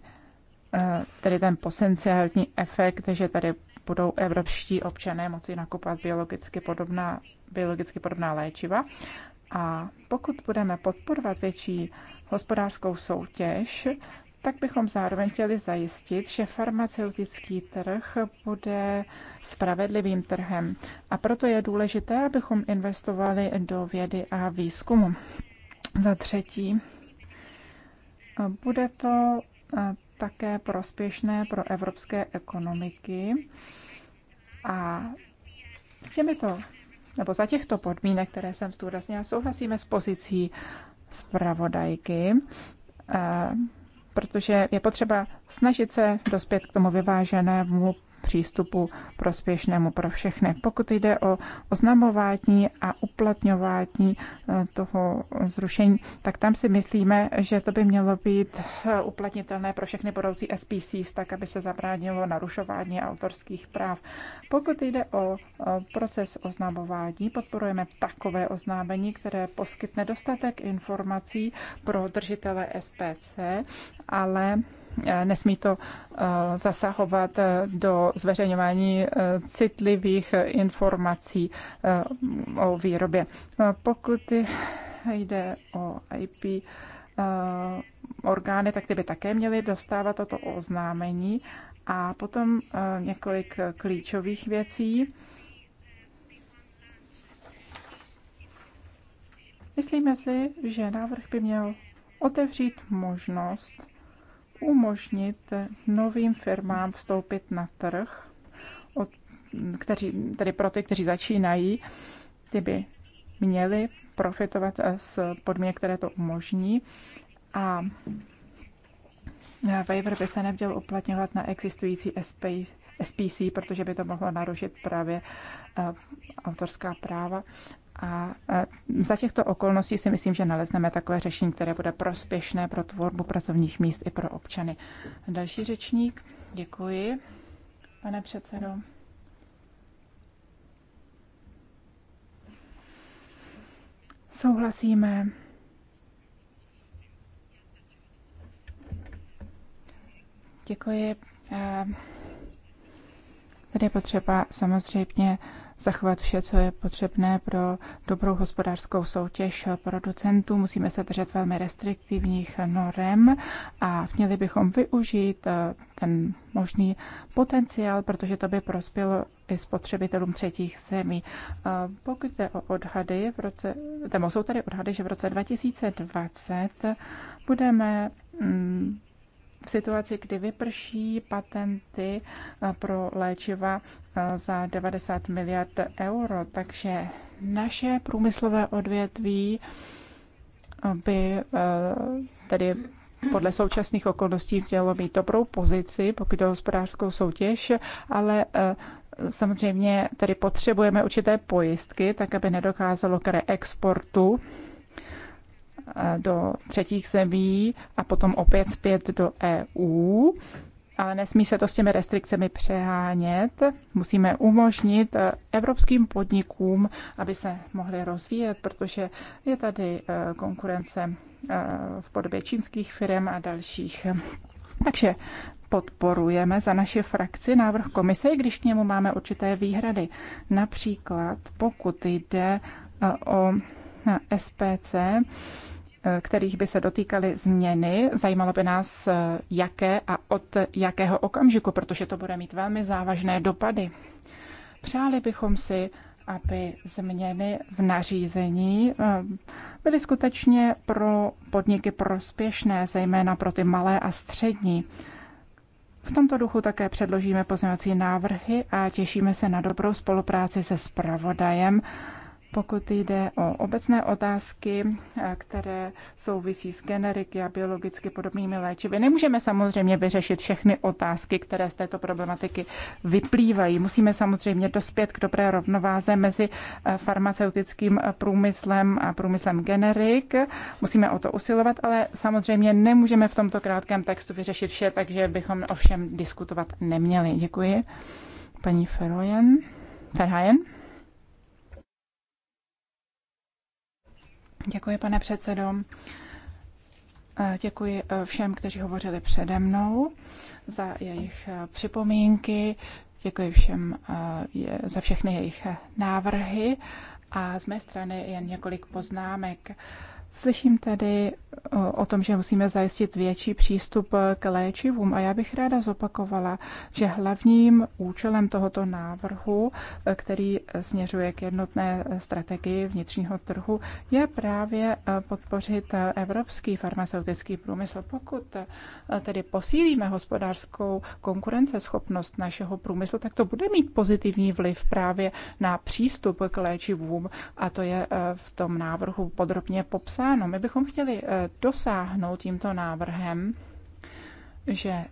eh, tady ten potenciální efekt, že tady budou evropští občané moci nakupovat biologicky podobná, biologicky podobná léčiva. A pokud budeme podporovat větší hospodářskou soutěž, tak bychom zároveň chtěli zajistit, že farmaceutický trh bude spravedlivým trhem. A proto je důležité, abychom investovali do vědy a výzkumu. Za třetí, bude to eh, také prospěšné pro evropské ekonomiky a s těmito, nebo za těchto podmínek, které jsem zdůraznila, souhlasíme s pozicí zpravodajky, eh, protože je potřeba snažit se dospět k tomu vyváženému přístupu prospěšnému pro všechny. Pokud jde o oznamování a uplatňování eh, toho zrušení, tak tam si myslíme, že to by mělo být eh, uplatnitelné pro všechny budoucí SPCs, tak aby se zabránilo narušování autorských práv. Pokud jde o eh, proces oznamování, podporujeme takové oznámení, které poskytne dostatek informací pro držitele SPC, ale Eh, nesmí to eh, zasahovat eh, do zveřejňování citlivých informací o výrobě. Pokud jde o IP orgány, tak ty by také měly dostávat toto oznámení. A potom několik klíčových věcí. Myslíme si, že návrh by měl otevřít možnost umožnit novým firmám vstoupit na trh, od, kteří, tedy pro ty, kteří začínají, ty by měli profitovat z podmínek, které to umožní. A waiver by se neměl uplatňovat na existující SPC, protože by to mohlo narušit právě eh, autorská práva. A e, za těchto okolností si myslím, že nalezneme takové řešení, které bude prospěšné pro tvorbu pracovních míst i pro občany. Další řečník. Děkuji, pane předsedo. Souhlasíme. Děkuji. E, tady je potřeba samozřejmě zachovat vše, co je potřebné pro dobrou hospodářskou soutěž producentů. Musíme se držet velmi restriktivních norem a měli bychom využít eh, ten možný potenciál, protože to by prospělo i spotřebitelům třetích zemí. Eh, pokud jde o odhady, v roce, jsou tady odhady, že v roce 2020 budeme mm, v situaci, kdy vyprší patenty eh, pro léčiva eh, za 90 miliard euro. Takže naše průmyslové odvětví eh, by tedy podle současných okolností mělo mít dobrou pozici, pokud jde o hospodářskou soutěž, ale samozřejmě tady potřebujeme určité pojistky, tak aby nedocházelo k reexportu Eh, do třetích zemí a potom opět zpět do EU. Ale nesmí se to s těmi restrikcemi přehánět. Musíme umožnit eh, evropským podnikům, aby se mohly rozvíjet, protože je tady eh, konkurence v podobě čínských firm a dalších. Takže podporujeme za naši frakci návrh komise, i když k němu máme určité výhrady. Například pokud jde o SPC, kterých by se dotýkaly změny. Zajímalo by nás, jaké a od jakého okamžiku, protože to bude mít velmi závažné dopady. Přáli bychom si, aby změny v nařízení eh, byly skutečně pro podniky prospěšné, zejména pro ty malé a střední. V tomto duchu také předložíme pozměňovací návrhy a těšíme se na dobrou spolupráci se spravodajem pokud jde o obecné otázky, eh, které souvisí s generiky a biologicky podobnými léčivy, nemůžeme samozřejmě vyřešit všechny otázky, které z této problematiky vyplývají. Musíme samozřejmě dospět k dobré rovnováze mezi eh, farmaceutickým eh, průmyslem a průmyslem generik. Musíme o to usilovat, ale samozřejmě nemůžeme v tomto krátkém textu vyřešit vše, takže bychom ovšem diskutovat neměli. Děkuji. Paní Ferhojen. Ferhajen. Děkuji, pane předsedo. Eh, děkuji eh, všem, kteří hovořili přede mnou za jejich eh, připomínky. Děkuji všem za všechny jejich návrhy. A z mé strany jen několik poznámek. Slyším tady o tom, že musíme zajistit větší přístup eh, k léčivům a já bych ráda zopakovala, že hlavním účelem tohoto návrhu, eh, který eh, směřuje k jednotné strategii vnitřního trhu, je právě podpořit evropský farmaceutický průmysl. Pokud tedy posílíme hospodářskou konkurenceschopnost našeho průmyslu, tak to bude mít pozitivní vliv právě na přístup k léčivům a to je v tom návrhu podrobně popsáno napsáno. My bychom chtěli eh, dosáhnout tímto návrhem, že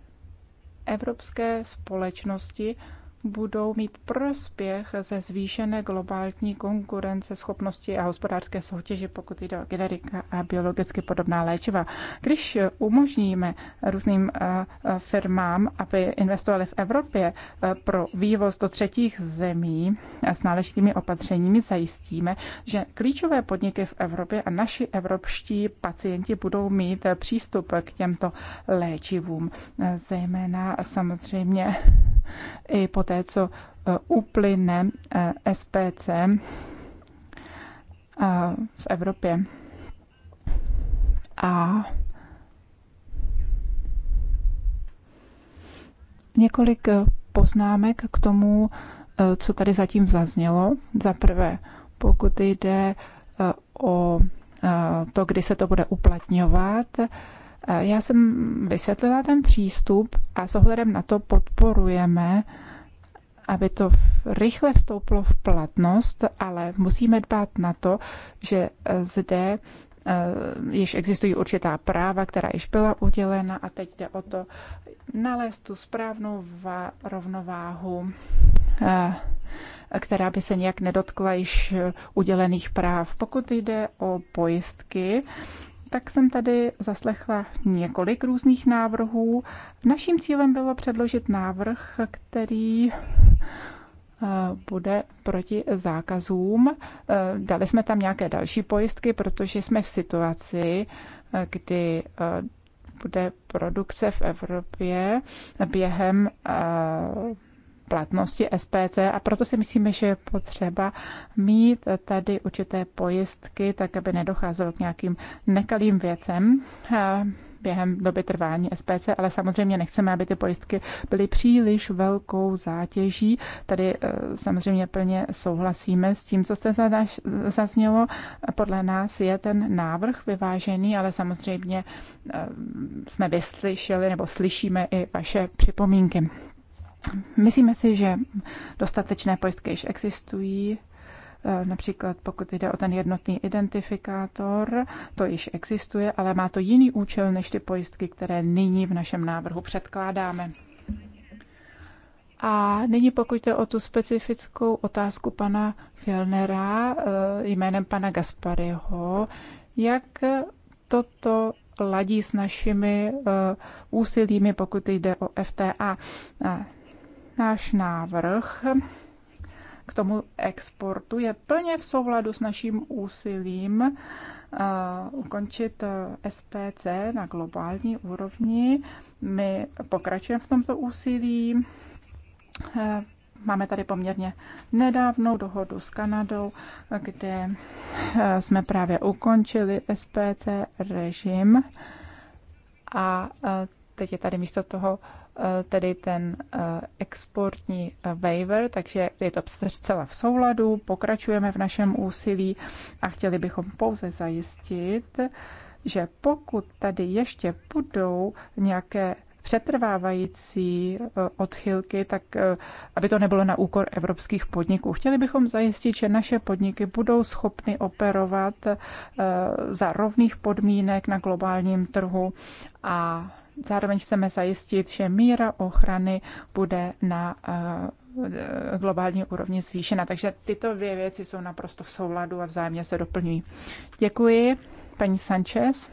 evropské společnosti budou mít prospěch ze zvýšené globální konkurence, schopnosti a hospodářské soutěže, pokud jde o generika a biologicky podobná léčiva. Když umožníme různým eh, firmám, aby investovali v Evropě eh, pro vývoz do třetích zemí eh, s náležitými opatřeními, zajistíme, že klíčové podniky v Evropě a naši evropští pacienti budou mít přístup k těmto léčivům, zejména samozřejmě i poté, poté, co e, uplyne e, SPC e, v Evropě. A několik poznámek k tomu, co tady zatím zaznělo. Za prvé, pokud jde o to, kdy se to bude uplatňovat, já jsem vysvětlila ten přístup a s ohledem na to podporujeme uh, aby to rychle vstoupilo v platnost, ale musíme dbát na to, že eh, zde eh, již existují určitá práva, která již byla udělena a teď jde o to nalézt tu správnou rovnováhu, eh, která by se nějak nedotkla již udělených práv. Pokud jde o pojistky, tak jsem tady zaslechla několik různých návrhů. Naším cílem bylo předložit návrh, který eh, bude proti zákazům. Eh, dali jsme tam nějaké další pojistky, protože jsme v situaci, eh, kdy bude produkce v Evropě během platnosti SPC a proto si myslíme, že je potřeba mít tady určité pojistky, tak aby nedocházelo k nějakým nekalým věcem eh, během doby trvání SPC, ale samozřejmě nechceme, aby ty pojistky byly příliš velkou zátěží. Tady eh, samozřejmě plně souhlasíme s tím, co jste zaznělo. Podle nás je ten návrh vyvážený, ale samozřejmě eh, jsme vyslyšeli nebo slyšíme i vaše připomínky. Myslíme si, že dostatečné pojistky již existují, e, například pokud jde o ten jednotný identifikátor, to již existuje, ale má to jiný účel než ty pojistky, které nyní v našem návrhu předkládáme. A nyní pokud jde o tu specifickou otázku pana Fjellnera e, jménem pana Gaspariho, jak toto ladí s našimi e, úsilími, pokud jde o FTA. Náš návrh k tomu exportu je plně v souladu s naším úsilím eh, ukončit eh, SPC na globální úrovni. My pokračujeme v tomto úsilí. Eh, máme tady poměrně nedávnou dohodu s Kanadou, kde jsme právě ukončili SPC režim a teď je tady místo toho Eh, tedy ten eh, exportní eh, waiver, takže je to zcela v souladu, pokračujeme v našem úsilí a chtěli bychom pouze zajistit, že pokud tady ještě budou nějaké přetrvávající odchylky, tak aby to nebylo na úkor evropských podniků. Chtěli bychom zajistit, že naše podniky budou schopny operovat za rovných podmínek na globálním trhu a zároveň chceme zajistit, že míra ochrany bude na eh, globální úrovni zvýšena. Takže tyto dvě věci jsou naprosto v souladu a vzájemně se doplňují. Děkuji, paní Sanchez.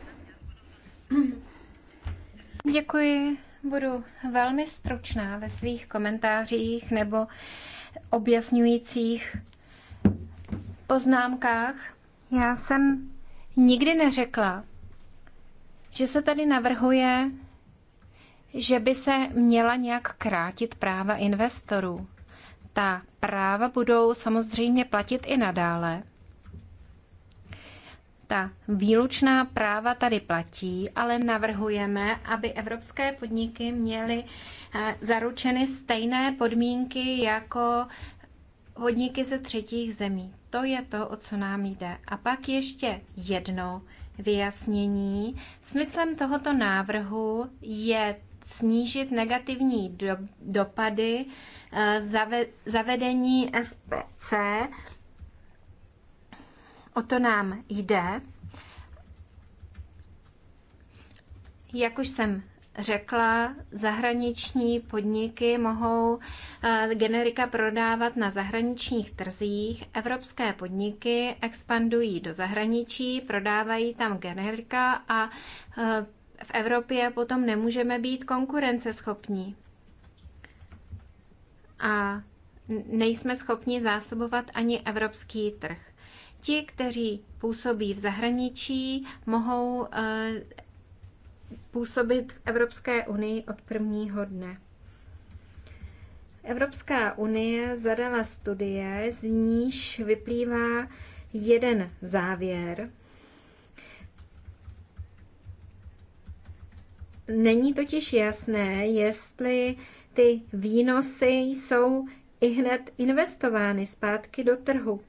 Děkuji. Budu velmi stručná ve svých komentářích nebo objasňujících poznámkách. Já jsem nikdy neřekla, že se tady navrhuje že by se měla nějak krátit práva investorů. Ta práva budou samozřejmě platit i nadále. Ta výlučná práva tady platí, ale navrhujeme, aby evropské podniky měly eh, zaručeny stejné podmínky jako podniky ze třetích zemí. To je to, o co nám jde. A pak ještě jedno vyjasnění. Smyslem tohoto návrhu je snížit negativní do, dopady eh, zave, zavedení SPC. O to nám jde. Jak už jsem řekla, zahraniční podniky mohou eh, generika prodávat na zahraničních trzích. Evropské podniky expandují do zahraničí, prodávají tam generika a eh, v Evropě potom nemůžeme být konkurenceschopní. A nejsme schopni zásobovat ani evropský trh. Ti, kteří působí v zahraničí, mohou eh, působit v Evropské unii od prvního dne. Evropská unie zadala studie, z níž vyplývá jeden závěr. Není totiž jasné, jestli ty výnosy jsou i hned investovány zpátky do trhu.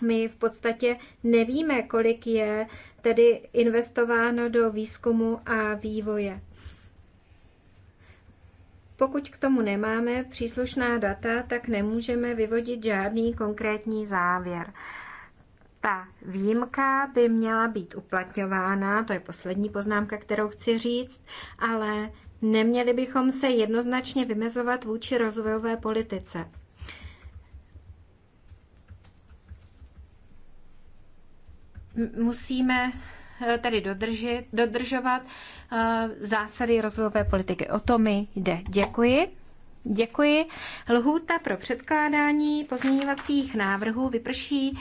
My v podstatě nevíme, kolik je tedy investováno do výzkumu a vývoje. Pokud k tomu nemáme příslušná data, tak nemůžeme vyvodit žádný konkrétní závěr ta výjimka by měla být uplatňována, to je poslední poznámka, kterou chci říct, ale neměli bychom se jednoznačně vymezovat vůči rozvojové politice. Musíme eh, tedy dodržit, dodržovat eh, zásady rozvojové politiky. O to mi jde. Děkuji. Děkuji. Lhůta pro předkládání pozměňovacích návrhů vyprší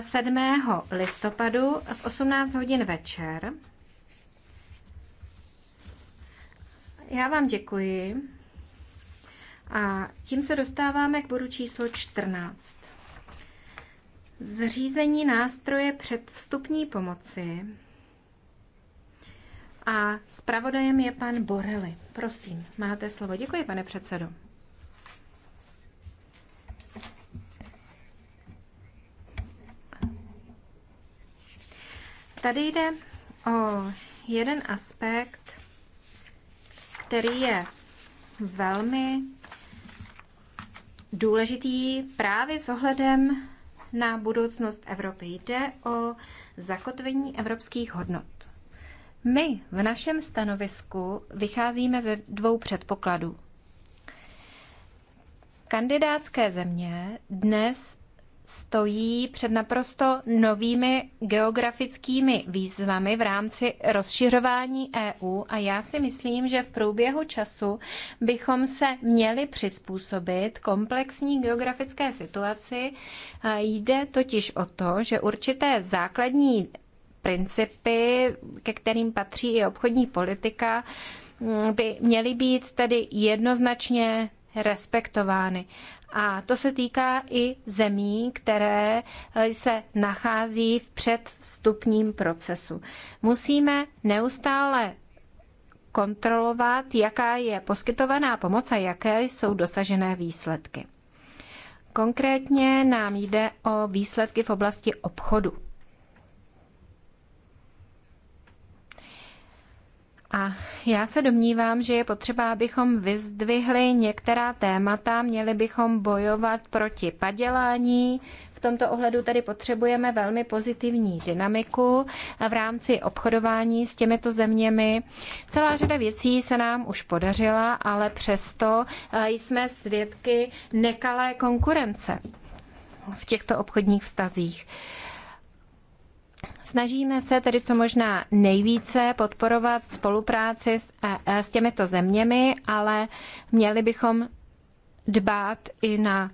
7. Eh, listopadu v 18 hodin večer. Já vám děkuji. A tím se dostáváme k bodu číslo 14. Zřízení nástroje předvstupní pomoci a zpravodajem je pan Borely. Prosím, máte slovo. Děkuji, pane předsedo. Tady jde o jeden aspekt, který je velmi důležitý právě s ohledem na budoucnost Evropy. Jde o zakotvení evropských hodnot. My v našem stanovisku vycházíme ze dvou předpokladů. Kandidátské země dnes stojí před naprosto novými geografickými výzvami v rámci rozšiřování EU a já si myslím, že v průběhu času bychom se měli přizpůsobit komplexní geografické situaci. Jde totiž o to, že určité základní principy, ke kterým patří i obchodní politika, mm, by měly být tedy jednoznačně respektovány. A to se týká i zemí, které eh, se nachází v předvstupním procesu. Musíme neustále kontrolovat, jaká je poskytovaná pomoc a jaké jsou dosažené výsledky. Konkrétně nám jde o výsledky v oblasti obchodu. A já se domnívám, že je potřeba, abychom vyzdvihli některá témata, měli bychom bojovat proti padělání. V tomto ohledu tady potřebujeme velmi pozitivní dynamiku v rámci obchodování s těmito zeměmi. Celá řada věcí se nám už podařila, ale přesto eh, jsme svědky nekalé konkurence v těchto obchodních vztazích. Snažíme se tedy co možná nejvíce podporovat spolupráci s, eh, eh, s těmito zeměmi, ale měli bychom dbát i na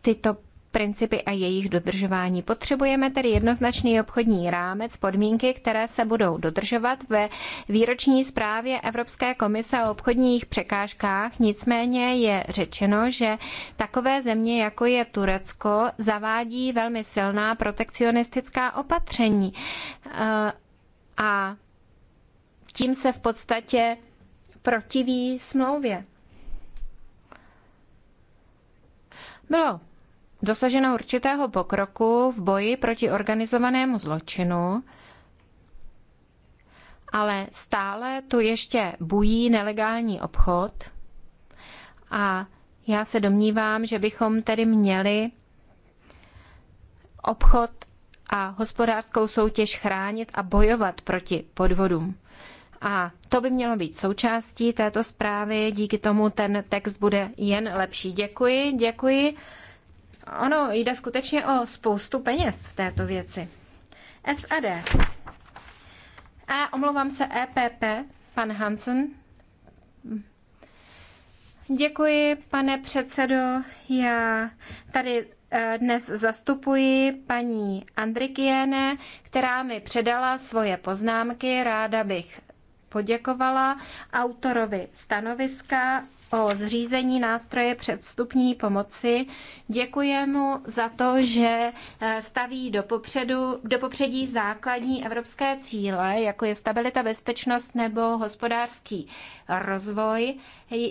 tyto principy a jejich dodržování. Potřebujeme tedy jednoznačný obchodní rámec, podmínky, které se budou dodržovat ve výroční zprávě Evropské komise o obchodních překážkách. Nicméně je řečeno, že takové země, jako je Turecko, zavádí velmi silná protekcionistická opatření. Eh, a tím se v podstatě protiví smlouvě. Bylo dosaženo určitého pokroku v boji proti organizovanému zločinu, ale stále tu ještě bují nelegální obchod a já se domnívám, že bychom tedy měli obchod a hospodářskou soutěž chránit a bojovat proti podvodům. A to by mělo být součástí této zprávy. Díky tomu ten text bude jen lepší. Děkuji, děkuji. Ono jde skutečně o spoustu peněz v této věci. SAD. A e, omlouvám se EPP, pan Hansen. Děkuji, pane předsedo. Já tady e, dnes zastupuji paní Andrikiene, která mi předala svoje poznámky. Ráda bych poděkovala autorovi stanoviska o zřízení nástroje předstupní pomoci. Děkuji mu za to, že eh, staví do, popředu, do popředí základní evropské cíle, jako je stabilita, bezpečnost nebo hospodářský rozvoj.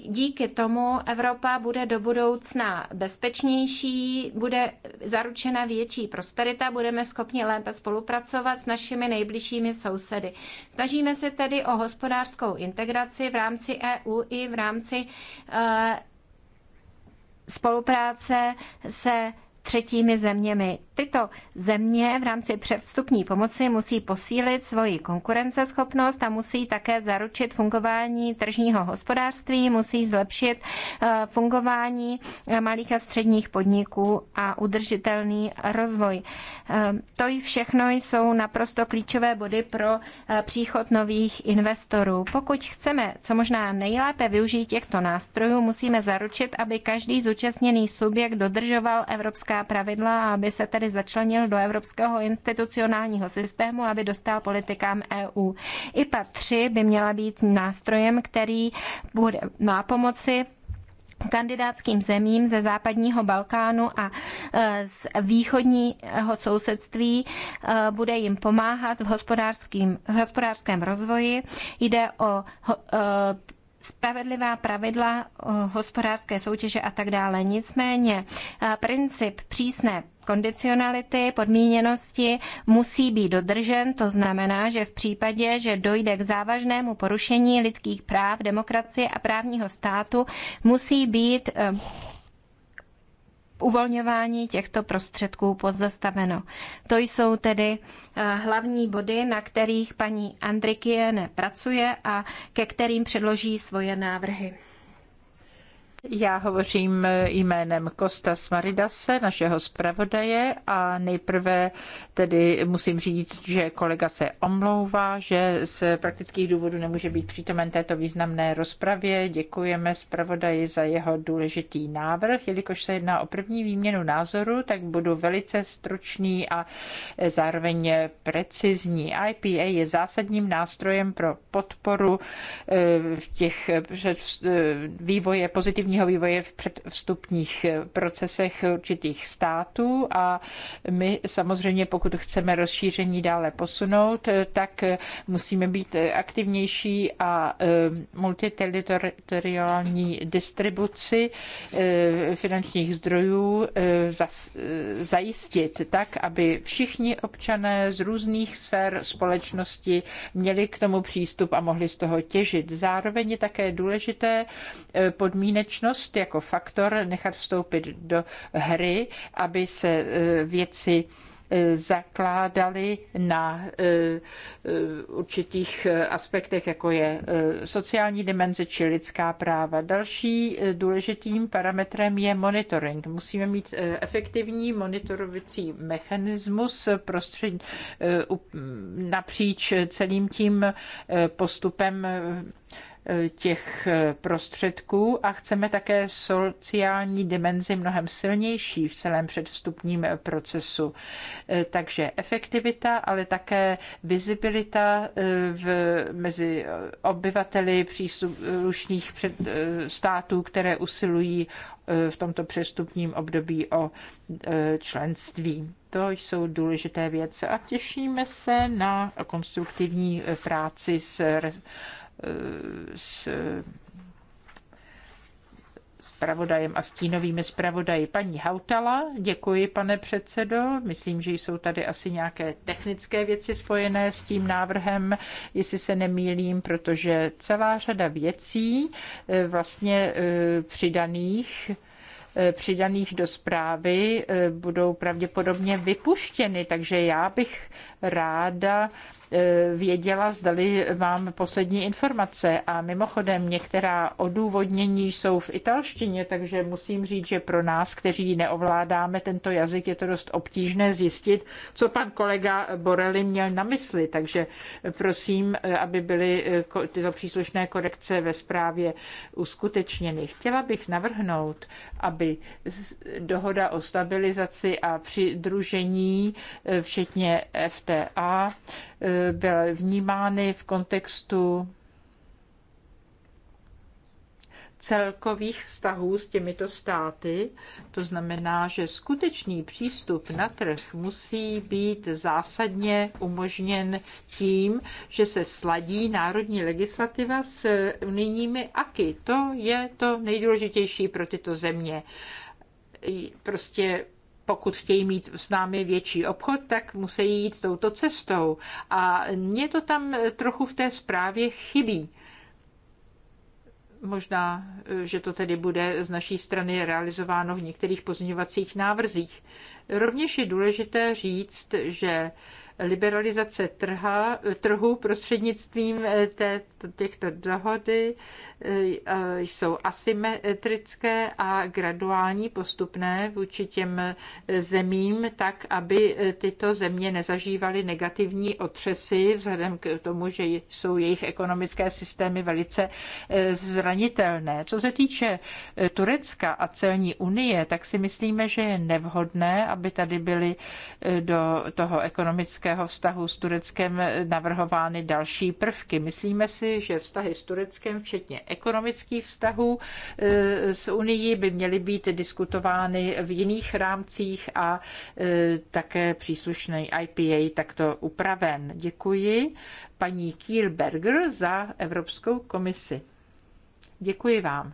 Díky tomu Evropa bude do budoucna bezpečnější, bude zaručena větší prosperita, budeme schopni lépe spolupracovat s našimi nejbližšími sousedy. Snažíme se tedy o hospodářskou integraci v rámci EU i v rámci Eh, spolupráce se třetími zeměmi tyto země v rámci předstupní pomoci musí posílit svoji konkurenceschopnost a musí také zaručit fungování tržního hospodářství, musí zlepšit eh, fungování eh, malých a středních podniků a udržitelný rozvoj. Eh, to i všechno jsou naprosto klíčové body pro příchod nových investorů. Pokud chceme co možná nejlépe využít těchto nástrojů, musíme zaručit, aby každý zúčastněný subjekt dodržoval evropská pravidla a aby se tedy tedy začlenil do evropského institucionálního systému, aby dostal politikám EU. IPA 3 by měla být nástrojem, který bude nápomoci kandidátským zemím ze západního Balkánu a e, z východního sousedství e, bude jim pomáhat v, hospodářském, v hospodářském rozvoji. Jde o e, spravedlivá pravidla hospodářské soutěže a tak dále. Nicméně princip přísné kondicionality, podmíněnosti musí být dodržen. To znamená, že v případě, že dojde k závažnému porušení lidských práv, demokracie a právního státu, musí být eh, uvolňování těchto prostředků pozastaveno. To jsou tedy eh, hlavní body, na kterých paní Andrikiene pracuje a ke kterým předloží svoje návrhy. Já hovořím jménem Kostas Maridase, našeho zpravodaje a nejprve tedy musím říct, že kolega se omlouvá, že z praktických důvodů nemůže být přítomen této významné rozpravě. Děkujeme zpravodaji za jeho důležitý návrh. Jelikož se jedná o první výměnu názoru, tak budu velice stručný a zároveň precizní. IPA je zásadním nástrojem pro podporu v eh, těch eh, vývoje pozitivní prvního vývoje v předvstupních eh, procesech určitých států a my samozřejmě, pokud chceme rozšíření dále posunout, eh, tak eh, musíme být aktivnější a multiteritoriální distribuci finančních zdrojů zajistit tak, aby všichni občané z různých sfér společnosti měli k tomu přístup a mohli z toho těžit. Zároveň je také důležité podmínečně možnost jako faktor nechat vstoupit do hry, aby se e, věci e, zakládali na e, určitých aspektech, jako je sociální dimenze či lidská práva. Další důležitým parametrem je monitoring. Musíme mít efektivní monitorovací mechanismus prostřed, napříč celým tím postupem těch eh, prostředků a chceme také sociální dimenzi mnohem silnější v celém předvstupním procesu. Eh, takže efektivita, ale také vizibilita eh, v, mezi obyvateli příslušných před, států, které usilují v tomto přestupním období o členství. To jsou důležité věci a těšíme se na konstruktivní práci s s eh, zpravodajem a stínovými zpravodaji. Paní Hautala, děkuji, pane předsedo. Myslím, že jsou tady asi nějaké technické věci spojené s tím návrhem, jestli se nemýlím, protože celá řada věcí eh, vlastně eh, přidaných přidaných do zprávy budou pravděpodobně vypuštěny, takže já bych ráda eh, věděla, zdali mám poslední informace. A mimochodem, některá odůvodnění jsou v italštině, takže musím říct, že pro nás, kteří neovládáme tento jazyk, je to dost obtížné zjistit, co pan kolega Borelli měl na mysli. Takže prosím, eh, aby byly eh, tyto příslušné korekce ve zprávě uskutečněny. Chtěla bych navrhnout, aby dohoda o stabilizaci a přidružení, včetně FT, DA eh, byly vnímány v kontextu celkových vztahů s těmito státy. To znamená, že skutečný přístup na trh musí být zásadně umožněn tím, že se sladí národní legislativa s unijními aky. To je to nejdůležitější pro tyto země. Prostě pokud chtějí mít s námi větší obchod, tak musí jít touto cestou. A mě to tam trochu v té zprávě chybí. Možná, že to tedy bude z naší strany realizováno v některých pozměňovacích návrzích. Rovněž je důležité říct, že liberalizace trha, trhu prostřednictvím eh, té, těchto dohody eh, jsou asymetrické a graduální, postupné vůči těm eh, zemím, tak, aby tyto země nezažívaly negativní otřesy vzhledem k tomu, že jsou jejich ekonomické systémy velice zranitelné. Co se týče Turecka a celní unie, tak si myslíme, že je nevhodné, aby tady byly do toho ekonomického evropského vztahu s Tureckem navrhovány další prvky. Myslíme si, že vztahy s Tureckem, včetně ekonomických vztahů e, s Unii, by měly být diskutovány v jiných rámcích a e, také příslušný IPA takto upraven. Děkuji paní Kielberger za Evropskou komisi. Děkuji vám.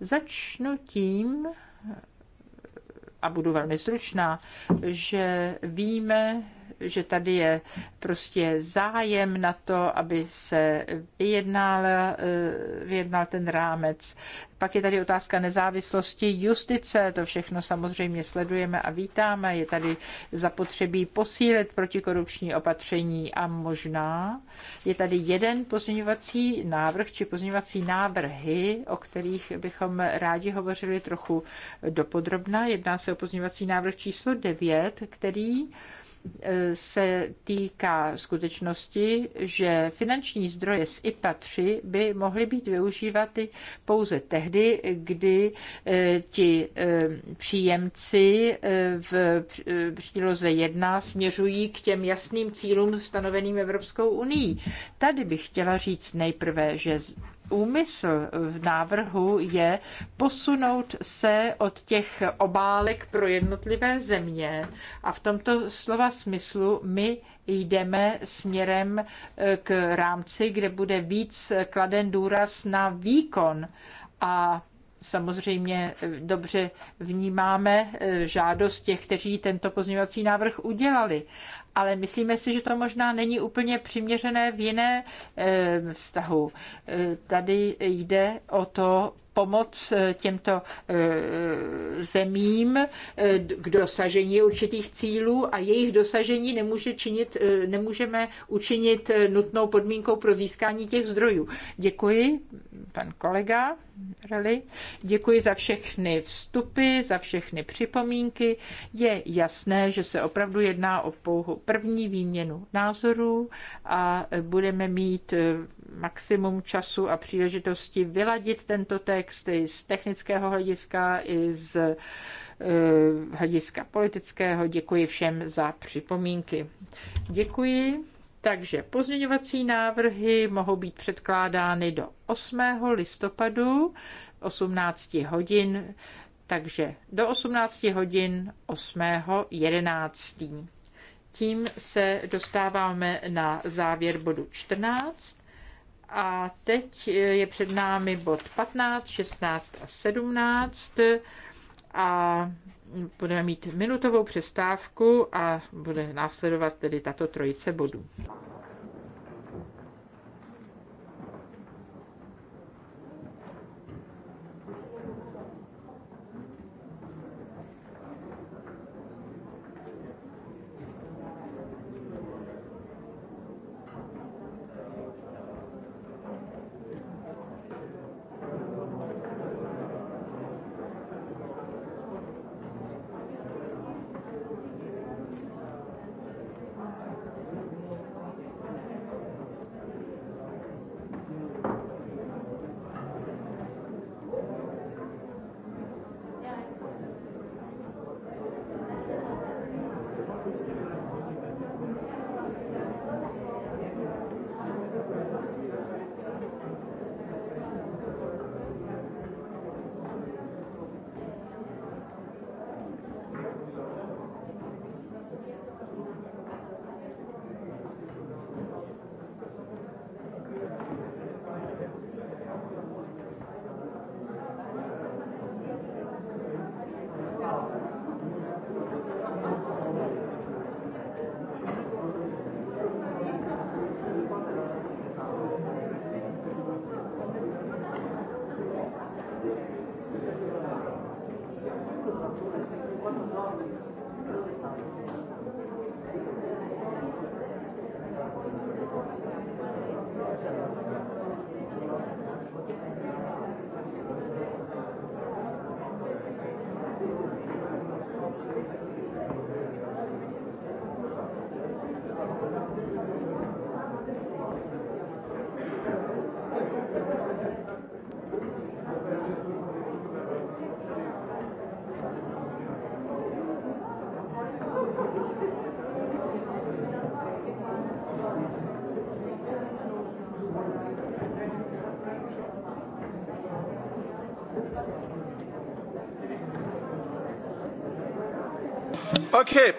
Začnu tím, a budu velmi stručná, že víme, že tady je prostě zájem na to, aby se vyjednal, eh, vyjednal ten rámec. Pak je tady otázka nezávislosti justice, to všechno samozřejmě sledujeme a vítáme. Je tady zapotřebí posílit protikorupční opatření a možná je tady jeden pozměňovací návrh či pozměňovací návrhy, o kterých bychom rádi hovořili trochu dopodrobna. Jedná se o pozměňovací návrh číslo 9, který se týká skutečnosti, že finanční zdroje z IPA 3 by mohly být využívaty pouze tehdy, kdy eh, ti eh, příjemci eh, v příloze 1 směřují k těm jasným cílům stanoveným Evropskou unii. Tady bych chtěla říct nejprve, že úmysl v návrhu je posunout se od těch obálek pro jednotlivé země a v tomto slova smyslu my jdeme směrem eh, k rámci, kde bude víc kladen důraz na výkon a samozřejmě eh, dobře vnímáme eh, žádost těch, kteří tento pozměňovací návrh udělali ale myslíme si, že to možná není úplně přiměřené v jiné eh, vztahu. Eh, tady jde o to pomoc eh, těmto zemím k dosažení určitých cílů a jejich dosažení nemůže činit, nemůžeme učinit nutnou podmínkou pro získání těch zdrojů. Děkuji, pan kolega. Rally. Děkuji za všechny vstupy, za všechny připomínky. Je jasné, že se opravdu jedná o pouhou první výměnu názorů a budeme mít eh, maximum času a příležitosti vyladit tento text i z technického hlediska, i z eh, hlediska politického. Děkuji všem za připomínky. Děkuji. Takže pozměňovací návrhy mohou být předkládány do 8. listopadu 18 hodin, takže do 18 hodin 8. 11. Tím se dostáváme na závěr bodu 14 a teď je před námi bod 15, 16 a 17 a budeme mít minutovou přestávku a bude následovat tedy tato trojice bodů. Okay.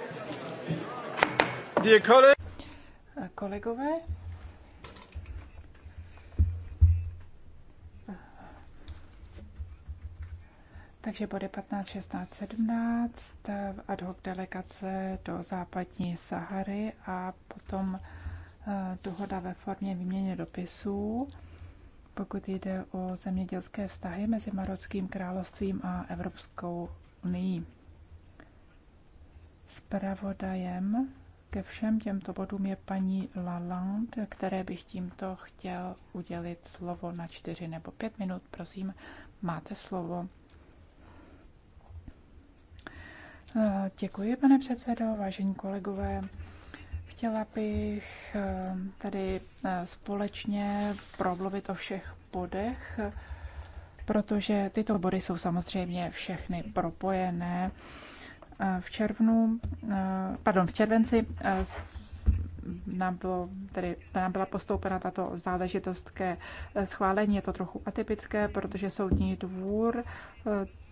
Dear colleague. Eh, kolegové. Takže bude 15, 16, 17 ad hoc delegace do západní Sahary a potom eh, dohoda ve formě výměny dopisů, pokud jde o zemědělské vztahy mezi Marockým královstvím a Evropskou unii. Spravodajem ke všem těmto bodům je paní Lalande, které bych tímto chtěl udělit slovo na čtyři nebo pět minut. Prosím, máte slovo. Eh, děkuji, pane předsedo, vážení kolegové. Chtěla bych eh, tady eh, společně promluvit o všech bodech, protože tyto body jsou samozřejmě všechny propojené. Eh, v červnu, eh, pardon, v červenci eh, nám, bylo, tedy, nám byla postoupena tato záležitost ke schválení. Je to trochu atypické, protože soudní dvůr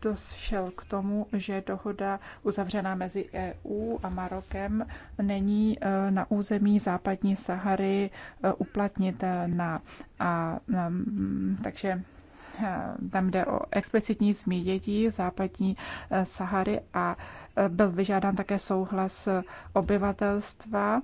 došel k tomu, že dohoda uzavřená mezi EU a Marokem není na území západní Sahary uplatnitelná. A, a mm, takže Eh, tam jde o explicitní zmínění západní eh, Sahary a eh, byl vyžádán také souhlas obyvatelstva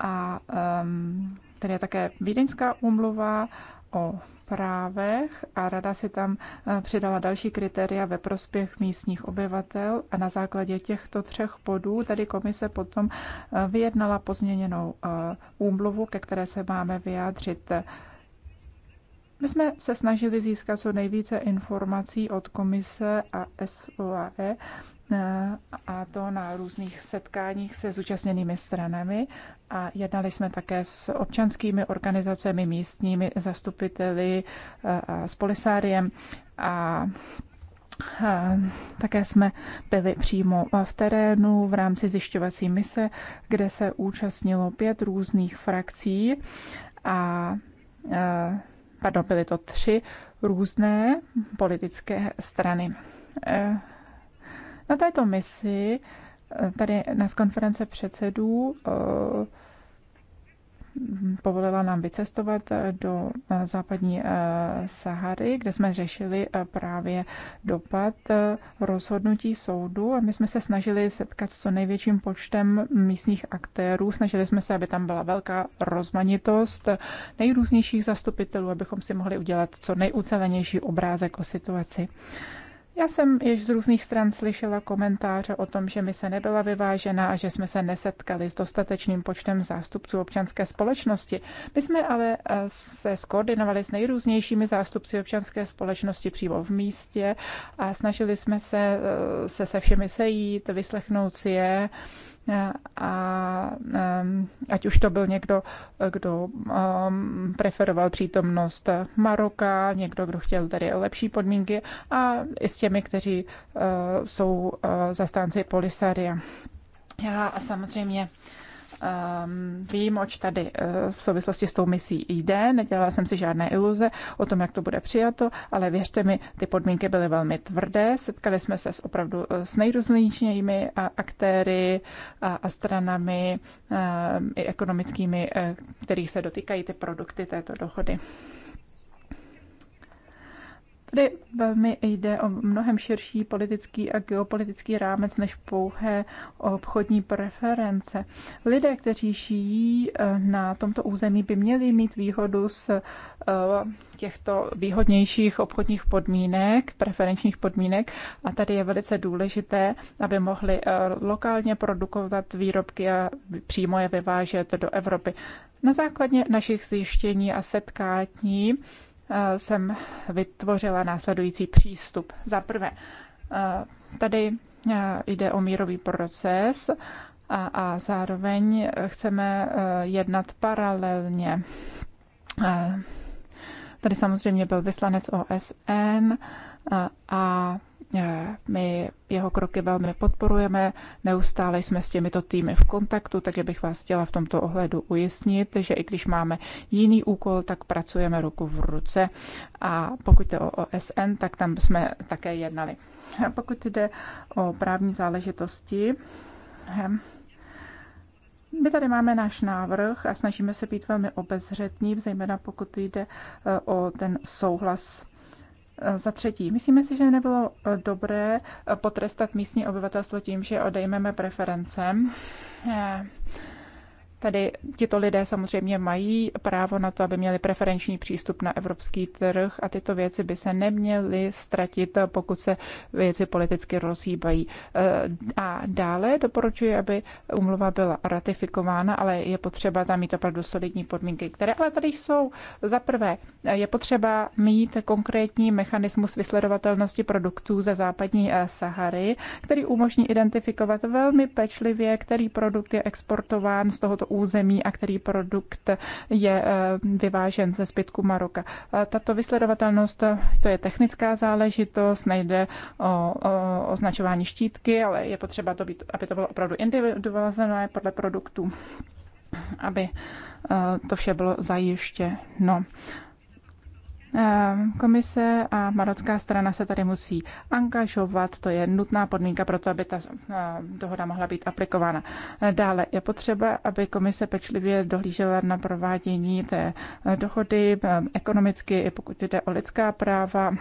a, ehm, tady je také Vídeňská úmluva o právech a rada si tam přidala další kritéria ve prospěch místních obyvatel a na základě těchto třech bodů tady komise potom vyjednala pozměněnou úmluvu, ke které se máme vyjádřit my jsme se snažili získat co nejvíce informací od komise a SOAE a to na různých setkáních se zúčastněnými stranami a jednali jsme také s občanskými organizacemi, místními zastupiteli a s polisáriem a také jsme byli přímo v terénu v rámci zjišťovací mise, kde se účastnilo pět různých frakcí a pardon, byly to tři různé politické strany. Eh, na této misi eh, tady na konference předsedů eh, povolila nám vycestovat eh, do eh, západní eh, Sahary, kde jsme řešili právě dopad rozhodnutí soudu a my jsme se snažili setkat s co největším počtem místních aktérů. Snažili jsme se, aby tam byla velká rozmanitost nejrůznějších zastupitelů, abychom si mohli udělat co nejucelenější obrázek o situaci. Já jsem již z různých stran slyšela komentáře o tom, že se nebyla vyvážena a že jsme se nesetkali s dostatečným počtem zástupců občanské společnosti. My jsme ale eh, se skoordinovali s nejrůznějšími zástupci občanské společnosti přímo v místě a snažili jsme se eh, se, se všemi sejít, vyslechnout si je a ať už to byl někdo, kdo preferoval přítomnost Maroka, někdo, kdo chtěl tady lepší podmínky a i s těmi, kteří eh, jsou eh, zastánci Polisaria. Já a samozřejmě Ehm, vím, oč tady eh, v souvislosti s tou misí jde, nedělala jsem si žádné iluze o tom, jak to bude přijato, ale věřte mi, ty podmínky byly velmi tvrdé. Setkali jsme se s opravdu eh, s nejrůznějšími eh, aktéry a, a stranami a, ehm, i ekonomickými, kterých se dotýkají ty produkty této dohody. Tady velmi jde o mnohem širší politický a geopolitický rámec než pouhé obchodní preference. Lidé, kteří žijí eh, na tomto území, by měli mít výhodu z eh, těchto výhodnějších obchodních podmínek, preferenčních podmínek a tady je velice důležité, aby mohli eh, lokálně produkovat výrobky a přímo je vyvážet do Evropy. Na základě našich zjištění a setkání Eh, jsem vytvořila následující přístup. Za prvé, eh, tady eh, jde o mírový proces a, a zároveň chceme jednat paralelně. Tady samozřejmě byl vyslanec OSN a Eh, my jeho kroky velmi podporujeme, neustále jsme s těmito týmy v kontaktu, takže bych vás chtěla v tomto ohledu ujasnit, že i když máme jiný úkol, tak pracujeme ruku v ruce a pokud jde o OSN, tak tam jsme také jednali. A pokud jde o právní záležitosti, eh, my tady máme náš návrh a snažíme se být velmi obezřetní, zejména pokud jde eh, o ten souhlas Eh, za třetí, myslíme si, že nebylo eh, dobré eh, potrestat místní obyvatelstvo tím, že odejmeme preference. Tady tito lidé samozřejmě mají právo na to, aby měli preferenční přístup na evropský trh a tyto věci by se neměly ztratit, pokud se věci politicky rozhýbají. Eh, a dále doporučuji, aby umluva byla ratifikována, ale je potřeba tam mít opravdu solidní podmínky, které ale tady jsou. Za prvé, eh, je potřeba mít konkrétní mechanismus vysledovatelnosti produktů ze západní eh, Sahary, který umožní identifikovat velmi pečlivě, který produkt je exportován z tohoto území a který produkt je eh, vyvážen ze zbytku Maroka. Eh, tato vysledovatelnost to je technická záležitost, nejde o, označování štítky, ale je potřeba, to být, aby to bylo opravdu individualizované podle produktů, aby eh, to vše bylo zajištěno. Ehm, komise a marocká strana se tady musí angažovat, to je nutná podmínka pro to, aby ta ehm, dohoda mohla být aplikována. Eh, dále je potřeba, aby komise pečlivě dohlížela na provádění té eh, dohody ehm, ekonomicky, i pokud jde o lidská práva eh,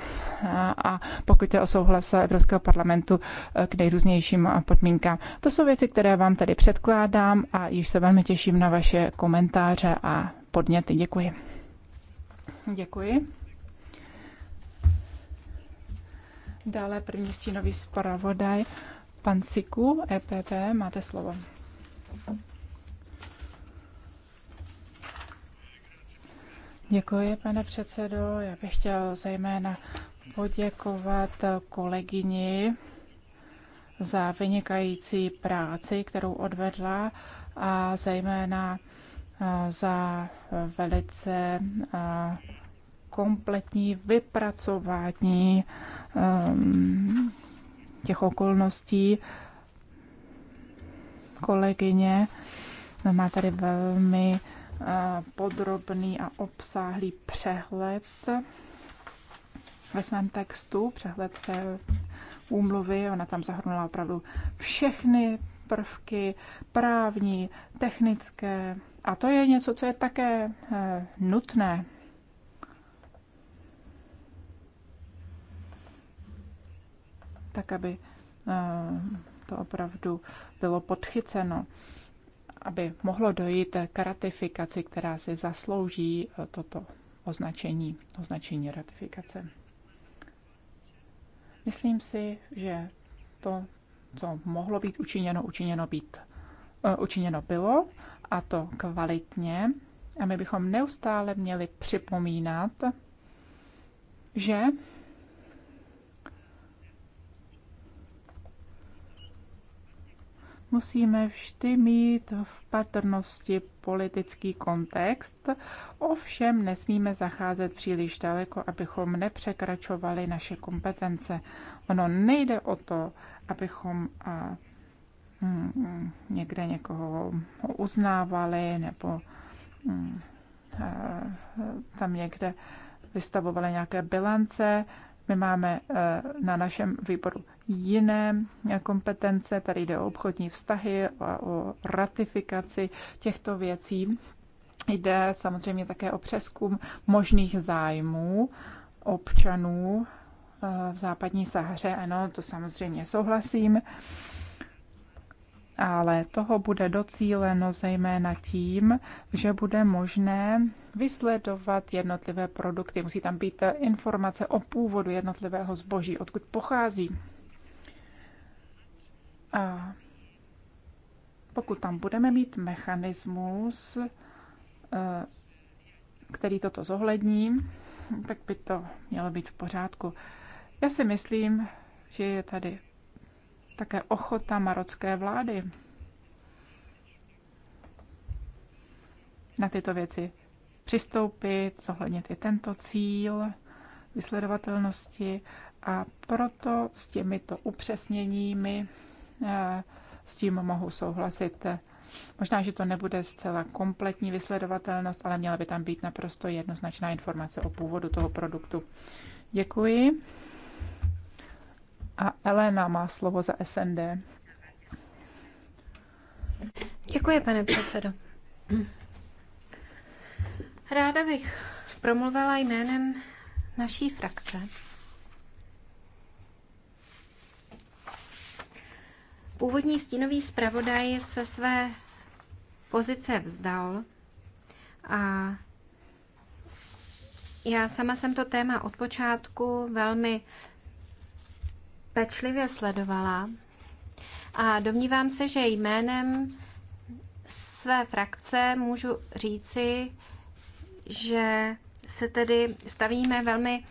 a pokud jde o souhlas Evropského parlamentu k nejrůznějším podmínkám. To jsou věci, které vám tady předkládám a již se velmi těším na vaše komentáře a podněty. Děkuji. Děkuji. Dále první stínový zpravodaj, pan Siku, EPP, máte slovo. Děkuji, pane předsedo. Já bych chtěl zejména poděkovat kolegyni za vynikající práci, kterou odvedla a zejména za velice kompletní vypracování Ehm, těch okolností. Kolegyně no, má tady velmi eh, podrobný a obsáhlý přehled ve svém textu, přehled té úmluvy. Ona tam zahrnula opravdu všechny prvky právní, technické. A to je něco, co je také eh, nutné tak aby eh, to opravdu bylo podchyceno, aby mohlo dojít k ratifikaci, která si zaslouží eh, toto označení, označení ratifikace. Myslím si, že to, co mohlo být učiněno, učiněno, být, eh, učiněno bylo a to kvalitně. A my bychom neustále měli připomínat, že musíme vždy mít v patrnosti politický kontext, ovšem nesmíme zacházet příliš daleko, abychom nepřekračovali naše kompetence. Ono nejde o to, abychom a, m, mm, někde někoho uznávali nebo m, mm, a, tam někde vystavovali nějaké bilance. My máme eh, na našem výboru jiné eh, kompetence, tady jde o obchodní vztahy, o ratifikaci těchto věcí. Jde samozřejmě také o přeskum možných zájmů občanů eh, v západní Sahře. Ano, to samozřejmě souhlasím ale toho bude docíleno zejména tím, že bude možné vysledovat jednotlivé produkty. Musí tam být informace o původu jednotlivého zboží, odkud pochází. A pokud tam budeme mít mechanismus, eh, který toto zohlední, tak by to mělo být v pořádku. Já si myslím, že je tady také ochota marocké vlády na tyto věci přistoupit, zohlednit i tento cíl vysledovatelnosti a proto s těmito upřesněními eh, s tím mohu souhlasit. Možná, že to nebude zcela kompletní vysledovatelnost, ale měla by tam být naprosto jednoznačná informace o původu toho produktu. Děkuji. A Elena má slovo za SND. Děkuji, pane předsedo. Ráda bych promluvila jménem naší frakce. Původní stínový zpravodaj se své pozice vzdal a já sama jsem to téma od počátku velmi pečlivě sledovala a domnívám se, že jménem své frakce můžu říci, že se tedy stavíme velmi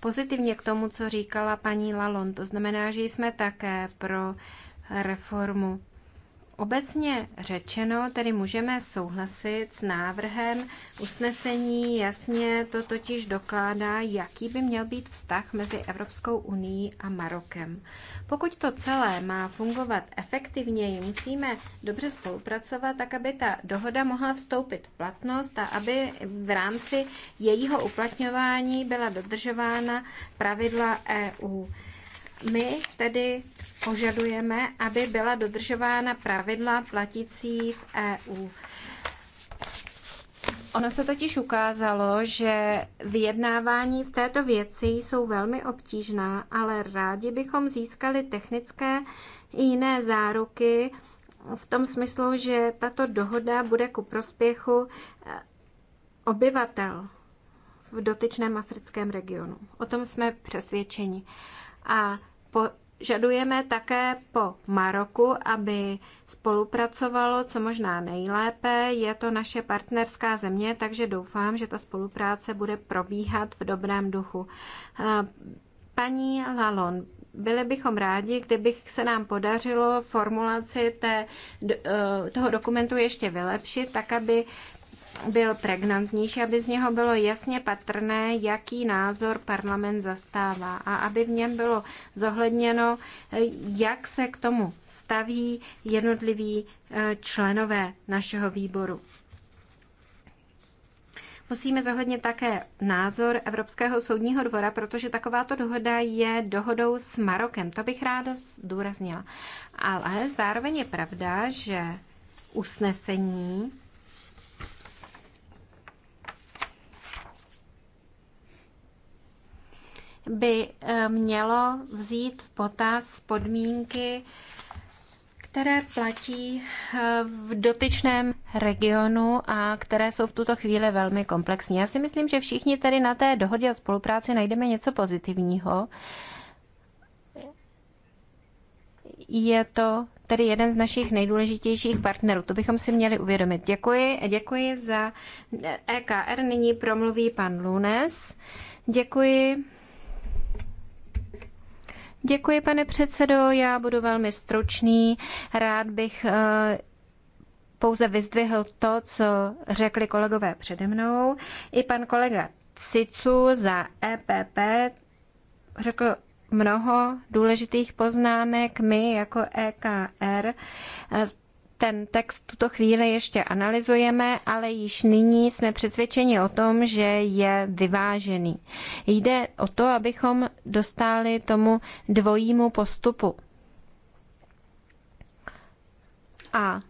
pozitivně k tomu, co říkala paní Lalon. To znamená, že jsme také pro reformu Obecně řečeno, tedy můžeme souhlasit s návrhem usnesení. Jasně to totiž dokládá, jaký by měl být vztah mezi Evropskou unii a Marokem. Pokud to celé má fungovat efektivněji, musíme dobře spolupracovat, tak aby ta dohoda mohla vstoupit v platnost a aby v rámci jejího uplatňování byla dodržována pravidla EU. My tedy požadujeme, aby byla dodržována pravidla platící v EU. Ono se totiž ukázalo, že vyjednávání v této věci jsou velmi obtížná, ale rádi bychom získali technické i jiné záruky v tom smyslu, že tato dohoda bude ku prospěchu eh, obyvatel v dotyčném africkém regionu. O tom jsme přesvědčeni. A po, Žadujeme také po Maroku, aby spolupracovalo co možná nejlépe. Je to naše partnerská země, takže doufám, že ta spolupráce bude probíhat v dobrém duchu. Eh, paní Lalon, byli bychom rádi, kdybych se nám podařilo formulaci té, eh, toho dokumentu ještě vylepšit, tak aby byl pregnantnější, aby z něho bylo jasně patrné, jaký názor parlament zastává a aby v něm bylo zohledněno, jak se k tomu staví jednotliví eh, členové našeho výboru. Musíme zohlednit také názor Evropského soudního dvora, protože takováto dohoda je dohodou s Marokem. To bych ráda zdůraznila. Ale zároveň je pravda, že usnesení by eh, mělo vzít v potaz podmínky, které platí eh, v dotyčném regionu a které jsou v tuto chvíli velmi komplexní. Já si myslím, že všichni tady na té dohodě o spolupráci najdeme něco pozitivního. Je to tedy jeden z našich nejdůležitějších partnerů. To bychom si měli uvědomit. Děkuji, děkuji za EKR. Eh, e Nyní promluví pan Lunes. Děkuji. Děkuji, pane předsedo. Já budu velmi stručný. Rád bych eh, pouze vyzdvihl to, co řekli kolegové přede mnou. I pan kolega Cicu za EPP řekl mnoho důležitých poznámek. My jako EKR eh, ten text tuto chvíli ještě analyzujeme, ale již nyní jsme přesvědčeni o tom, že je vyvážený. Jde o to, abychom dostali tomu dvojímu postupu. A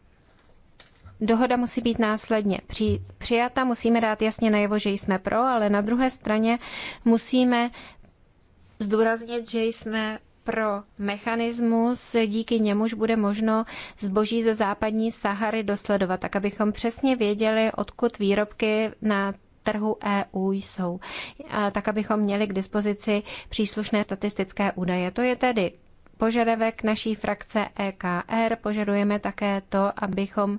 dohoda musí být následně při, přijata, musíme dát jasně najevo, že jsme pro, ale na druhé straně musíme zdůraznit, že jsme pro mechanismus, díky němuž bude možno zboží ze západní Sahary dosledovat, tak abychom přesně věděli, odkud výrobky na trhu EU jsou, a tak abychom měli k dispozici příslušné statistické údaje. To je tedy požadavek naší frakce EKR. Požadujeme také to, abychom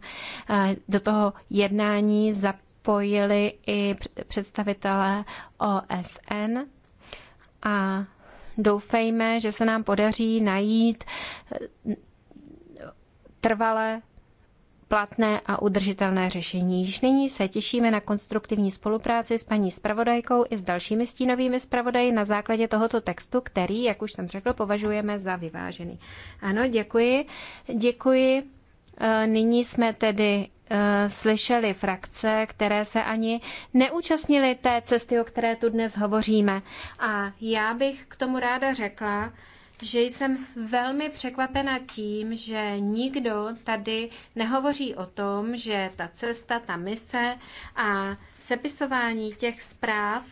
eh, do toho jednání zapojili i představitele OSN a doufejme, že se nám podaří najít eh, trvalé platné a udržitelné řešení. Již nyní se těšíme na konstruktivní spolupráci s paní spravodajkou i s dalšími stínovými spravodaji na základě tohoto textu, který, jak už jsem řekl, považujeme za vyvážený. Ano, děkuji. Děkuji Eh, nyní jsme tedy eh, slyšeli frakce, které se ani neúčastnily té cesty, o které tu dnes hovoříme. A já bych k tomu ráda řekla, že jsem velmi překvapena tím, že nikdo tady nehovoří o tom, že ta cesta, ta mise a sepisování těch zpráv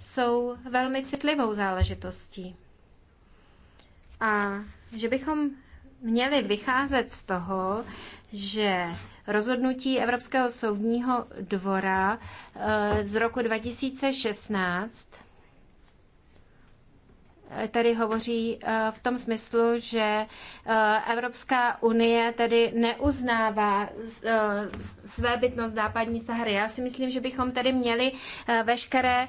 jsou velmi citlivou záležitostí. A že bychom měli vycházet z toho, že rozhodnutí Evropského soudního dvora eh, z roku 2016 eh, tedy hovoří eh, v tom smyslu, že Evropská unie tedy neuznává své bytnost západní Sahary. Já si myslím, že bychom tedy měli veškeré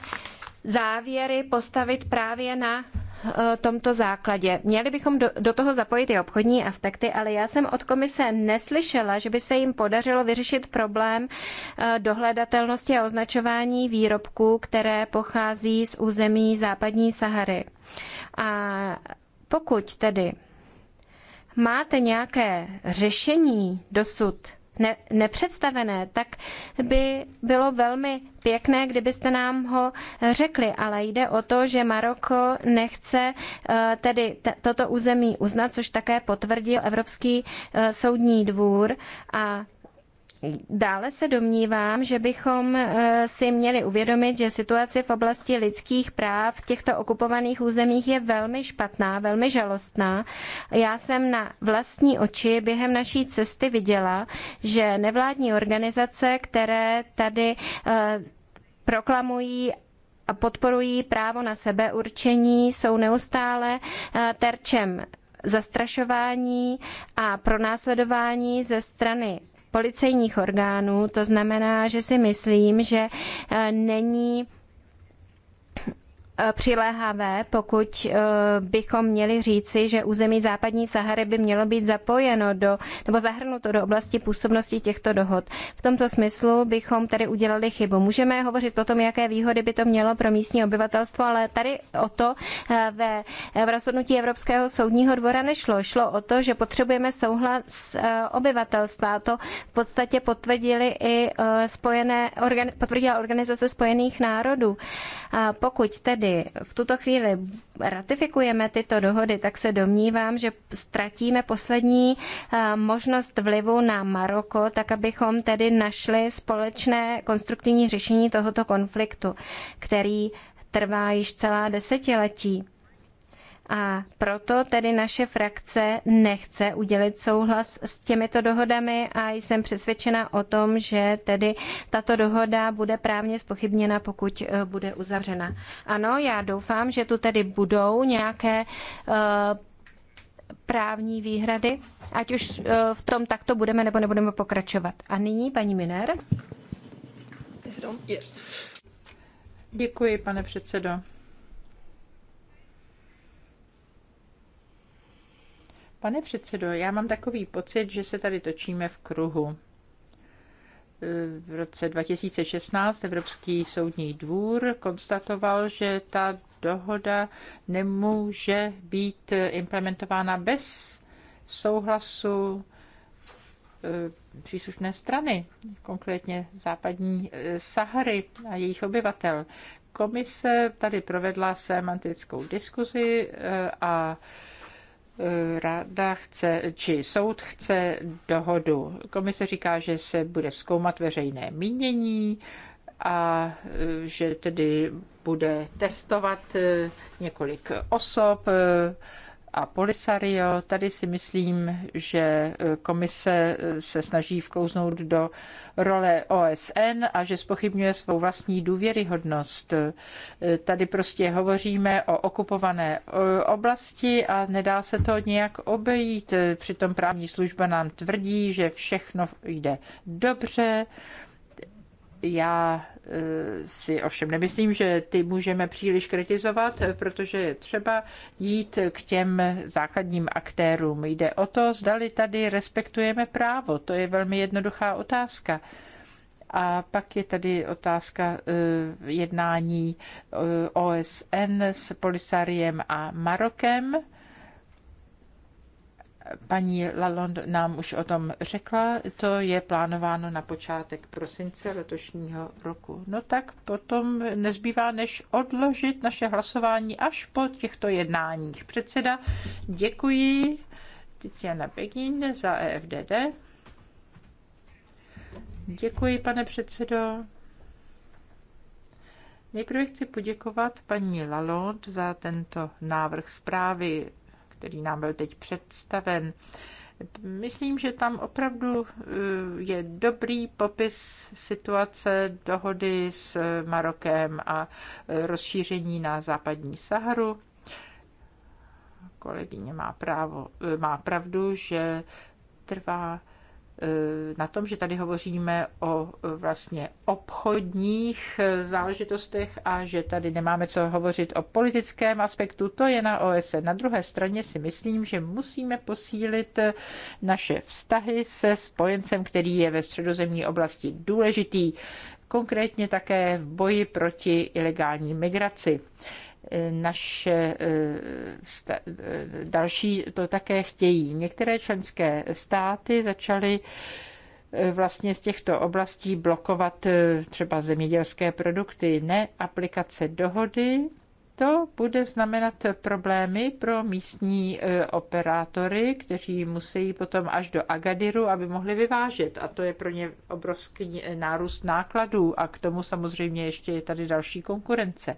závěry postavit právě na Eh, tomto základě. Měli bychom do, do toho zapojit i obchodní aspekty, ale já jsem od komise neslyšela, že by se jim podařilo vyřešit problém eh, dohledatelnosti a označování výrobků, které pochází z území západní Sahary. A pokud tedy máte nějaké řešení dosud, ne, nepředstavené, tak by bylo velmi pěkné, kdybyste nám ho řekli, ale jde o to, že Maroko nechce eh, tedy toto území uznat, což také potvrdil Evropský eh, soudní dvůr a Dále se domnívám, že bychom eh, si měli uvědomit, že situace v oblasti lidských práv v těchto okupovaných územích je velmi špatná, velmi žalostná. Já jsem na vlastní oči během naší cesty viděla, že nevládní organizace, které tady eh, proklamují a podporují právo na sebeurčení, jsou neustále eh, terčem zastrašování a pronásledování ze strany policejních orgánů. To znamená, že si myslím, že eh, není přiléhavé, pokud eh, bychom měli říci, že území západní Sahary by mělo být zapojeno do, nebo zahrnuto do oblasti působnosti těchto dohod. V tomto smyslu bychom tady udělali chybu. Můžeme hovořit o tom, jaké výhody by to mělo pro místní obyvatelstvo, ale tady o to eh, ve, v rozhodnutí Evropského soudního dvora nešlo. Šlo o to, že potřebujeme souhlas eh, obyvatelstva. To v podstatě potvrdili i spojené, potvrdila Organizace spojených národů. Pokud tedy v tuto chvíli ratifikujeme tyto dohody, tak se domnívám, že ztratíme poslední eh, možnost vlivu na Maroko, tak abychom tedy našli společné konstruktivní řešení tohoto konfliktu, který trvá již celá desetiletí. A proto tedy naše frakce nechce udělit souhlas s těmito dohodami a jsem přesvědčena o tom, že tedy tato dohoda bude právně spochybněna, pokud eh, bude uzavřena. Ano, já doufám, že tu tedy budou nějaké eh, právní výhrady, ať už eh, v tom takto budeme nebo nebudeme pokračovat. A nyní paní Miner. Děkuji, pane předsedo. Pane předsedo, já mám takový pocit, že se tady točíme v kruhu. V roce 2016 Evropský soudní dvůr konstatoval, že ta dohoda nemůže být implementována bez souhlasu eh, příslušné strany, konkrétně západní eh, Sahary a jejich obyvatel. Komise tady provedla semantickou diskuzi eh, a Rada chce, či soud chce dohodu. Komise říká, že se bude zkoumat veřejné mínění a e, že tedy bude testovat e, několik osob e, a Polisario. Tady si myslím, že e, komise e, se snaží vklouznout do role OSN a že spochybňuje svou vlastní důvěryhodnost. E, tady prostě hovoříme o okupované oblasti a nedá se to nějak obejít. Přitom právní služba nám tvrdí, že všechno jde dobře já eh, si ovšem nemyslím, že ty můžeme příliš kritizovat, protože je třeba jít k těm základním aktérům. Jde o to, zdali tady respektujeme právo. To je velmi jednoduchá otázka. A pak je tady otázka eh, jednání eh, OSN s Polisariem a Marokem. Paní Lalonde nám už o tom řekla, to je plánováno na počátek prosince letošního roku. No tak potom nezbývá, než odložit naše hlasování až po těchto jednáních. Předseda, děkuji Tiziana Begin za EFDD. Děkuji, pane předsedo. Nejprve chci poděkovat paní Lalonde za tento návrh zprávy který nám byl teď představen. Myslím, že tam opravdu uh, je dobrý popis situace dohody s Marokem a rozšíření na západní Saharu. Kolegyně má, právo, má pravdu, že trvá Eh, na tom, že tady hovoříme o eh, vlastně obchodních eh, záležitostech a že tady nemáme co hovořit o politickém aspektu, to je na OSN. Na druhé straně si myslím, že musíme posílit naše vztahy se spojencem, který je ve středozemní oblasti důležitý, konkrétně také v boji proti ilegální migraci naše eh, eh, další to také chtějí. Některé členské státy začaly eh, vlastně z těchto oblastí blokovat třeba zemědělské produkty, ne aplikace dohody. To bude znamenat problémy pro místní operátory, kteří musí potom až do Agadiru, aby mohli vyvážet. A to je pro ně obrovský nárůst nákladů. A k tomu samozřejmě ještě je tady další konkurence.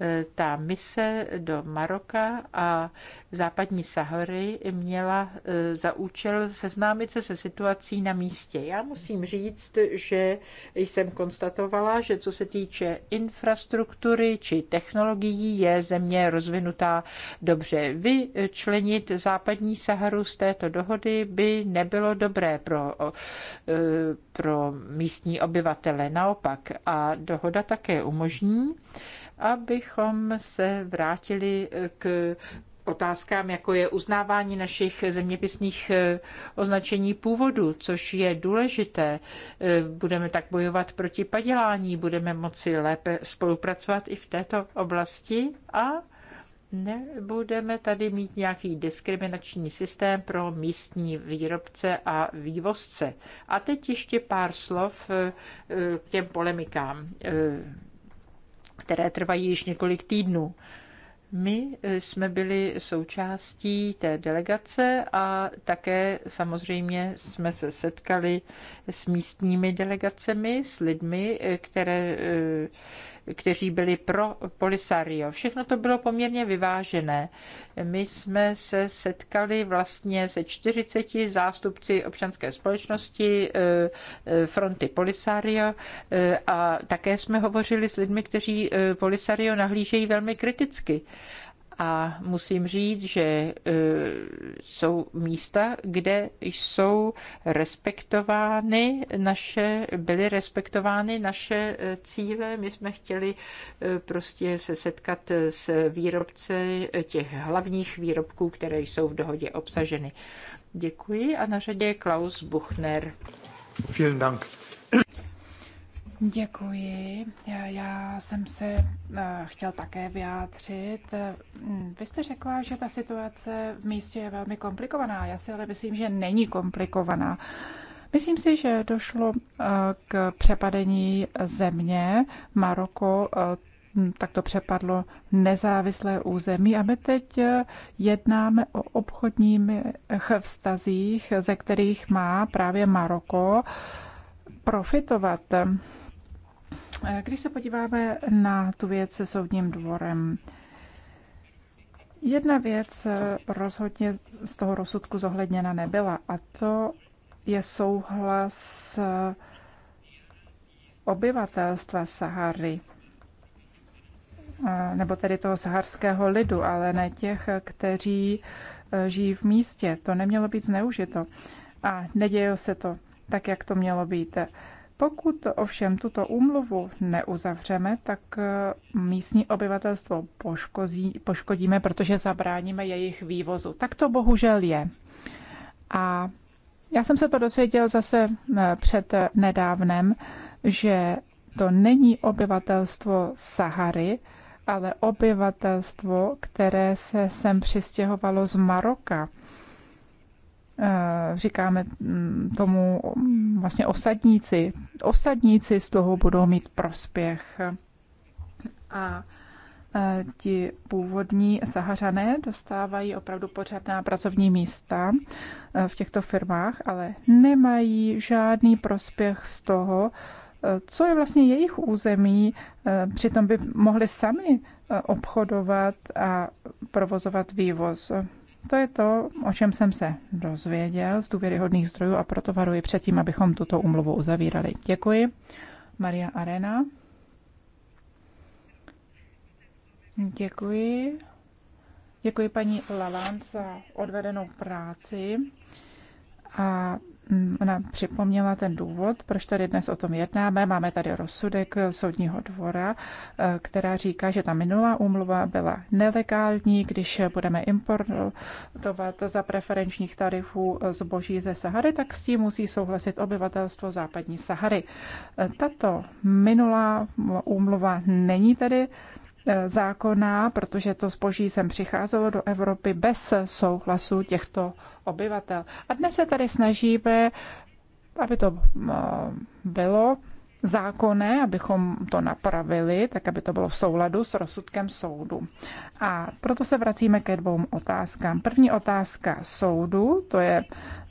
Eh, ta mise do Maroka a západní Sahary měla eh, za účel seznámit se se situací na místě. Já musím říct, že jsem konstatovala, že co se týče infrastruktury či technologií, je země rozvinutá dobře. Vyčlenit západní Saharu z této dohody by nebylo dobré pro, eh, pro místní obyvatele. Naopak, a dohoda také umožní, abychom se vrátili k otázkám, jako je uznávání našich zeměpisných eh, označení původu, což je důležité. Eh, budeme tak bojovat proti padělání, budeme moci lépe spolupracovat i v této oblasti a nebudeme tady mít nějaký diskriminační systém pro místní výrobce a vývozce. A teď ještě pár slov eh, k těm polemikám které trvají již několik týdnů. My e, jsme byli součástí té delegace a také samozřejmě jsme se setkali s místními delegacemi, s lidmi, e, které e, kteří byli pro Polisario. Všechno to bylo poměrně vyvážené. My jsme se setkali vlastně se 40 zástupci občanské společnosti eh, eh, fronty Polisario eh, a také jsme hovořili s lidmi, kteří Polisario nahlížejí velmi kriticky. A musím říct, že e, jsou místa, kde jsou respektovány naše, byly respektovány naše e, cíle. My jsme chtěli e, prostě se setkat s výrobci těch hlavních výrobků, které jsou v dohodě obsaženy. Děkuji a na řadě je Klaus Buchner. Vielen Dank. Děkuji. Já, já jsem se eh, chtěl také vyjádřit. Eh, vy jste řekla, že ta situace v místě je velmi komplikovaná. Já si ale myslím, že není komplikovaná. Myslím si, že došlo eh, k přepadení země. Maroko tak to přepadlo nezávislé území a my teď jednáme o obchodních vztazích, ze kterých má právě Maroko profitovat. Když se podíváme na tu věc se soudním dvorem, jedna věc rozhodně z toho rozsudku zohledněna nebyla a to je souhlas obyvatelstva Sahary, nebo tedy toho saharského lidu, ale ne těch, kteří eh, žijí v místě. To nemělo být zneužito. A neděje se to tak, jak to mělo být. Pokud ovšem tuto úmluvu neuzavřeme, tak eh, místní obyvatelstvo poškozí, poškodíme, protože zabráníme jejich vývozu. Tak to bohužel je. A já jsem se to dosvěděl zase eh, před nedávnem, že to není obyvatelstvo Sahary, ale obyvatelstvo, které se sem přistěhovalo z Maroka. Eh, říkáme mm, tomu vlastně osadníci. Osadníci z toho budou mít prospěch. A eh, ti původní sahařané dostávají opravdu pořádná pracovní místa eh, v těchto firmách, ale nemají žádný prospěch z toho, co je vlastně jejich území, přitom by mohli sami obchodovat a provozovat vývoz. To je to, o čem jsem se dozvěděl z důvěryhodných zdrojů a proto varuji předtím, abychom tuto umluvu uzavírali. Děkuji. Maria Arena. Děkuji. Děkuji paní Lalán za odvedenou práci a mm, ona připomněla ten důvod, proč tady dnes o tom jednáme. Máme tady rozsudek soudního dvora, e, která říká, že ta minulá úmluva byla nelegální, když budeme importovat za preferenčních tarifů zboží ze Sahary, tak s tím musí souhlasit obyvatelstvo západní Sahary. E, tato minulá úmluva není tedy E, zákona, protože to zboží sem přicházelo do Evropy bez souhlasu těchto obyvatel. A dnes se tady snažíme, aby to e, bylo zákonné, abychom to napravili, tak aby to bylo v souladu s rozsudkem soudu. A proto se vracíme ke dvou otázkám. První otázka soudu, to je,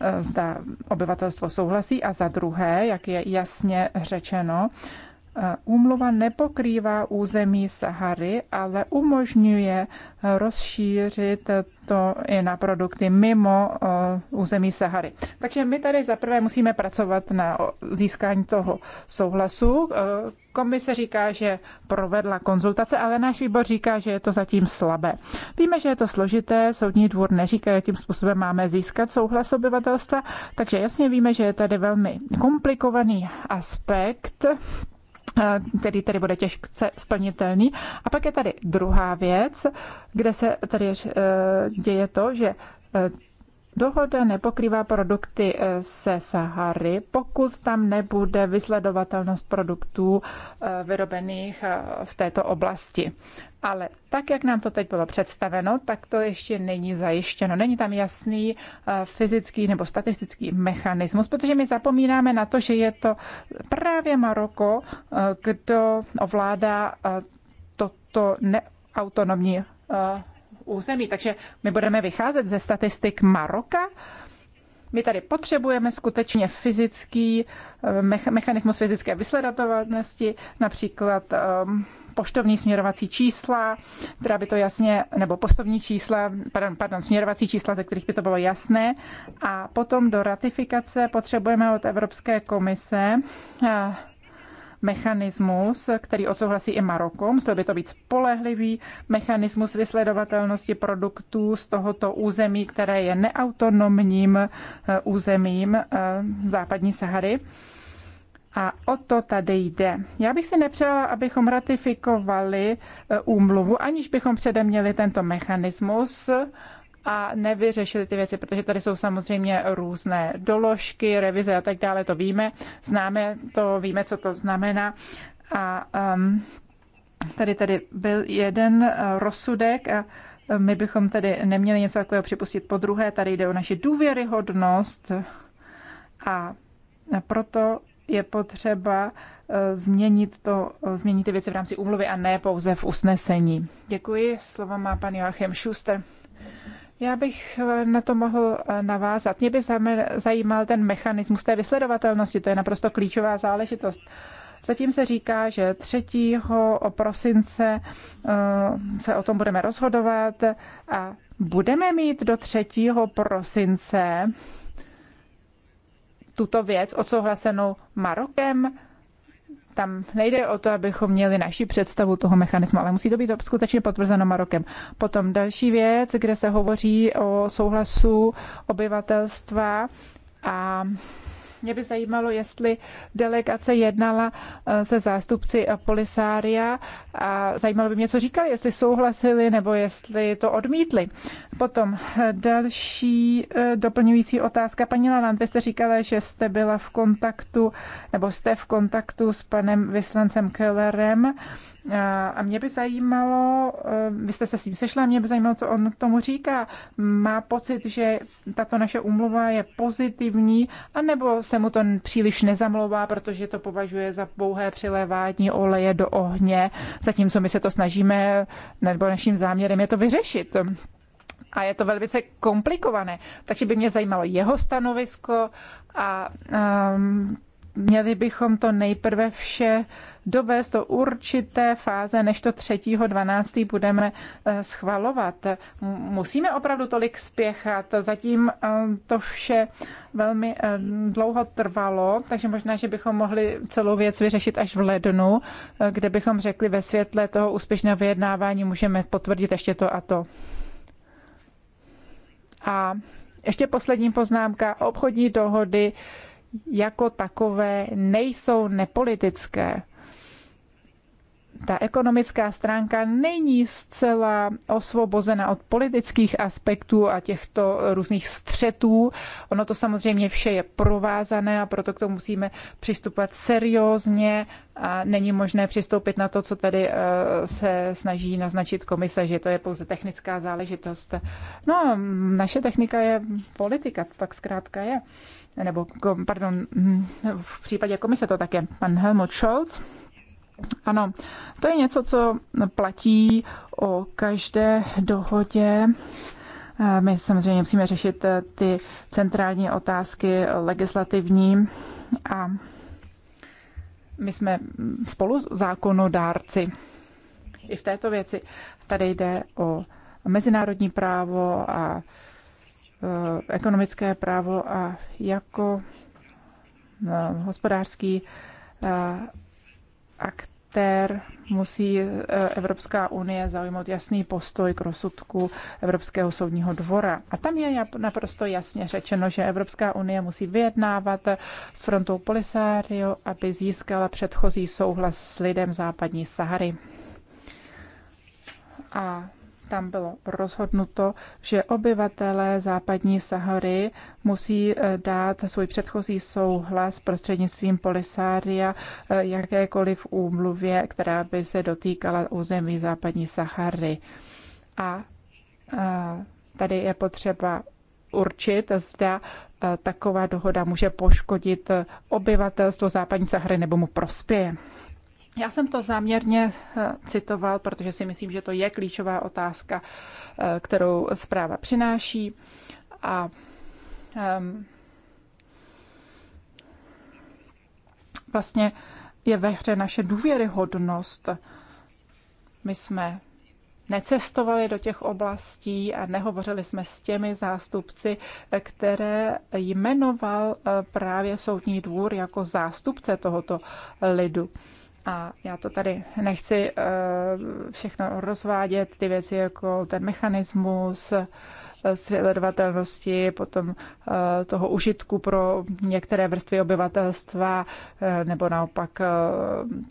e, zda obyvatelstvo souhlasí, a za druhé, jak je jasně řečeno, Eh, úmluva nepokrývá území Sahary, ale umožňuje rozšířit to i na produkty mimo eh, území Sahary. Takže my tady zaprvé musíme pracovat na získání toho souhlasu. Eh, komise říká, že provedla konzultace, ale náš výbor říká, že je to zatím slabé. Víme, že je to složité, soudní dvůr neříká, jakým způsobem máme získat souhlas obyvatelstva, takže jasně víme, že je tady velmi komplikovaný aspekt Eh, který tedy bude těžce splnitelný. A pak je tady druhá věc, kde se tady eh, děje to, že eh, Dohoda nepokrývá produkty eh, se Sahary, pokud tam nebude vysledovatelnost produktů eh, vyrobených eh, v této oblasti. Ale tak, jak nám to teď bylo představeno, tak to ještě není zajištěno. Není tam jasný fyzický nebo statistický mechanismus, protože my zapomínáme na to, že je to právě Maroko, kdo ovládá toto neautonomní území. Takže my budeme vycházet ze statistik Maroka. My tady potřebujeme skutečně fyzický eh, mechanismus fyzické vysledatelnosti, například ehm, poštovní směrovací čísla, která by to jasně, nebo poštovní čísla, pardon, pardon, směrovací čísla, ze kterých by to bylo jasné. A potom do ratifikace potřebujeme od Evropské komise eh, mechanismus, který odsouhlasí i Maroko. Musel by to být spolehlivý mechanismus vysledovatelnosti produktů z tohoto území, které je neautonomním eh, územím eh, západní Sahary. A o to tady jde. Já bych si nepřála, abychom ratifikovali eh, úmluvu, aniž bychom předem měli tento mechanismus, a nevyřešili ty věci, protože tady jsou samozřejmě různé doložky, revize a tak dále, to víme, známe to, víme, co to znamená. A um, tady tady byl jeden uh, rozsudek a uh, my bychom tedy neměli něco takového připustit. Po druhé, tady jde o naši důvěryhodnost a proto je potřeba uh, změnit, to, uh, změnit ty věci v rámci úmluvy a ne pouze v usnesení. Děkuji. Slovo má pan Joachim Schuster. Já bych eh, na to mohl eh, navázat. Mě by zajímal ten mechanismus té vysledovatelnosti, to je naprosto klíčová záležitost. Zatím se říká, že 3. prosince eh, se o tom budeme rozhodovat a budeme mít do 3. prosince tuto věc odsouhlasenou Marokem tam nejde o to, abychom měli naši představu toho mechanismu, ale musí to být skutečně potvrzeno Marokem. Potom další věc, kde se hovoří o souhlasu obyvatelstva a mě by zajímalo, jestli delegace jednala eh, se zástupci eh, Polisária a zajímalo by mě, co říkali, jestli souhlasili nebo jestli to odmítli. Potom eh, další doplňující otázka. Paní Lanant, vy jste říkala, že jste byla v kontaktu nebo jste v kontaktu s panem vyslancem Kellerem Eh, a mě by zajímalo, eh, vy jste se s ním sešla, mě by zajímalo, co on tomu říká. Má pocit, že tato naše umluva je pozitivní, anebo se mu to příliš nezamlouvá, protože to považuje za pouhé přilévání oleje do ohně, zatímco my se to snažíme, nebo naším záměrem je to vyřešit a je to velice komplikované. Takže by mě zajímalo jeho stanovisko a um, měli bychom to nejprve vše dovést do určité fáze, než to 3.12. budeme eh, schvalovat. Musíme opravdu tolik spěchat. Zatím eh, to vše velmi eh, dlouho trvalo, takže možná, že bychom mohli celou věc vyřešit až v lednu, kde bychom řekli ve světle toho úspěšného vyjednávání můžeme potvrdit ještě to a to. A ještě poslední poznámka. Obchodní dohody jako takové nejsou nepolitické. Ta ekonomická stránka není zcela osvobozena od politických aspektů a těchto různých střetů. Ono to samozřejmě vše je provázané a proto k tomu musíme přistupovat seriózně a není možné přistoupit na to, co tady eh, se snaží naznačit komise, že to je pouze technická záležitost. No a naše technika je politika, to tak zkrátka je nebo pardon, hm, v případě komise to také pan Helmut Scholz. Ano, to je něco, co platí o každé dohodě. Eh, my samozřejmě musíme řešit eh, ty centrální otázky legislativní a my jsme spolu zákonodárci i v této věci. Tady jde o mezinárodní právo a Eh, ekonomické právo a jako eh, hospodářský eh, aktér musí Evropská unie zaujmout jasný postoj k rozsudku Evropského soudního dvora. A tam je naprosto jasně řečeno, že Evropská unie musí vyjednávat s frontou Polisario, aby získala předchozí souhlas s lidem západní Sahary. A tam bylo rozhodnuto, že obyvatelé západní Sahary musí eh, dát svůj předchozí souhlas prostřednictvím Polisária eh, jakékoliv úmluvě, která by se dotýkala území západní Sahary. A, a eh, tady je potřeba určit, zda taková dohoda může poškodit obyvatelstvo západní Sahary nebo mu prospěje. Já jsem to záměrně eh, citoval, protože si myslím, že to je klíčová otázka, eh, kterou zpráva přináší. A um, vlastně je ve hře naše důvěryhodnost. My jsme necestovali do těch oblastí a nehovořili jsme s těmi zástupci, které jmenoval eh, právě Soudní dvůr jako zástupce tohoto lidu. A já to tady nechci eh, všechno rozvádět, ty věci jako ten mechanismus, eh, sledovatelnosti, potom eh, toho užitku pro některé vrstvy obyvatelstva, nebo naopak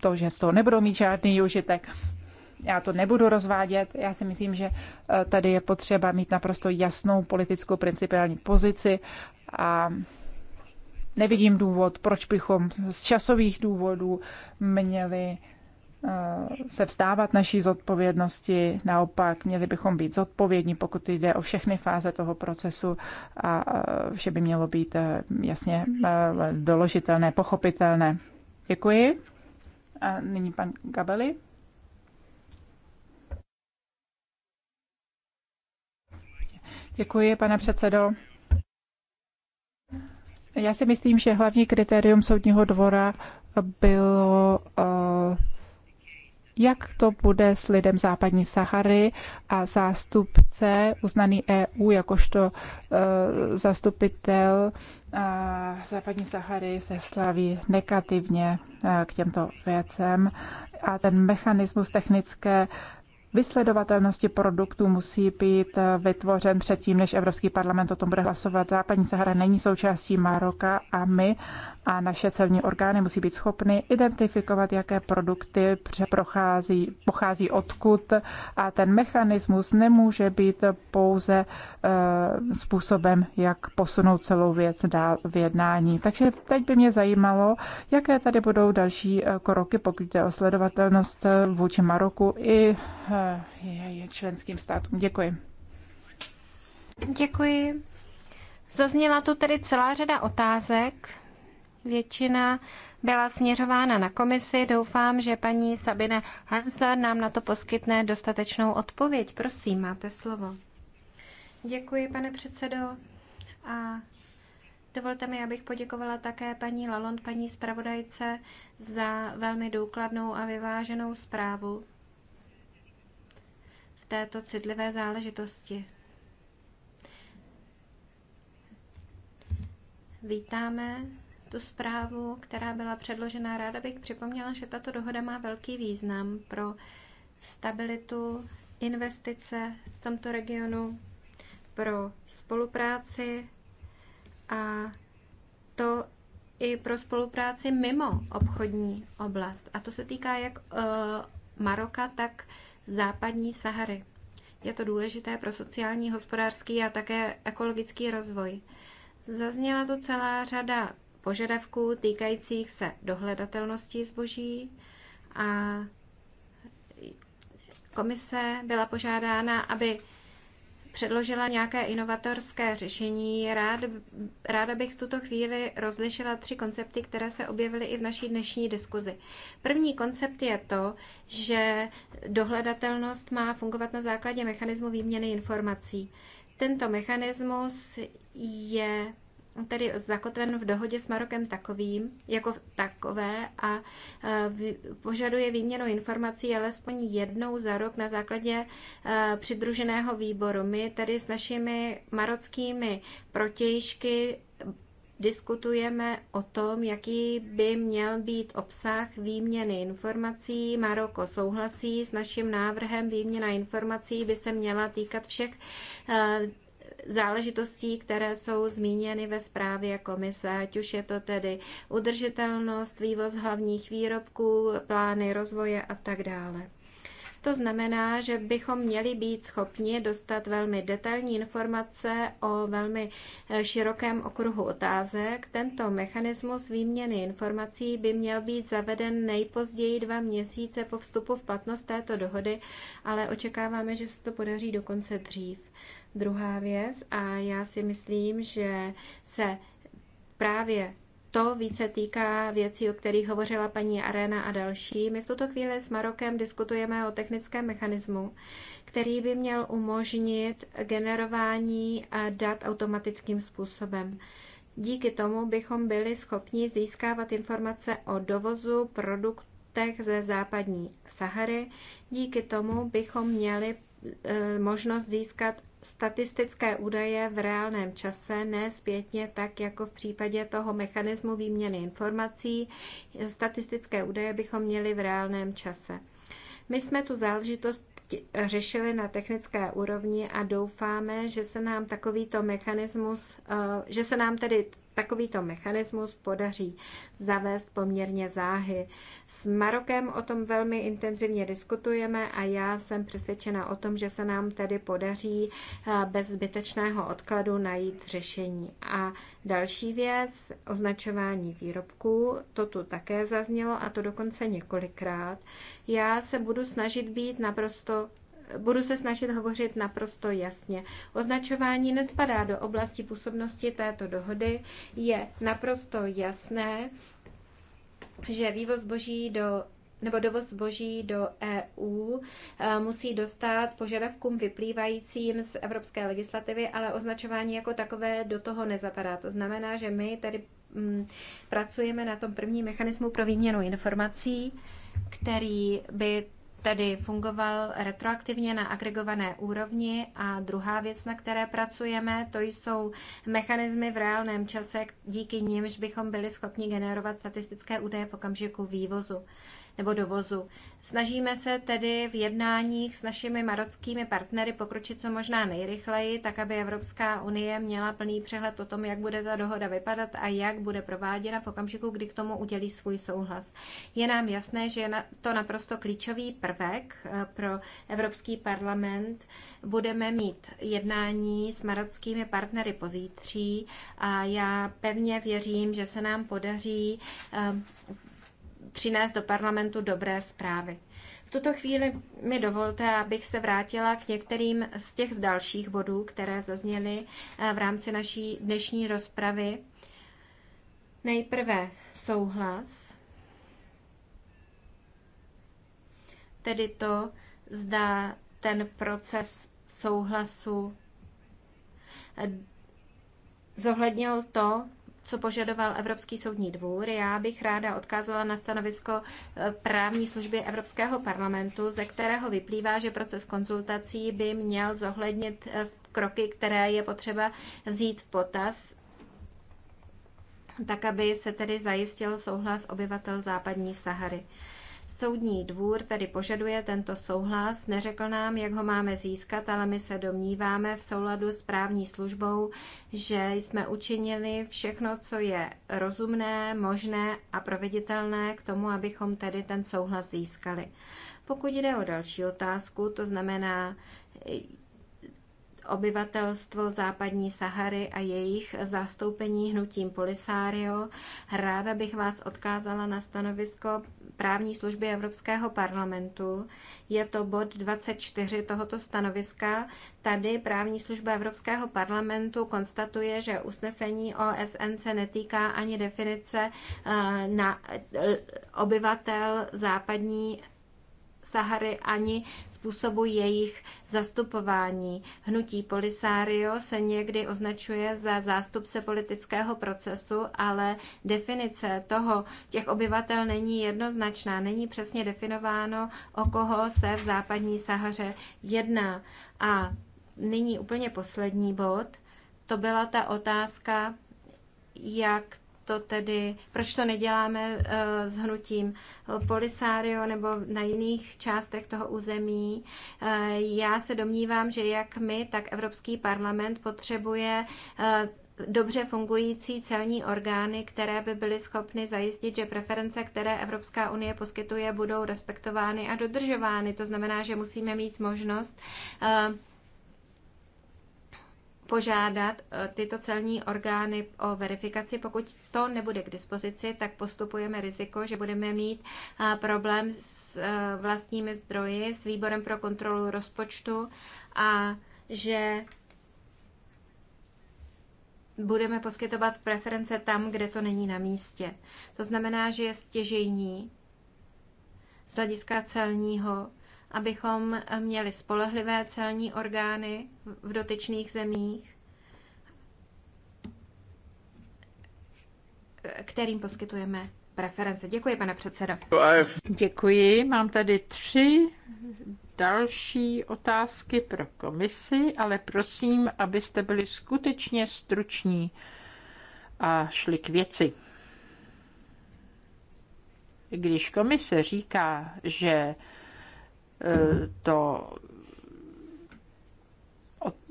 to, že z toho nebudou mít žádný užitek. Já to nebudu rozvádět. Já si myslím, že tady je potřeba mít naprosto jasnou politickou principiální pozici a Nevidím důvod, proč bychom z časových důvodů měli eh, se vzdávat naší zodpovědnosti, naopak měli bychom být zodpovědní, pokud jde o všechny fáze toho procesu a eh, vše by mělo být eh, jasně doložitelné, pochopitelné. Děkuji. A nyní pan Gabeli. Děkuji, pane předsedo. Já si myslím, že hlavní kritérium soudního dvora bylo, eh, jak to bude s lidem západní Sahary a zástupce uznaný EU jakožto eh, zastupitel eh, západní Sahary se slaví negativně k těmto věcem a ten mechanismus technické vysledovatelnosti produktů musí být eh, vytvořen předtím, než Evropský parlament o tom bude hlasovat. Západní Sahara není součástí Maroka a my a naše celní orgány musí být schopny identifikovat, jaké produkty prochází, pochází odkud a ten mechanismus nemůže být pouze eh, způsobem, jak posunout celou věc dál v jednání. Takže teď by mě zajímalo, jaké tady budou další eh, kroky, pokud jde o sledovatelnost eh, vůči Maroku i členským státům. Děkuji. Děkuji. Zazněla tu tedy celá řada otázek většina byla směřována na komisi. Doufám, že paní Sabine Hansler nám na to poskytne dostatečnou odpověď. Prosím, máte slovo. Děkuji, pane předsedo. A dovolte mi, abych poděkovala také paní Lalond, paní zpravodajce, za velmi důkladnou a vyváženou zprávu v této citlivé záležitosti. Vítáme tu zprávu, která byla předložena. Ráda bych připomněla, že tato dohoda má velký význam pro stabilitu, investice v tomto regionu, pro spolupráci a to i pro spolupráci mimo obchodní oblast. A to se týká jak eh, Maroka, tak západní Sahary. Je to důležité pro sociální, hospodářský a také ekologický rozvoj. Zazněla tu celá řada požadavků týkajících se dohledatelnosti zboží a komise byla požádána, aby předložila nějaké inovatorské řešení. Rád, ráda bych v tuto chvíli rozlišila tři koncepty, které se objevily i v naší dnešní diskuzi. První koncept je to, že dohledatelnost má fungovat na základě mechanismu výměny informací. Tento mechanismus je tedy zakotven v dohodě s Marokem takovým, jako takové a e, požaduje výměnu informací alespoň jednou za rok na základě e, přidruženého výboru. My tady s našimi marockými protějšky diskutujeme o tom, jaký by měl být obsah výměny informací. Maroko souhlasí s naším návrhem. Výměna informací by se měla týkat všech e, záležitostí, které jsou zmíněny ve zprávě komise, ať už je to tedy udržitelnost, vývoz hlavních výrobků, plány rozvoje a tak dále. To znamená, že bychom měli být schopni dostat velmi detailní informace o velmi eh, širokém okruhu otázek. Tento mechanismus výměny informací by měl být zaveden nejpozději dva měsíce po vstupu v platnost této dohody, ale očekáváme, že se to podaří dokonce dřív druhá věc a já si myslím, že se právě to více týká věcí, o kterých hovořila paní Arena a další. My v tuto chvíli s Marokem diskutujeme o technickém mechanismu, který by měl umožnit generování dat automatickým způsobem. Díky tomu bychom byli schopni získávat informace o dovozu produktech ze západní Sahary. Díky tomu bychom měli eh, možnost získat statistické údaje v reálném čase, ne zpětně tak, jako v případě toho mechanismu výměny informací. Statistické údaje bychom měli v reálném čase. My jsme tu záležitost řešili na technické úrovni a doufáme, že se nám takovýto mechanismus, eh, že se nám tedy takovýto mechanismus podaří zavést poměrně záhy. S Marokem o tom velmi intenzivně diskutujeme a já jsem přesvědčena o tom, že se nám tedy podaří eh, bez zbytečného odkladu najít řešení. A další věc, označování výrobků, to tu také zaznělo a to dokonce několikrát. Já se budu snažit být naprosto budu se snažit hovořit naprosto jasně. Označování nespadá do oblasti působnosti této dohody. Je naprosto jasné, že vývoz zboží do nebo dovoz zboží do EU eh, musí dostat požadavkům vyplývajícím z evropské legislativy, ale označování jako takové do toho nezapadá. To znamená, že my tedy mm, pracujeme na tom prvním mechanismu pro výměnu informací, který by tedy fungoval retroaktivně na agregované úrovni. A druhá věc, na které pracujeme, to jsou mechanismy v reálném čase, díky nimž bychom byli schopni generovat statistické údaje v okamžiku vývozu nebo dovozu. Snažíme se tedy v jednáních s našimi marockými partnery pokročit co možná nejrychleji, tak aby Evropská unie měla plný přehled o tom, jak bude ta dohoda vypadat a jak bude prováděna v okamžiku, kdy k tomu udělí svůj souhlas. Je nám jasné, že je to naprosto klíčový prvek eh, pro Evropský parlament. Budeme mít jednání s marockými partnery pozítří a já pevně věřím, že se nám podaří eh, přinést do parlamentu dobré zprávy. V tuto chvíli mi dovolte, abych se vrátila k některým z těch z dalších bodů, které zazněly eh, v rámci naší dnešní rozpravy. Nejprve souhlas, tedy to, zda ten proces souhlasu eh, zohlednil to, co požadoval Evropský soudní dvůr. Já bych ráda odkázala na stanovisko eh, právní služby Evropského parlamentu, ze kterého vyplývá, že proces konzultací by měl zohlednit eh, kroky, které je potřeba vzít v potaz, tak aby se tedy zajistil souhlas obyvatel západní Sahary. Soudní dvůr tedy požaduje tento souhlas, neřekl nám, jak ho máme získat, ale my se domníváme v souladu s právní službou, že jsme učinili všechno, co je rozumné, možné a proveditelné k tomu, abychom tedy ten souhlas získali. Pokud jde o další otázku, to znamená, obyvatelstvo západní Sahary a jejich zastoupení hnutím Polisario. Ráda bych vás odkázala na stanovisko právní služby Evropského parlamentu. Je to bod 24 tohoto stanoviska. Tady právní služba Evropského parlamentu konstatuje, že usnesení OSN se netýká ani definice eh, na eh, obyvatel západní Sahary ani způsobu jejich zastupování. Hnutí Polisario se někdy označuje za zástupce politického procesu, ale definice toho těch obyvatel není jednoznačná. Není přesně definováno, o koho se v západní Sahaře jedná. A nyní úplně poslední bod. To byla ta otázka, jak to tedy, proč to neděláme eh, s hnutím Polisario nebo na jiných částech toho území. Eh, já se domnívám, že jak my, tak Evropský parlament potřebuje eh, dobře fungující celní orgány, které by byly schopny zajistit, že preference, které Evropská unie poskytuje, budou respektovány a dodržovány. To znamená, že musíme mít možnost požádat eh, tyto celní orgány o verifikaci. Pokud to nebude k dispozici, tak postupujeme riziko, že budeme mít eh, problém s eh, vlastními zdroji, s výborem pro kontrolu rozpočtu a že budeme poskytovat preference tam, kde to není na místě. To znamená, že je stěžejní z hlediska celního abychom měli spolehlivé celní orgány v dotyčných zemích, kterým poskytujeme preference. Děkuji, pane předsedo. Děkuji. Mám tady tři další otázky pro komisi, ale prosím, abyste byli skutečně struční a šli k věci. Když komise říká, že Eh, to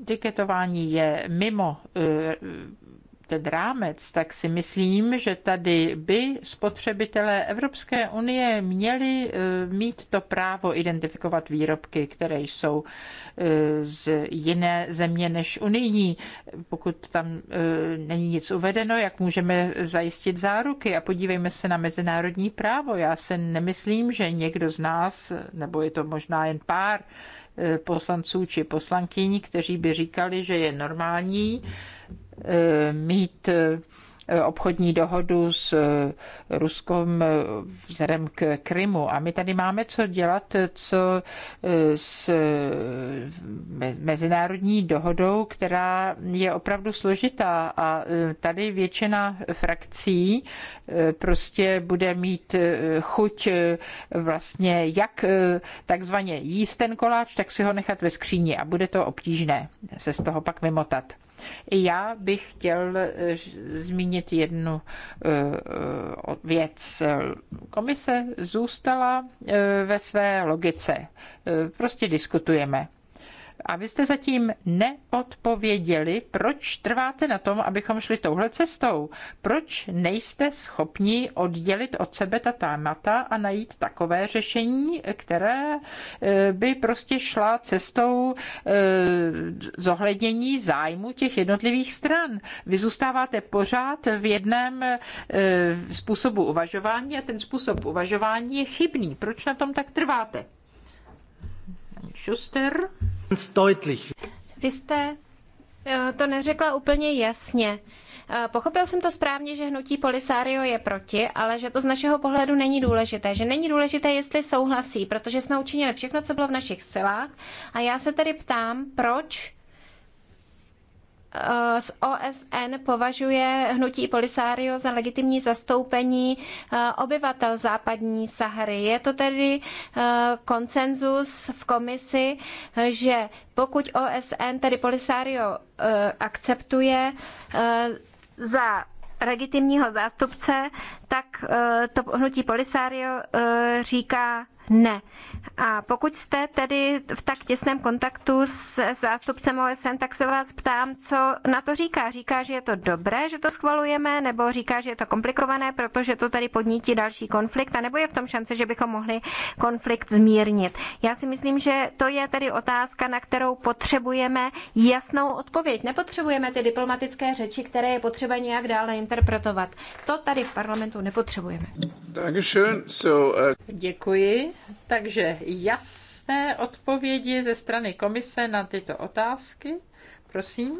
etiketování je mimo eh, ten rámec, tak si myslím, že tady by spotřebitelé Evropské unie měli e, mít to právo identifikovat výrobky, které jsou e, z jiné země než unijní. Pokud tam e, není nic uvedeno, jak můžeme zajistit záruky? A podívejme se na mezinárodní právo. Já se nemyslím, že někdo z nás, nebo je to možná jen pár, poslanců či poslankyní, kteří by říkali, že je normální, mít eh, obchodní dohodu s eh, Ruskom eh, vzhledem k Krymu. A my tady máme co dělat co s mezinárodní dohodou, která je opravdu složitá. A tady většina frakcí prostě bude mít chuť vlastně jak takzvaně jíst ten koláč, tak si ho nechat ve skříni a bude to obtížné se z toho pak vymotat. Já bych chtěl eh, zmínit jednu eh, věc. Komise zůstala eh, ve své logice. Prostě diskutujeme. A vy jste zatím neodpověděli, proč trváte na tom, abychom šli touhle cestou. Proč nejste schopni oddělit od sebe ta témata a najít takové řešení, které eh, by prostě šla cestou eh, zohlednění zájmu těch jednotlivých stran. Vy zůstáváte pořád v jedném eh, způsobu uvažování a ten způsob uvažování je chybný. Proč na tom tak trváte? Schuster. Vy jste eh, to neřekla úplně jasně. Eh, pochopil jsem to správně, že hnutí Polisario je proti, ale že to z našeho pohledu není důležité. Že není důležité, jestli souhlasí, protože jsme učinili všechno, co bylo v našich silách. A já se tedy ptám, proč Eh, z OSN považuje hnutí Polisario za legitimní zastoupení eh, obyvatel západní Sahary. Je to tedy eh, konsenzus v komisi, že pokud OSN tedy Polisario akceptuje za legitimního zástupce, tak to hnutí Polisario říká ne. A pokud jste tedy v tak těsném kontaktu s zástupcem OSN, tak se vás ptám, co na to říká. Říká, že je to dobré, že to schvalujeme, nebo říká, že je to komplikované, protože to tady podnítí další konflikt, a nebo je v tom šance, že bychom mohli konflikt zmírnit. Já si myslím, že to je tedy otázka, na kterou potřebujeme jasnou odpověď. Nepotřebujeme ty diplomatické řeči, které je potřeba nějak dále interpretovat. To tady v parlamentu nepotřebujeme. Eh, Děkuji. Takže jasné odpovědi ze strany komise na tyto otázky? Prosím.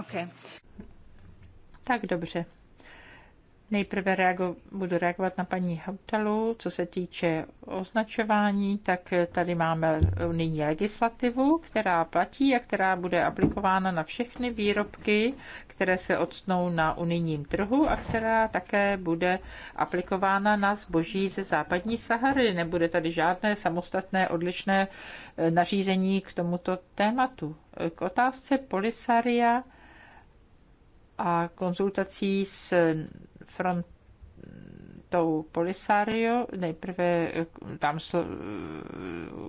OK. Tak dobře. Nejprve reago- budu reagovat na paní Hautalu. Co se týče označování, tak tady máme unijní legislativu, která platí a která bude aplikována na všechny výrobky, které se odstnou na unijním trhu a která také bude aplikována na zboží ze západní Sahary. Nebude tady žádné samostatné odlišné e, nařízení k tomuto tématu. K otázce Polisaria a konzultací s frontou Polisario, nejprve eh, tam eh,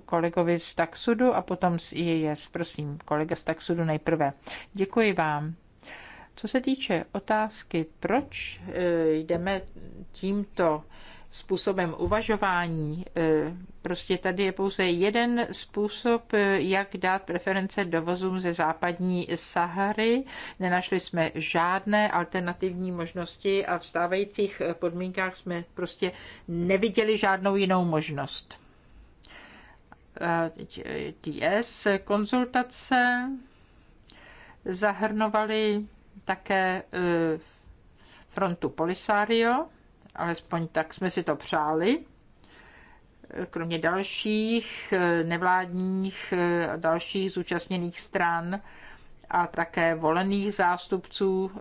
kolegovi z Taxudu a potom z IES. Prosím, kolega z Taxudu nejprve. Děkuji vám. Co se týče otázky, proč eh, jdeme tímto způsobem uvažování. E, prostě tady je pouze jeden způsob, e, jak dát preference dovozům ze západní Sahary. Nenašli jsme žádné alternativní možnosti a v stávajících podmínkách jsme prostě neviděli žádnou jinou možnost. DS e, konzultace zahrnovaly také frontu Polisario, alespoň tak jsme si to přáli. Kromě dalších eh, nevládních eh, a dalších zúčastněných stran a také volených zástupců eh,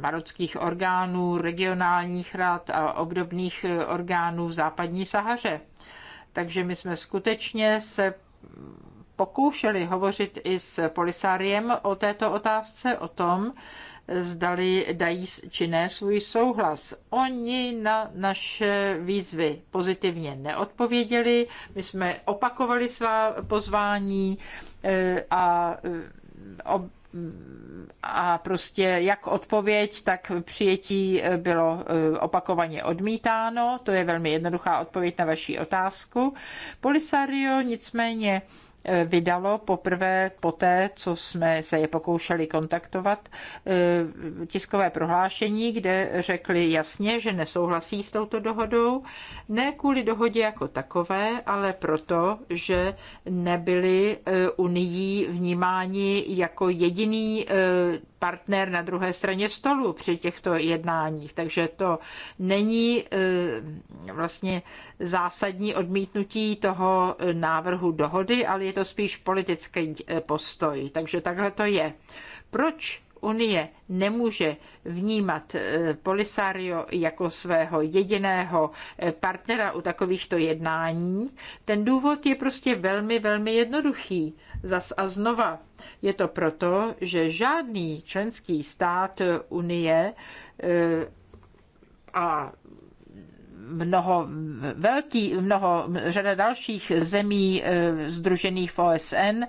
marockých orgánů, regionálních rad a obdobných orgánů v západní Sahaře. Takže my jsme skutečně se pokoušeli hovořit i s Polisáriem o této otázce, o tom, zdali dají či ne svůj souhlas. Oni na naše výzvy pozitivně neodpověděli, my jsme opakovali svá pozvání eh, a eh, a prostě jak odpověď, tak přijetí eh, bylo opakovaně odmítáno. To je velmi jednoduchá odpověď na vaši otázku. Polisario nicméně Eh, vydalo poprvé poté, co jsme se je pokoušeli kontaktovat, eh, tiskové prohlášení, kde řekli jasně, že nesouhlasí s touto dohodou, ne kvůli dohodě jako takové, ale proto, že nebyli eh, Unii vnímáni jako jediný partner na druhé straně stolu při těchto jednáních. Takže to není eh, vlastně zásadní odmítnutí toho návrhu dohody, ale je to spíš politický eh, postoj. Takže takhle to je. Proč Unie nemůže vnímat eh, Polisario jako svého jediného eh, partnera u takovýchto jednání, ten důvod je prostě velmi, velmi jednoduchý. Zas a znova je to proto, že žádný členský stát Unie eh, a mnoho velký, mnoho, řada dalších zemí združených v OSN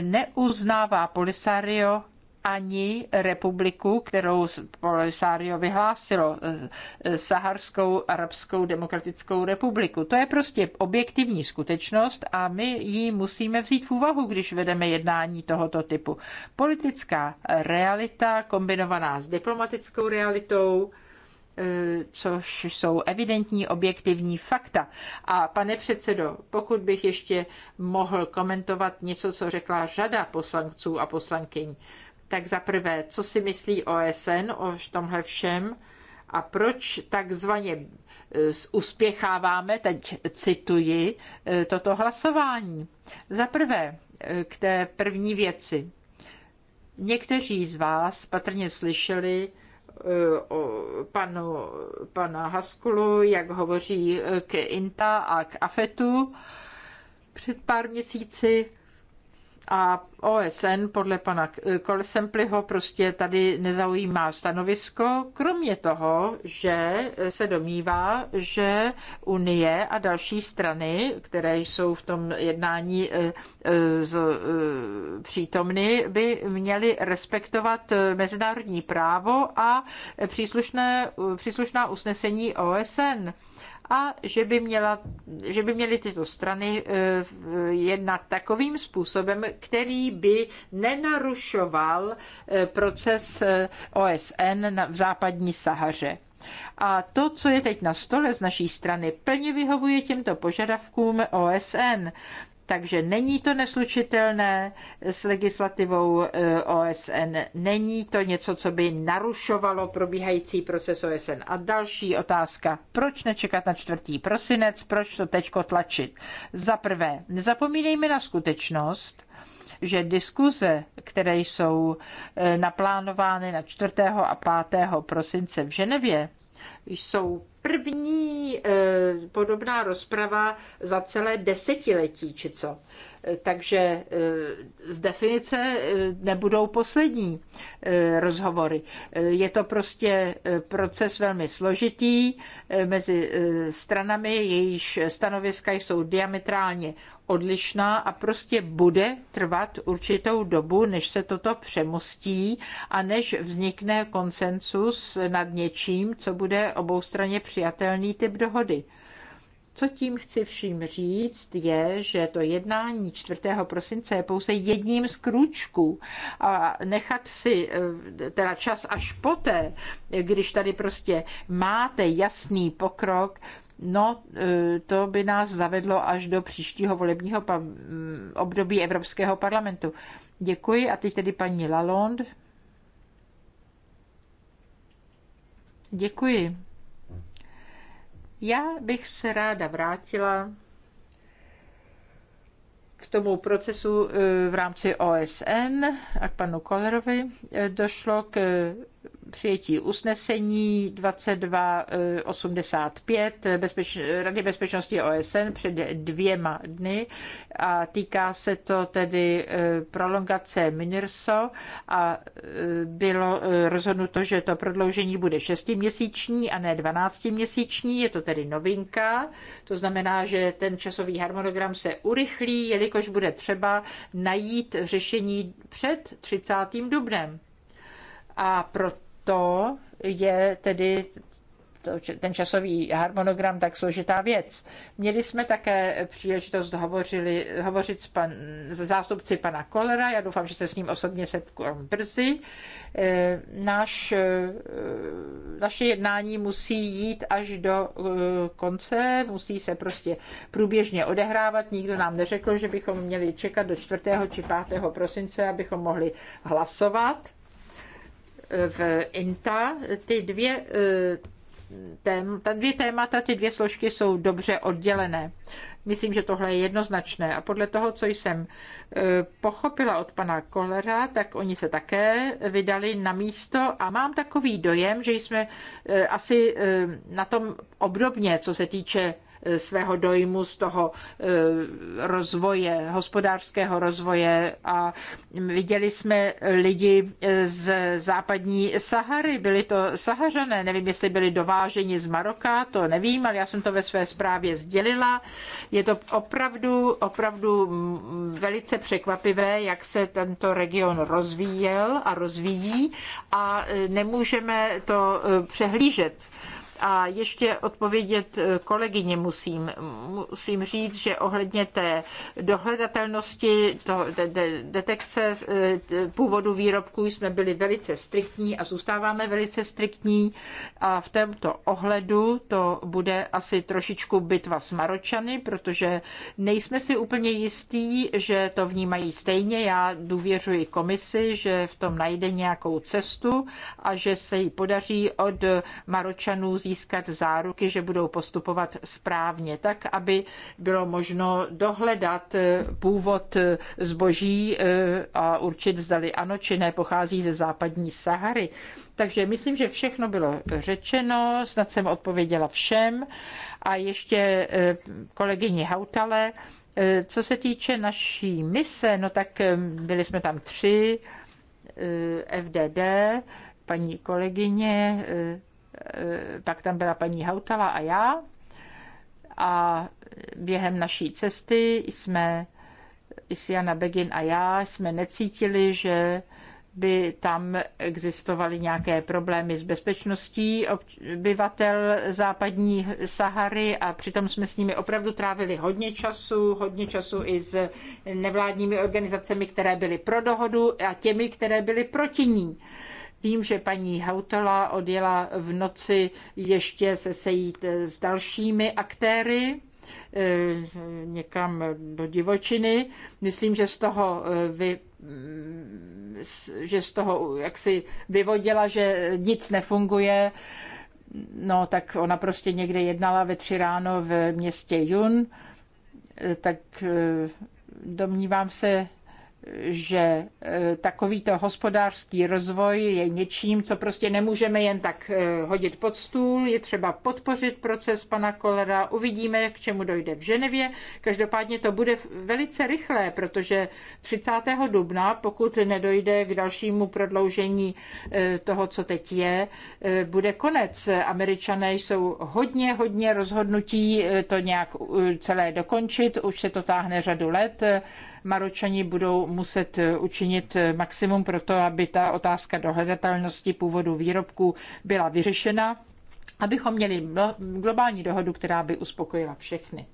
neuznává Polisario ani republiku, kterou Polisario vyhlásilo, e, e, Saharskou arabskou demokratickou republiku. To je prostě objektivní skutečnost a my ji musíme vzít v úvahu, když vedeme jednání tohoto typu. Politická realita kombinovaná s diplomatickou realitou, e, což jsou evidentní objektivní fakta. A pane předsedo, pokud bych ještě mohl komentovat něco, co řekla řada poslanců a poslankyň, tak za prvé, co si myslí OSN o tomhle všem a proč takzvaně e, uspěcháváme, teď cituji, e, toto hlasování. Za prvé, e, k té první věci. Někteří z vás patrně slyšeli, o panu, pana Haskulu, jak hovoří k INTA a k AFETu. Před pár měsíci a OSN podle pana Kolesempliho prostě tady nezaujímá stanovisko, kromě toho, že se domnívá, že Unie a další strany, které jsou v tom jednání eh, eh, eh, přítomny, by měly respektovat mezinárodní právo a příslušné, příslušná usnesení OSN a že by, měla, že by měly tyto strany eh, jednat takovým způsobem, který by nenarušoval eh, proces eh, OSN v západní Sahaře. A to, co je teď na stole z naší strany, plně vyhovuje těmto požadavkům OSN. Takže není to neslučitelné s legislativou eh, OSN, není to něco, co by narušovalo probíhající proces OSN. A další otázka, proč nečekat na 4. prosinec, proč to teďko tlačit? Za prvé, nezapomínejme na skutečnost, že diskuze, které jsou eh, naplánovány na 4. a 5. prosince v Ženevě, jsou první eh, podobná rozprava za celé desetiletí, či co. Eh, takže eh, z definice nebudou poslední rozhovory. Je to prostě proces velmi složitý mezi stranami, jejíž stanoviska jsou diametrálně odlišná a prostě bude trvat určitou dobu, než se toto přemostí a než vznikne konsensus nad něčím, co bude oboustranně přijatelný typ dohody. Co tím chci vším říct, je, že to jednání 4. prosince je pouze jedním z kručků a nechat si eh, teda čas až poté, když tady prostě máte jasný pokrok, No, eh, to by nás zavedlo až do příštího volebního období Evropského parlamentu. Děkuji a teď tedy paní Lalonde. Děkuji. Já bych se ráda vrátila k tomu procesu eh, v rámci OSN a k panu Kolerovi eh, došlo k eh, přijetí usnesení 2285 bezpeč, Rady bezpečnosti OSN před dvěma dny a týká se to tedy e, prolongace Minurso a e, bylo e, rozhodnuto, že to prodloužení bude šestiměsíční a ne 12-měsíční, je to tedy novinka, to znamená, že ten časový harmonogram se urychlí, jelikož bude třeba najít řešení před 30. dubnem. A proto to je tedy ten časový harmonogram tak složitá věc. Měli jsme také příležitost hovořili, hovořit s, pan, s zástupci pana Kolera, já doufám, že se s ním osobně setkám brzy. Eh, Naš, eh, naše jednání musí jít až do eh, konce, musí se prostě průběžně odehrávat. Nikdo nám neřekl, že bychom měli čekat do 4. či 5. prosince, abychom mohli hlasovat v INTA. Ty dvě eh, tém, ta dvě témata, ty dvě složky jsou dobře oddělené. Myslím, že tohle je jednoznačné. A podle toho, co jsem eh, pochopila od pana Kolera, tak oni se také vydali na místo a mám takový dojem, že jsme eh, asi na tom obdobně, co se týče svého dojmu z toho eh, rozvoje, hospodářského rozvoje a viděli jsme lidi eh, z západní Sahary, byli to Sahařané, nevím, jestli byli dováženi z Maroka, to nevím, ale já jsem to ve své zprávě sdělila. Je to opravdu, opravdu mm, velice překvapivé, jak se tento region rozvíjel a rozvíjí a eh, nemůžeme to přehlížet. A ještě odpovědět e, kolegyně musím. Musím říct, že ohledně té dohledatelnosti, to, de, de, detekce e, původu výrobků jsme byli velice striktní a zůstáváme velice striktní. A v tomto ohledu to bude asi trošičku bitva s Maročany, protože nejsme si úplně jistí, že to vnímají stejně. Já důvěřuji komisi, že v tom najde nějakou cestu a že se jí podaří od Maročanů získat získat záruky, že budou postupovat správně, tak aby bylo možno dohledat eh, původ eh, zboží eh, a určit, zdali ano či ne pochází ze západní Sahary. Takže myslím, že všechno bylo řečeno, snad jsem odpověděla všem. A ještě kolegyni Hautale, co se týče naší mise, no tak byli jsme tam tři, FDD, paní kolegyně, Eh, pak tam byla paní Hautala a já. A během naší cesty jsme, Isiana Begin a já, jsme necítili, že by tam existovaly nějaké problémy s bezpečností obyvatel západní Sahary a přitom jsme s nimi opravdu trávili hodně času, hodně času i s nevládními organizacemi, které byly pro dohodu a těmi, které byly proti ní. Vím, že paní Hautala odjela v noci ještě se sejít s dalšími aktéry eh, někam do divočiny. Myslím, že z toho eh, vy mm, že z toho jak si vyvodila, že nic nefunguje, no tak ona prostě někde jednala ve tři ráno v městě Jun, eh, tak domnívám se, že e, takovýto hospodářský rozvoj je něčím, co prostě nemůžeme jen tak e, hodit pod stůl. Je třeba podpořit proces pana Kolera. Uvidíme, k čemu dojde v Ženevě. Každopádně to bude velice rychlé, protože 30. dubna, pokud nedojde k dalšímu prodloužení e, toho, co teď je, bude konec. Američané jsou hodně, hodně rozhodnutí to nějak celé dokončit. Už se to táhne řadu let Maročani budou muset eh, učinit eh, maximum pro to, aby ta otázka dohledatelnosti původu výrobků byla vyřešena, abychom měli globální dohodu, která by uspokojila všechny.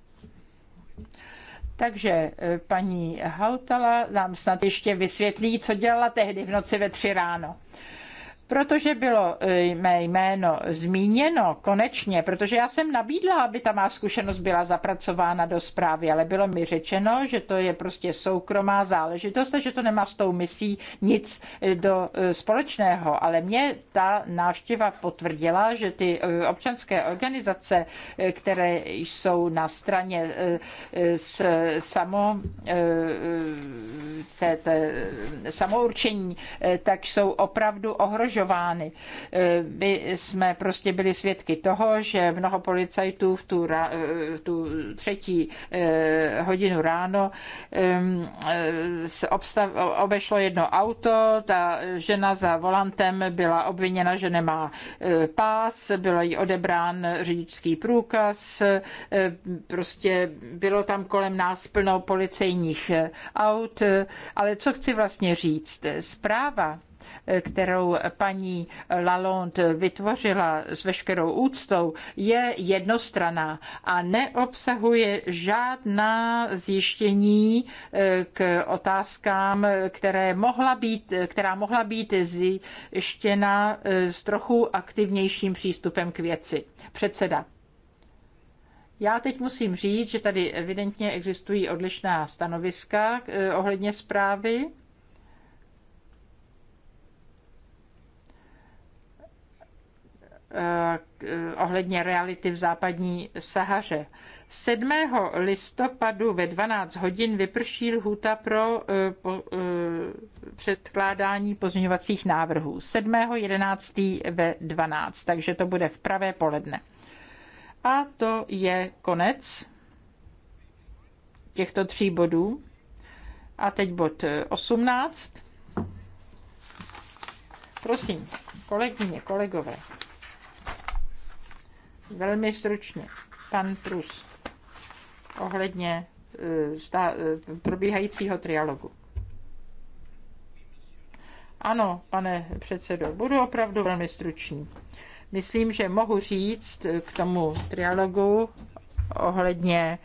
Takže eh, paní Hautala nám snad ještě vysvětlí, co dělala tehdy v noci ve tři ráno protože bylo eh, mé jméno zmíněno konečně, protože já jsem nabídla, aby ta má zkušenost byla zapracována do zprávy, ale bylo mi řečeno, že to je prostě soukromá záležitost a že to nemá s tou misí nic eh, do eh, společného. Ale mě ta návštěva potvrdila, že ty občanské organizace, které jsou na straně s samo, té, té, samourčení, tak jsou opravdu ohrožené dodržovány. Eh, my jsme prostě byli svědky toho, že mnoho policajtů v tu, eh, v tu třetí eh, hodinu ráno ehm, obstav, obešlo jedno auto, ta žena za volantem byla obviněna, že nemá pás, byl jí odebrán řidičský průkaz, prostě bylo tam kolem nás plno policejních aut, ale co chci vlastně říct? Zpráva kterou paní Lalonde vytvořila s veškerou úctou, je jednostraná a neobsahuje žádná zjištění eh, k otázkám, které mohla být, která mohla být zjištěna eh, s trochu aktivnějším přístupem k věci. Předseda. Já teď musím říct, že tady evidentně existují odlišná stanoviska eh, ohledně zprávy. Eh, ohledně reality v západní Sahaře. 7. listopadu ve 12 hodin vyprší lhůta pro eh, eh, předkládání pozměňovacích návrhů. 7. 11. ve 12, takže to bude v pravé poledne. A to je konec těchto tří bodů. A teď bod 18. Prosím, kolegyně, kolegové. Velmi stručně. Pan Prus ohledně eh, zda, eh, probíhajícího trialogu. Ano, pane předsedo, budu opravdu velmi stručný. Myslím, že mohu říct eh, k tomu trialogu ohledně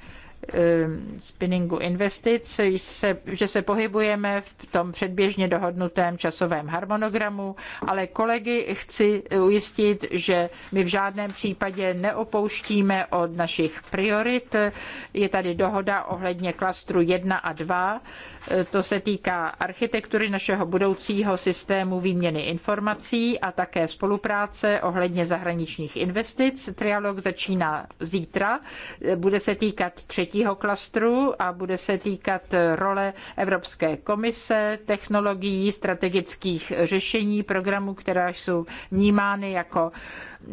Eh, spinningu investic, se, že se pohybujeme v tom předběžně dohodnutém časovém harmonogramu, ale kolegy chci ujistit, že my v žádném případě neopouštíme od našich priorit. Je tady dohoda ohledně klastru 1 a 2. Eh, to se týká architektury našeho budoucího systému výměny informací a také spolupráce ohledně zahraničních investic. Trialog začíná zítra. Eh, bude se týkat třetí třetího klastru a bude se týkat role Evropské komise, technologií, strategických řešení, programů, která jsou vnímány jako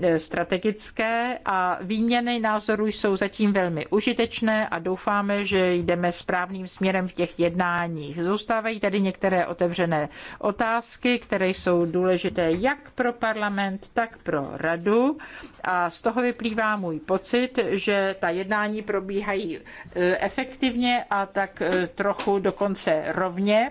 E, strategické a výměny názorů jsou zatím velmi užitečné a doufáme, že jdeme správným směrem v těch jednáních. Zůstávají tady některé otevřené otázky, které jsou důležité jak pro parlament, tak pro radu a z toho vyplývá můj pocit, že ta jednání probíhají e, efektivně a tak e, trochu dokonce rovně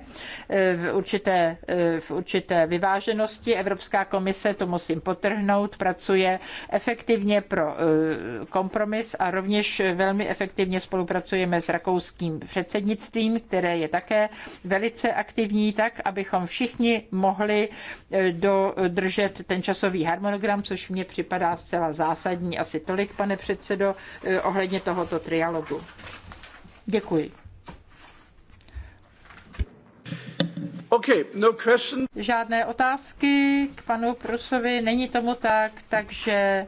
v určité, v určité vyváženosti. Evropská komise, to musím potrhnout, pracuje pracuje efektivně pro eh, kompromis a rovněž velmi efektivně spolupracujeme s rakouským předsednictvím, které je také velice aktivní, tak abychom všichni mohli eh, dodržet ten časový harmonogram, což mně připadá zcela zásadní. Asi tolik, pane předsedo, eh, ohledně tohoto trialogu. Děkuji. Okay, no question. Žádné otázky k panu Prusovi, není tomu tak, takže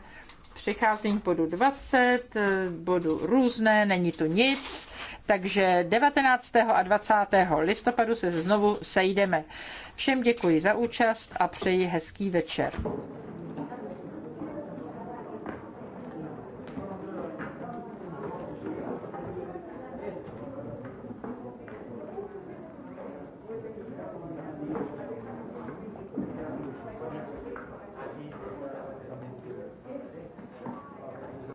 přicházím k bodu 20, eh, bodu různé, není tu nic, takže 19. a 20. listopadu se znovu sejdeme. Všem děkuji za účast a přeji hezký večer.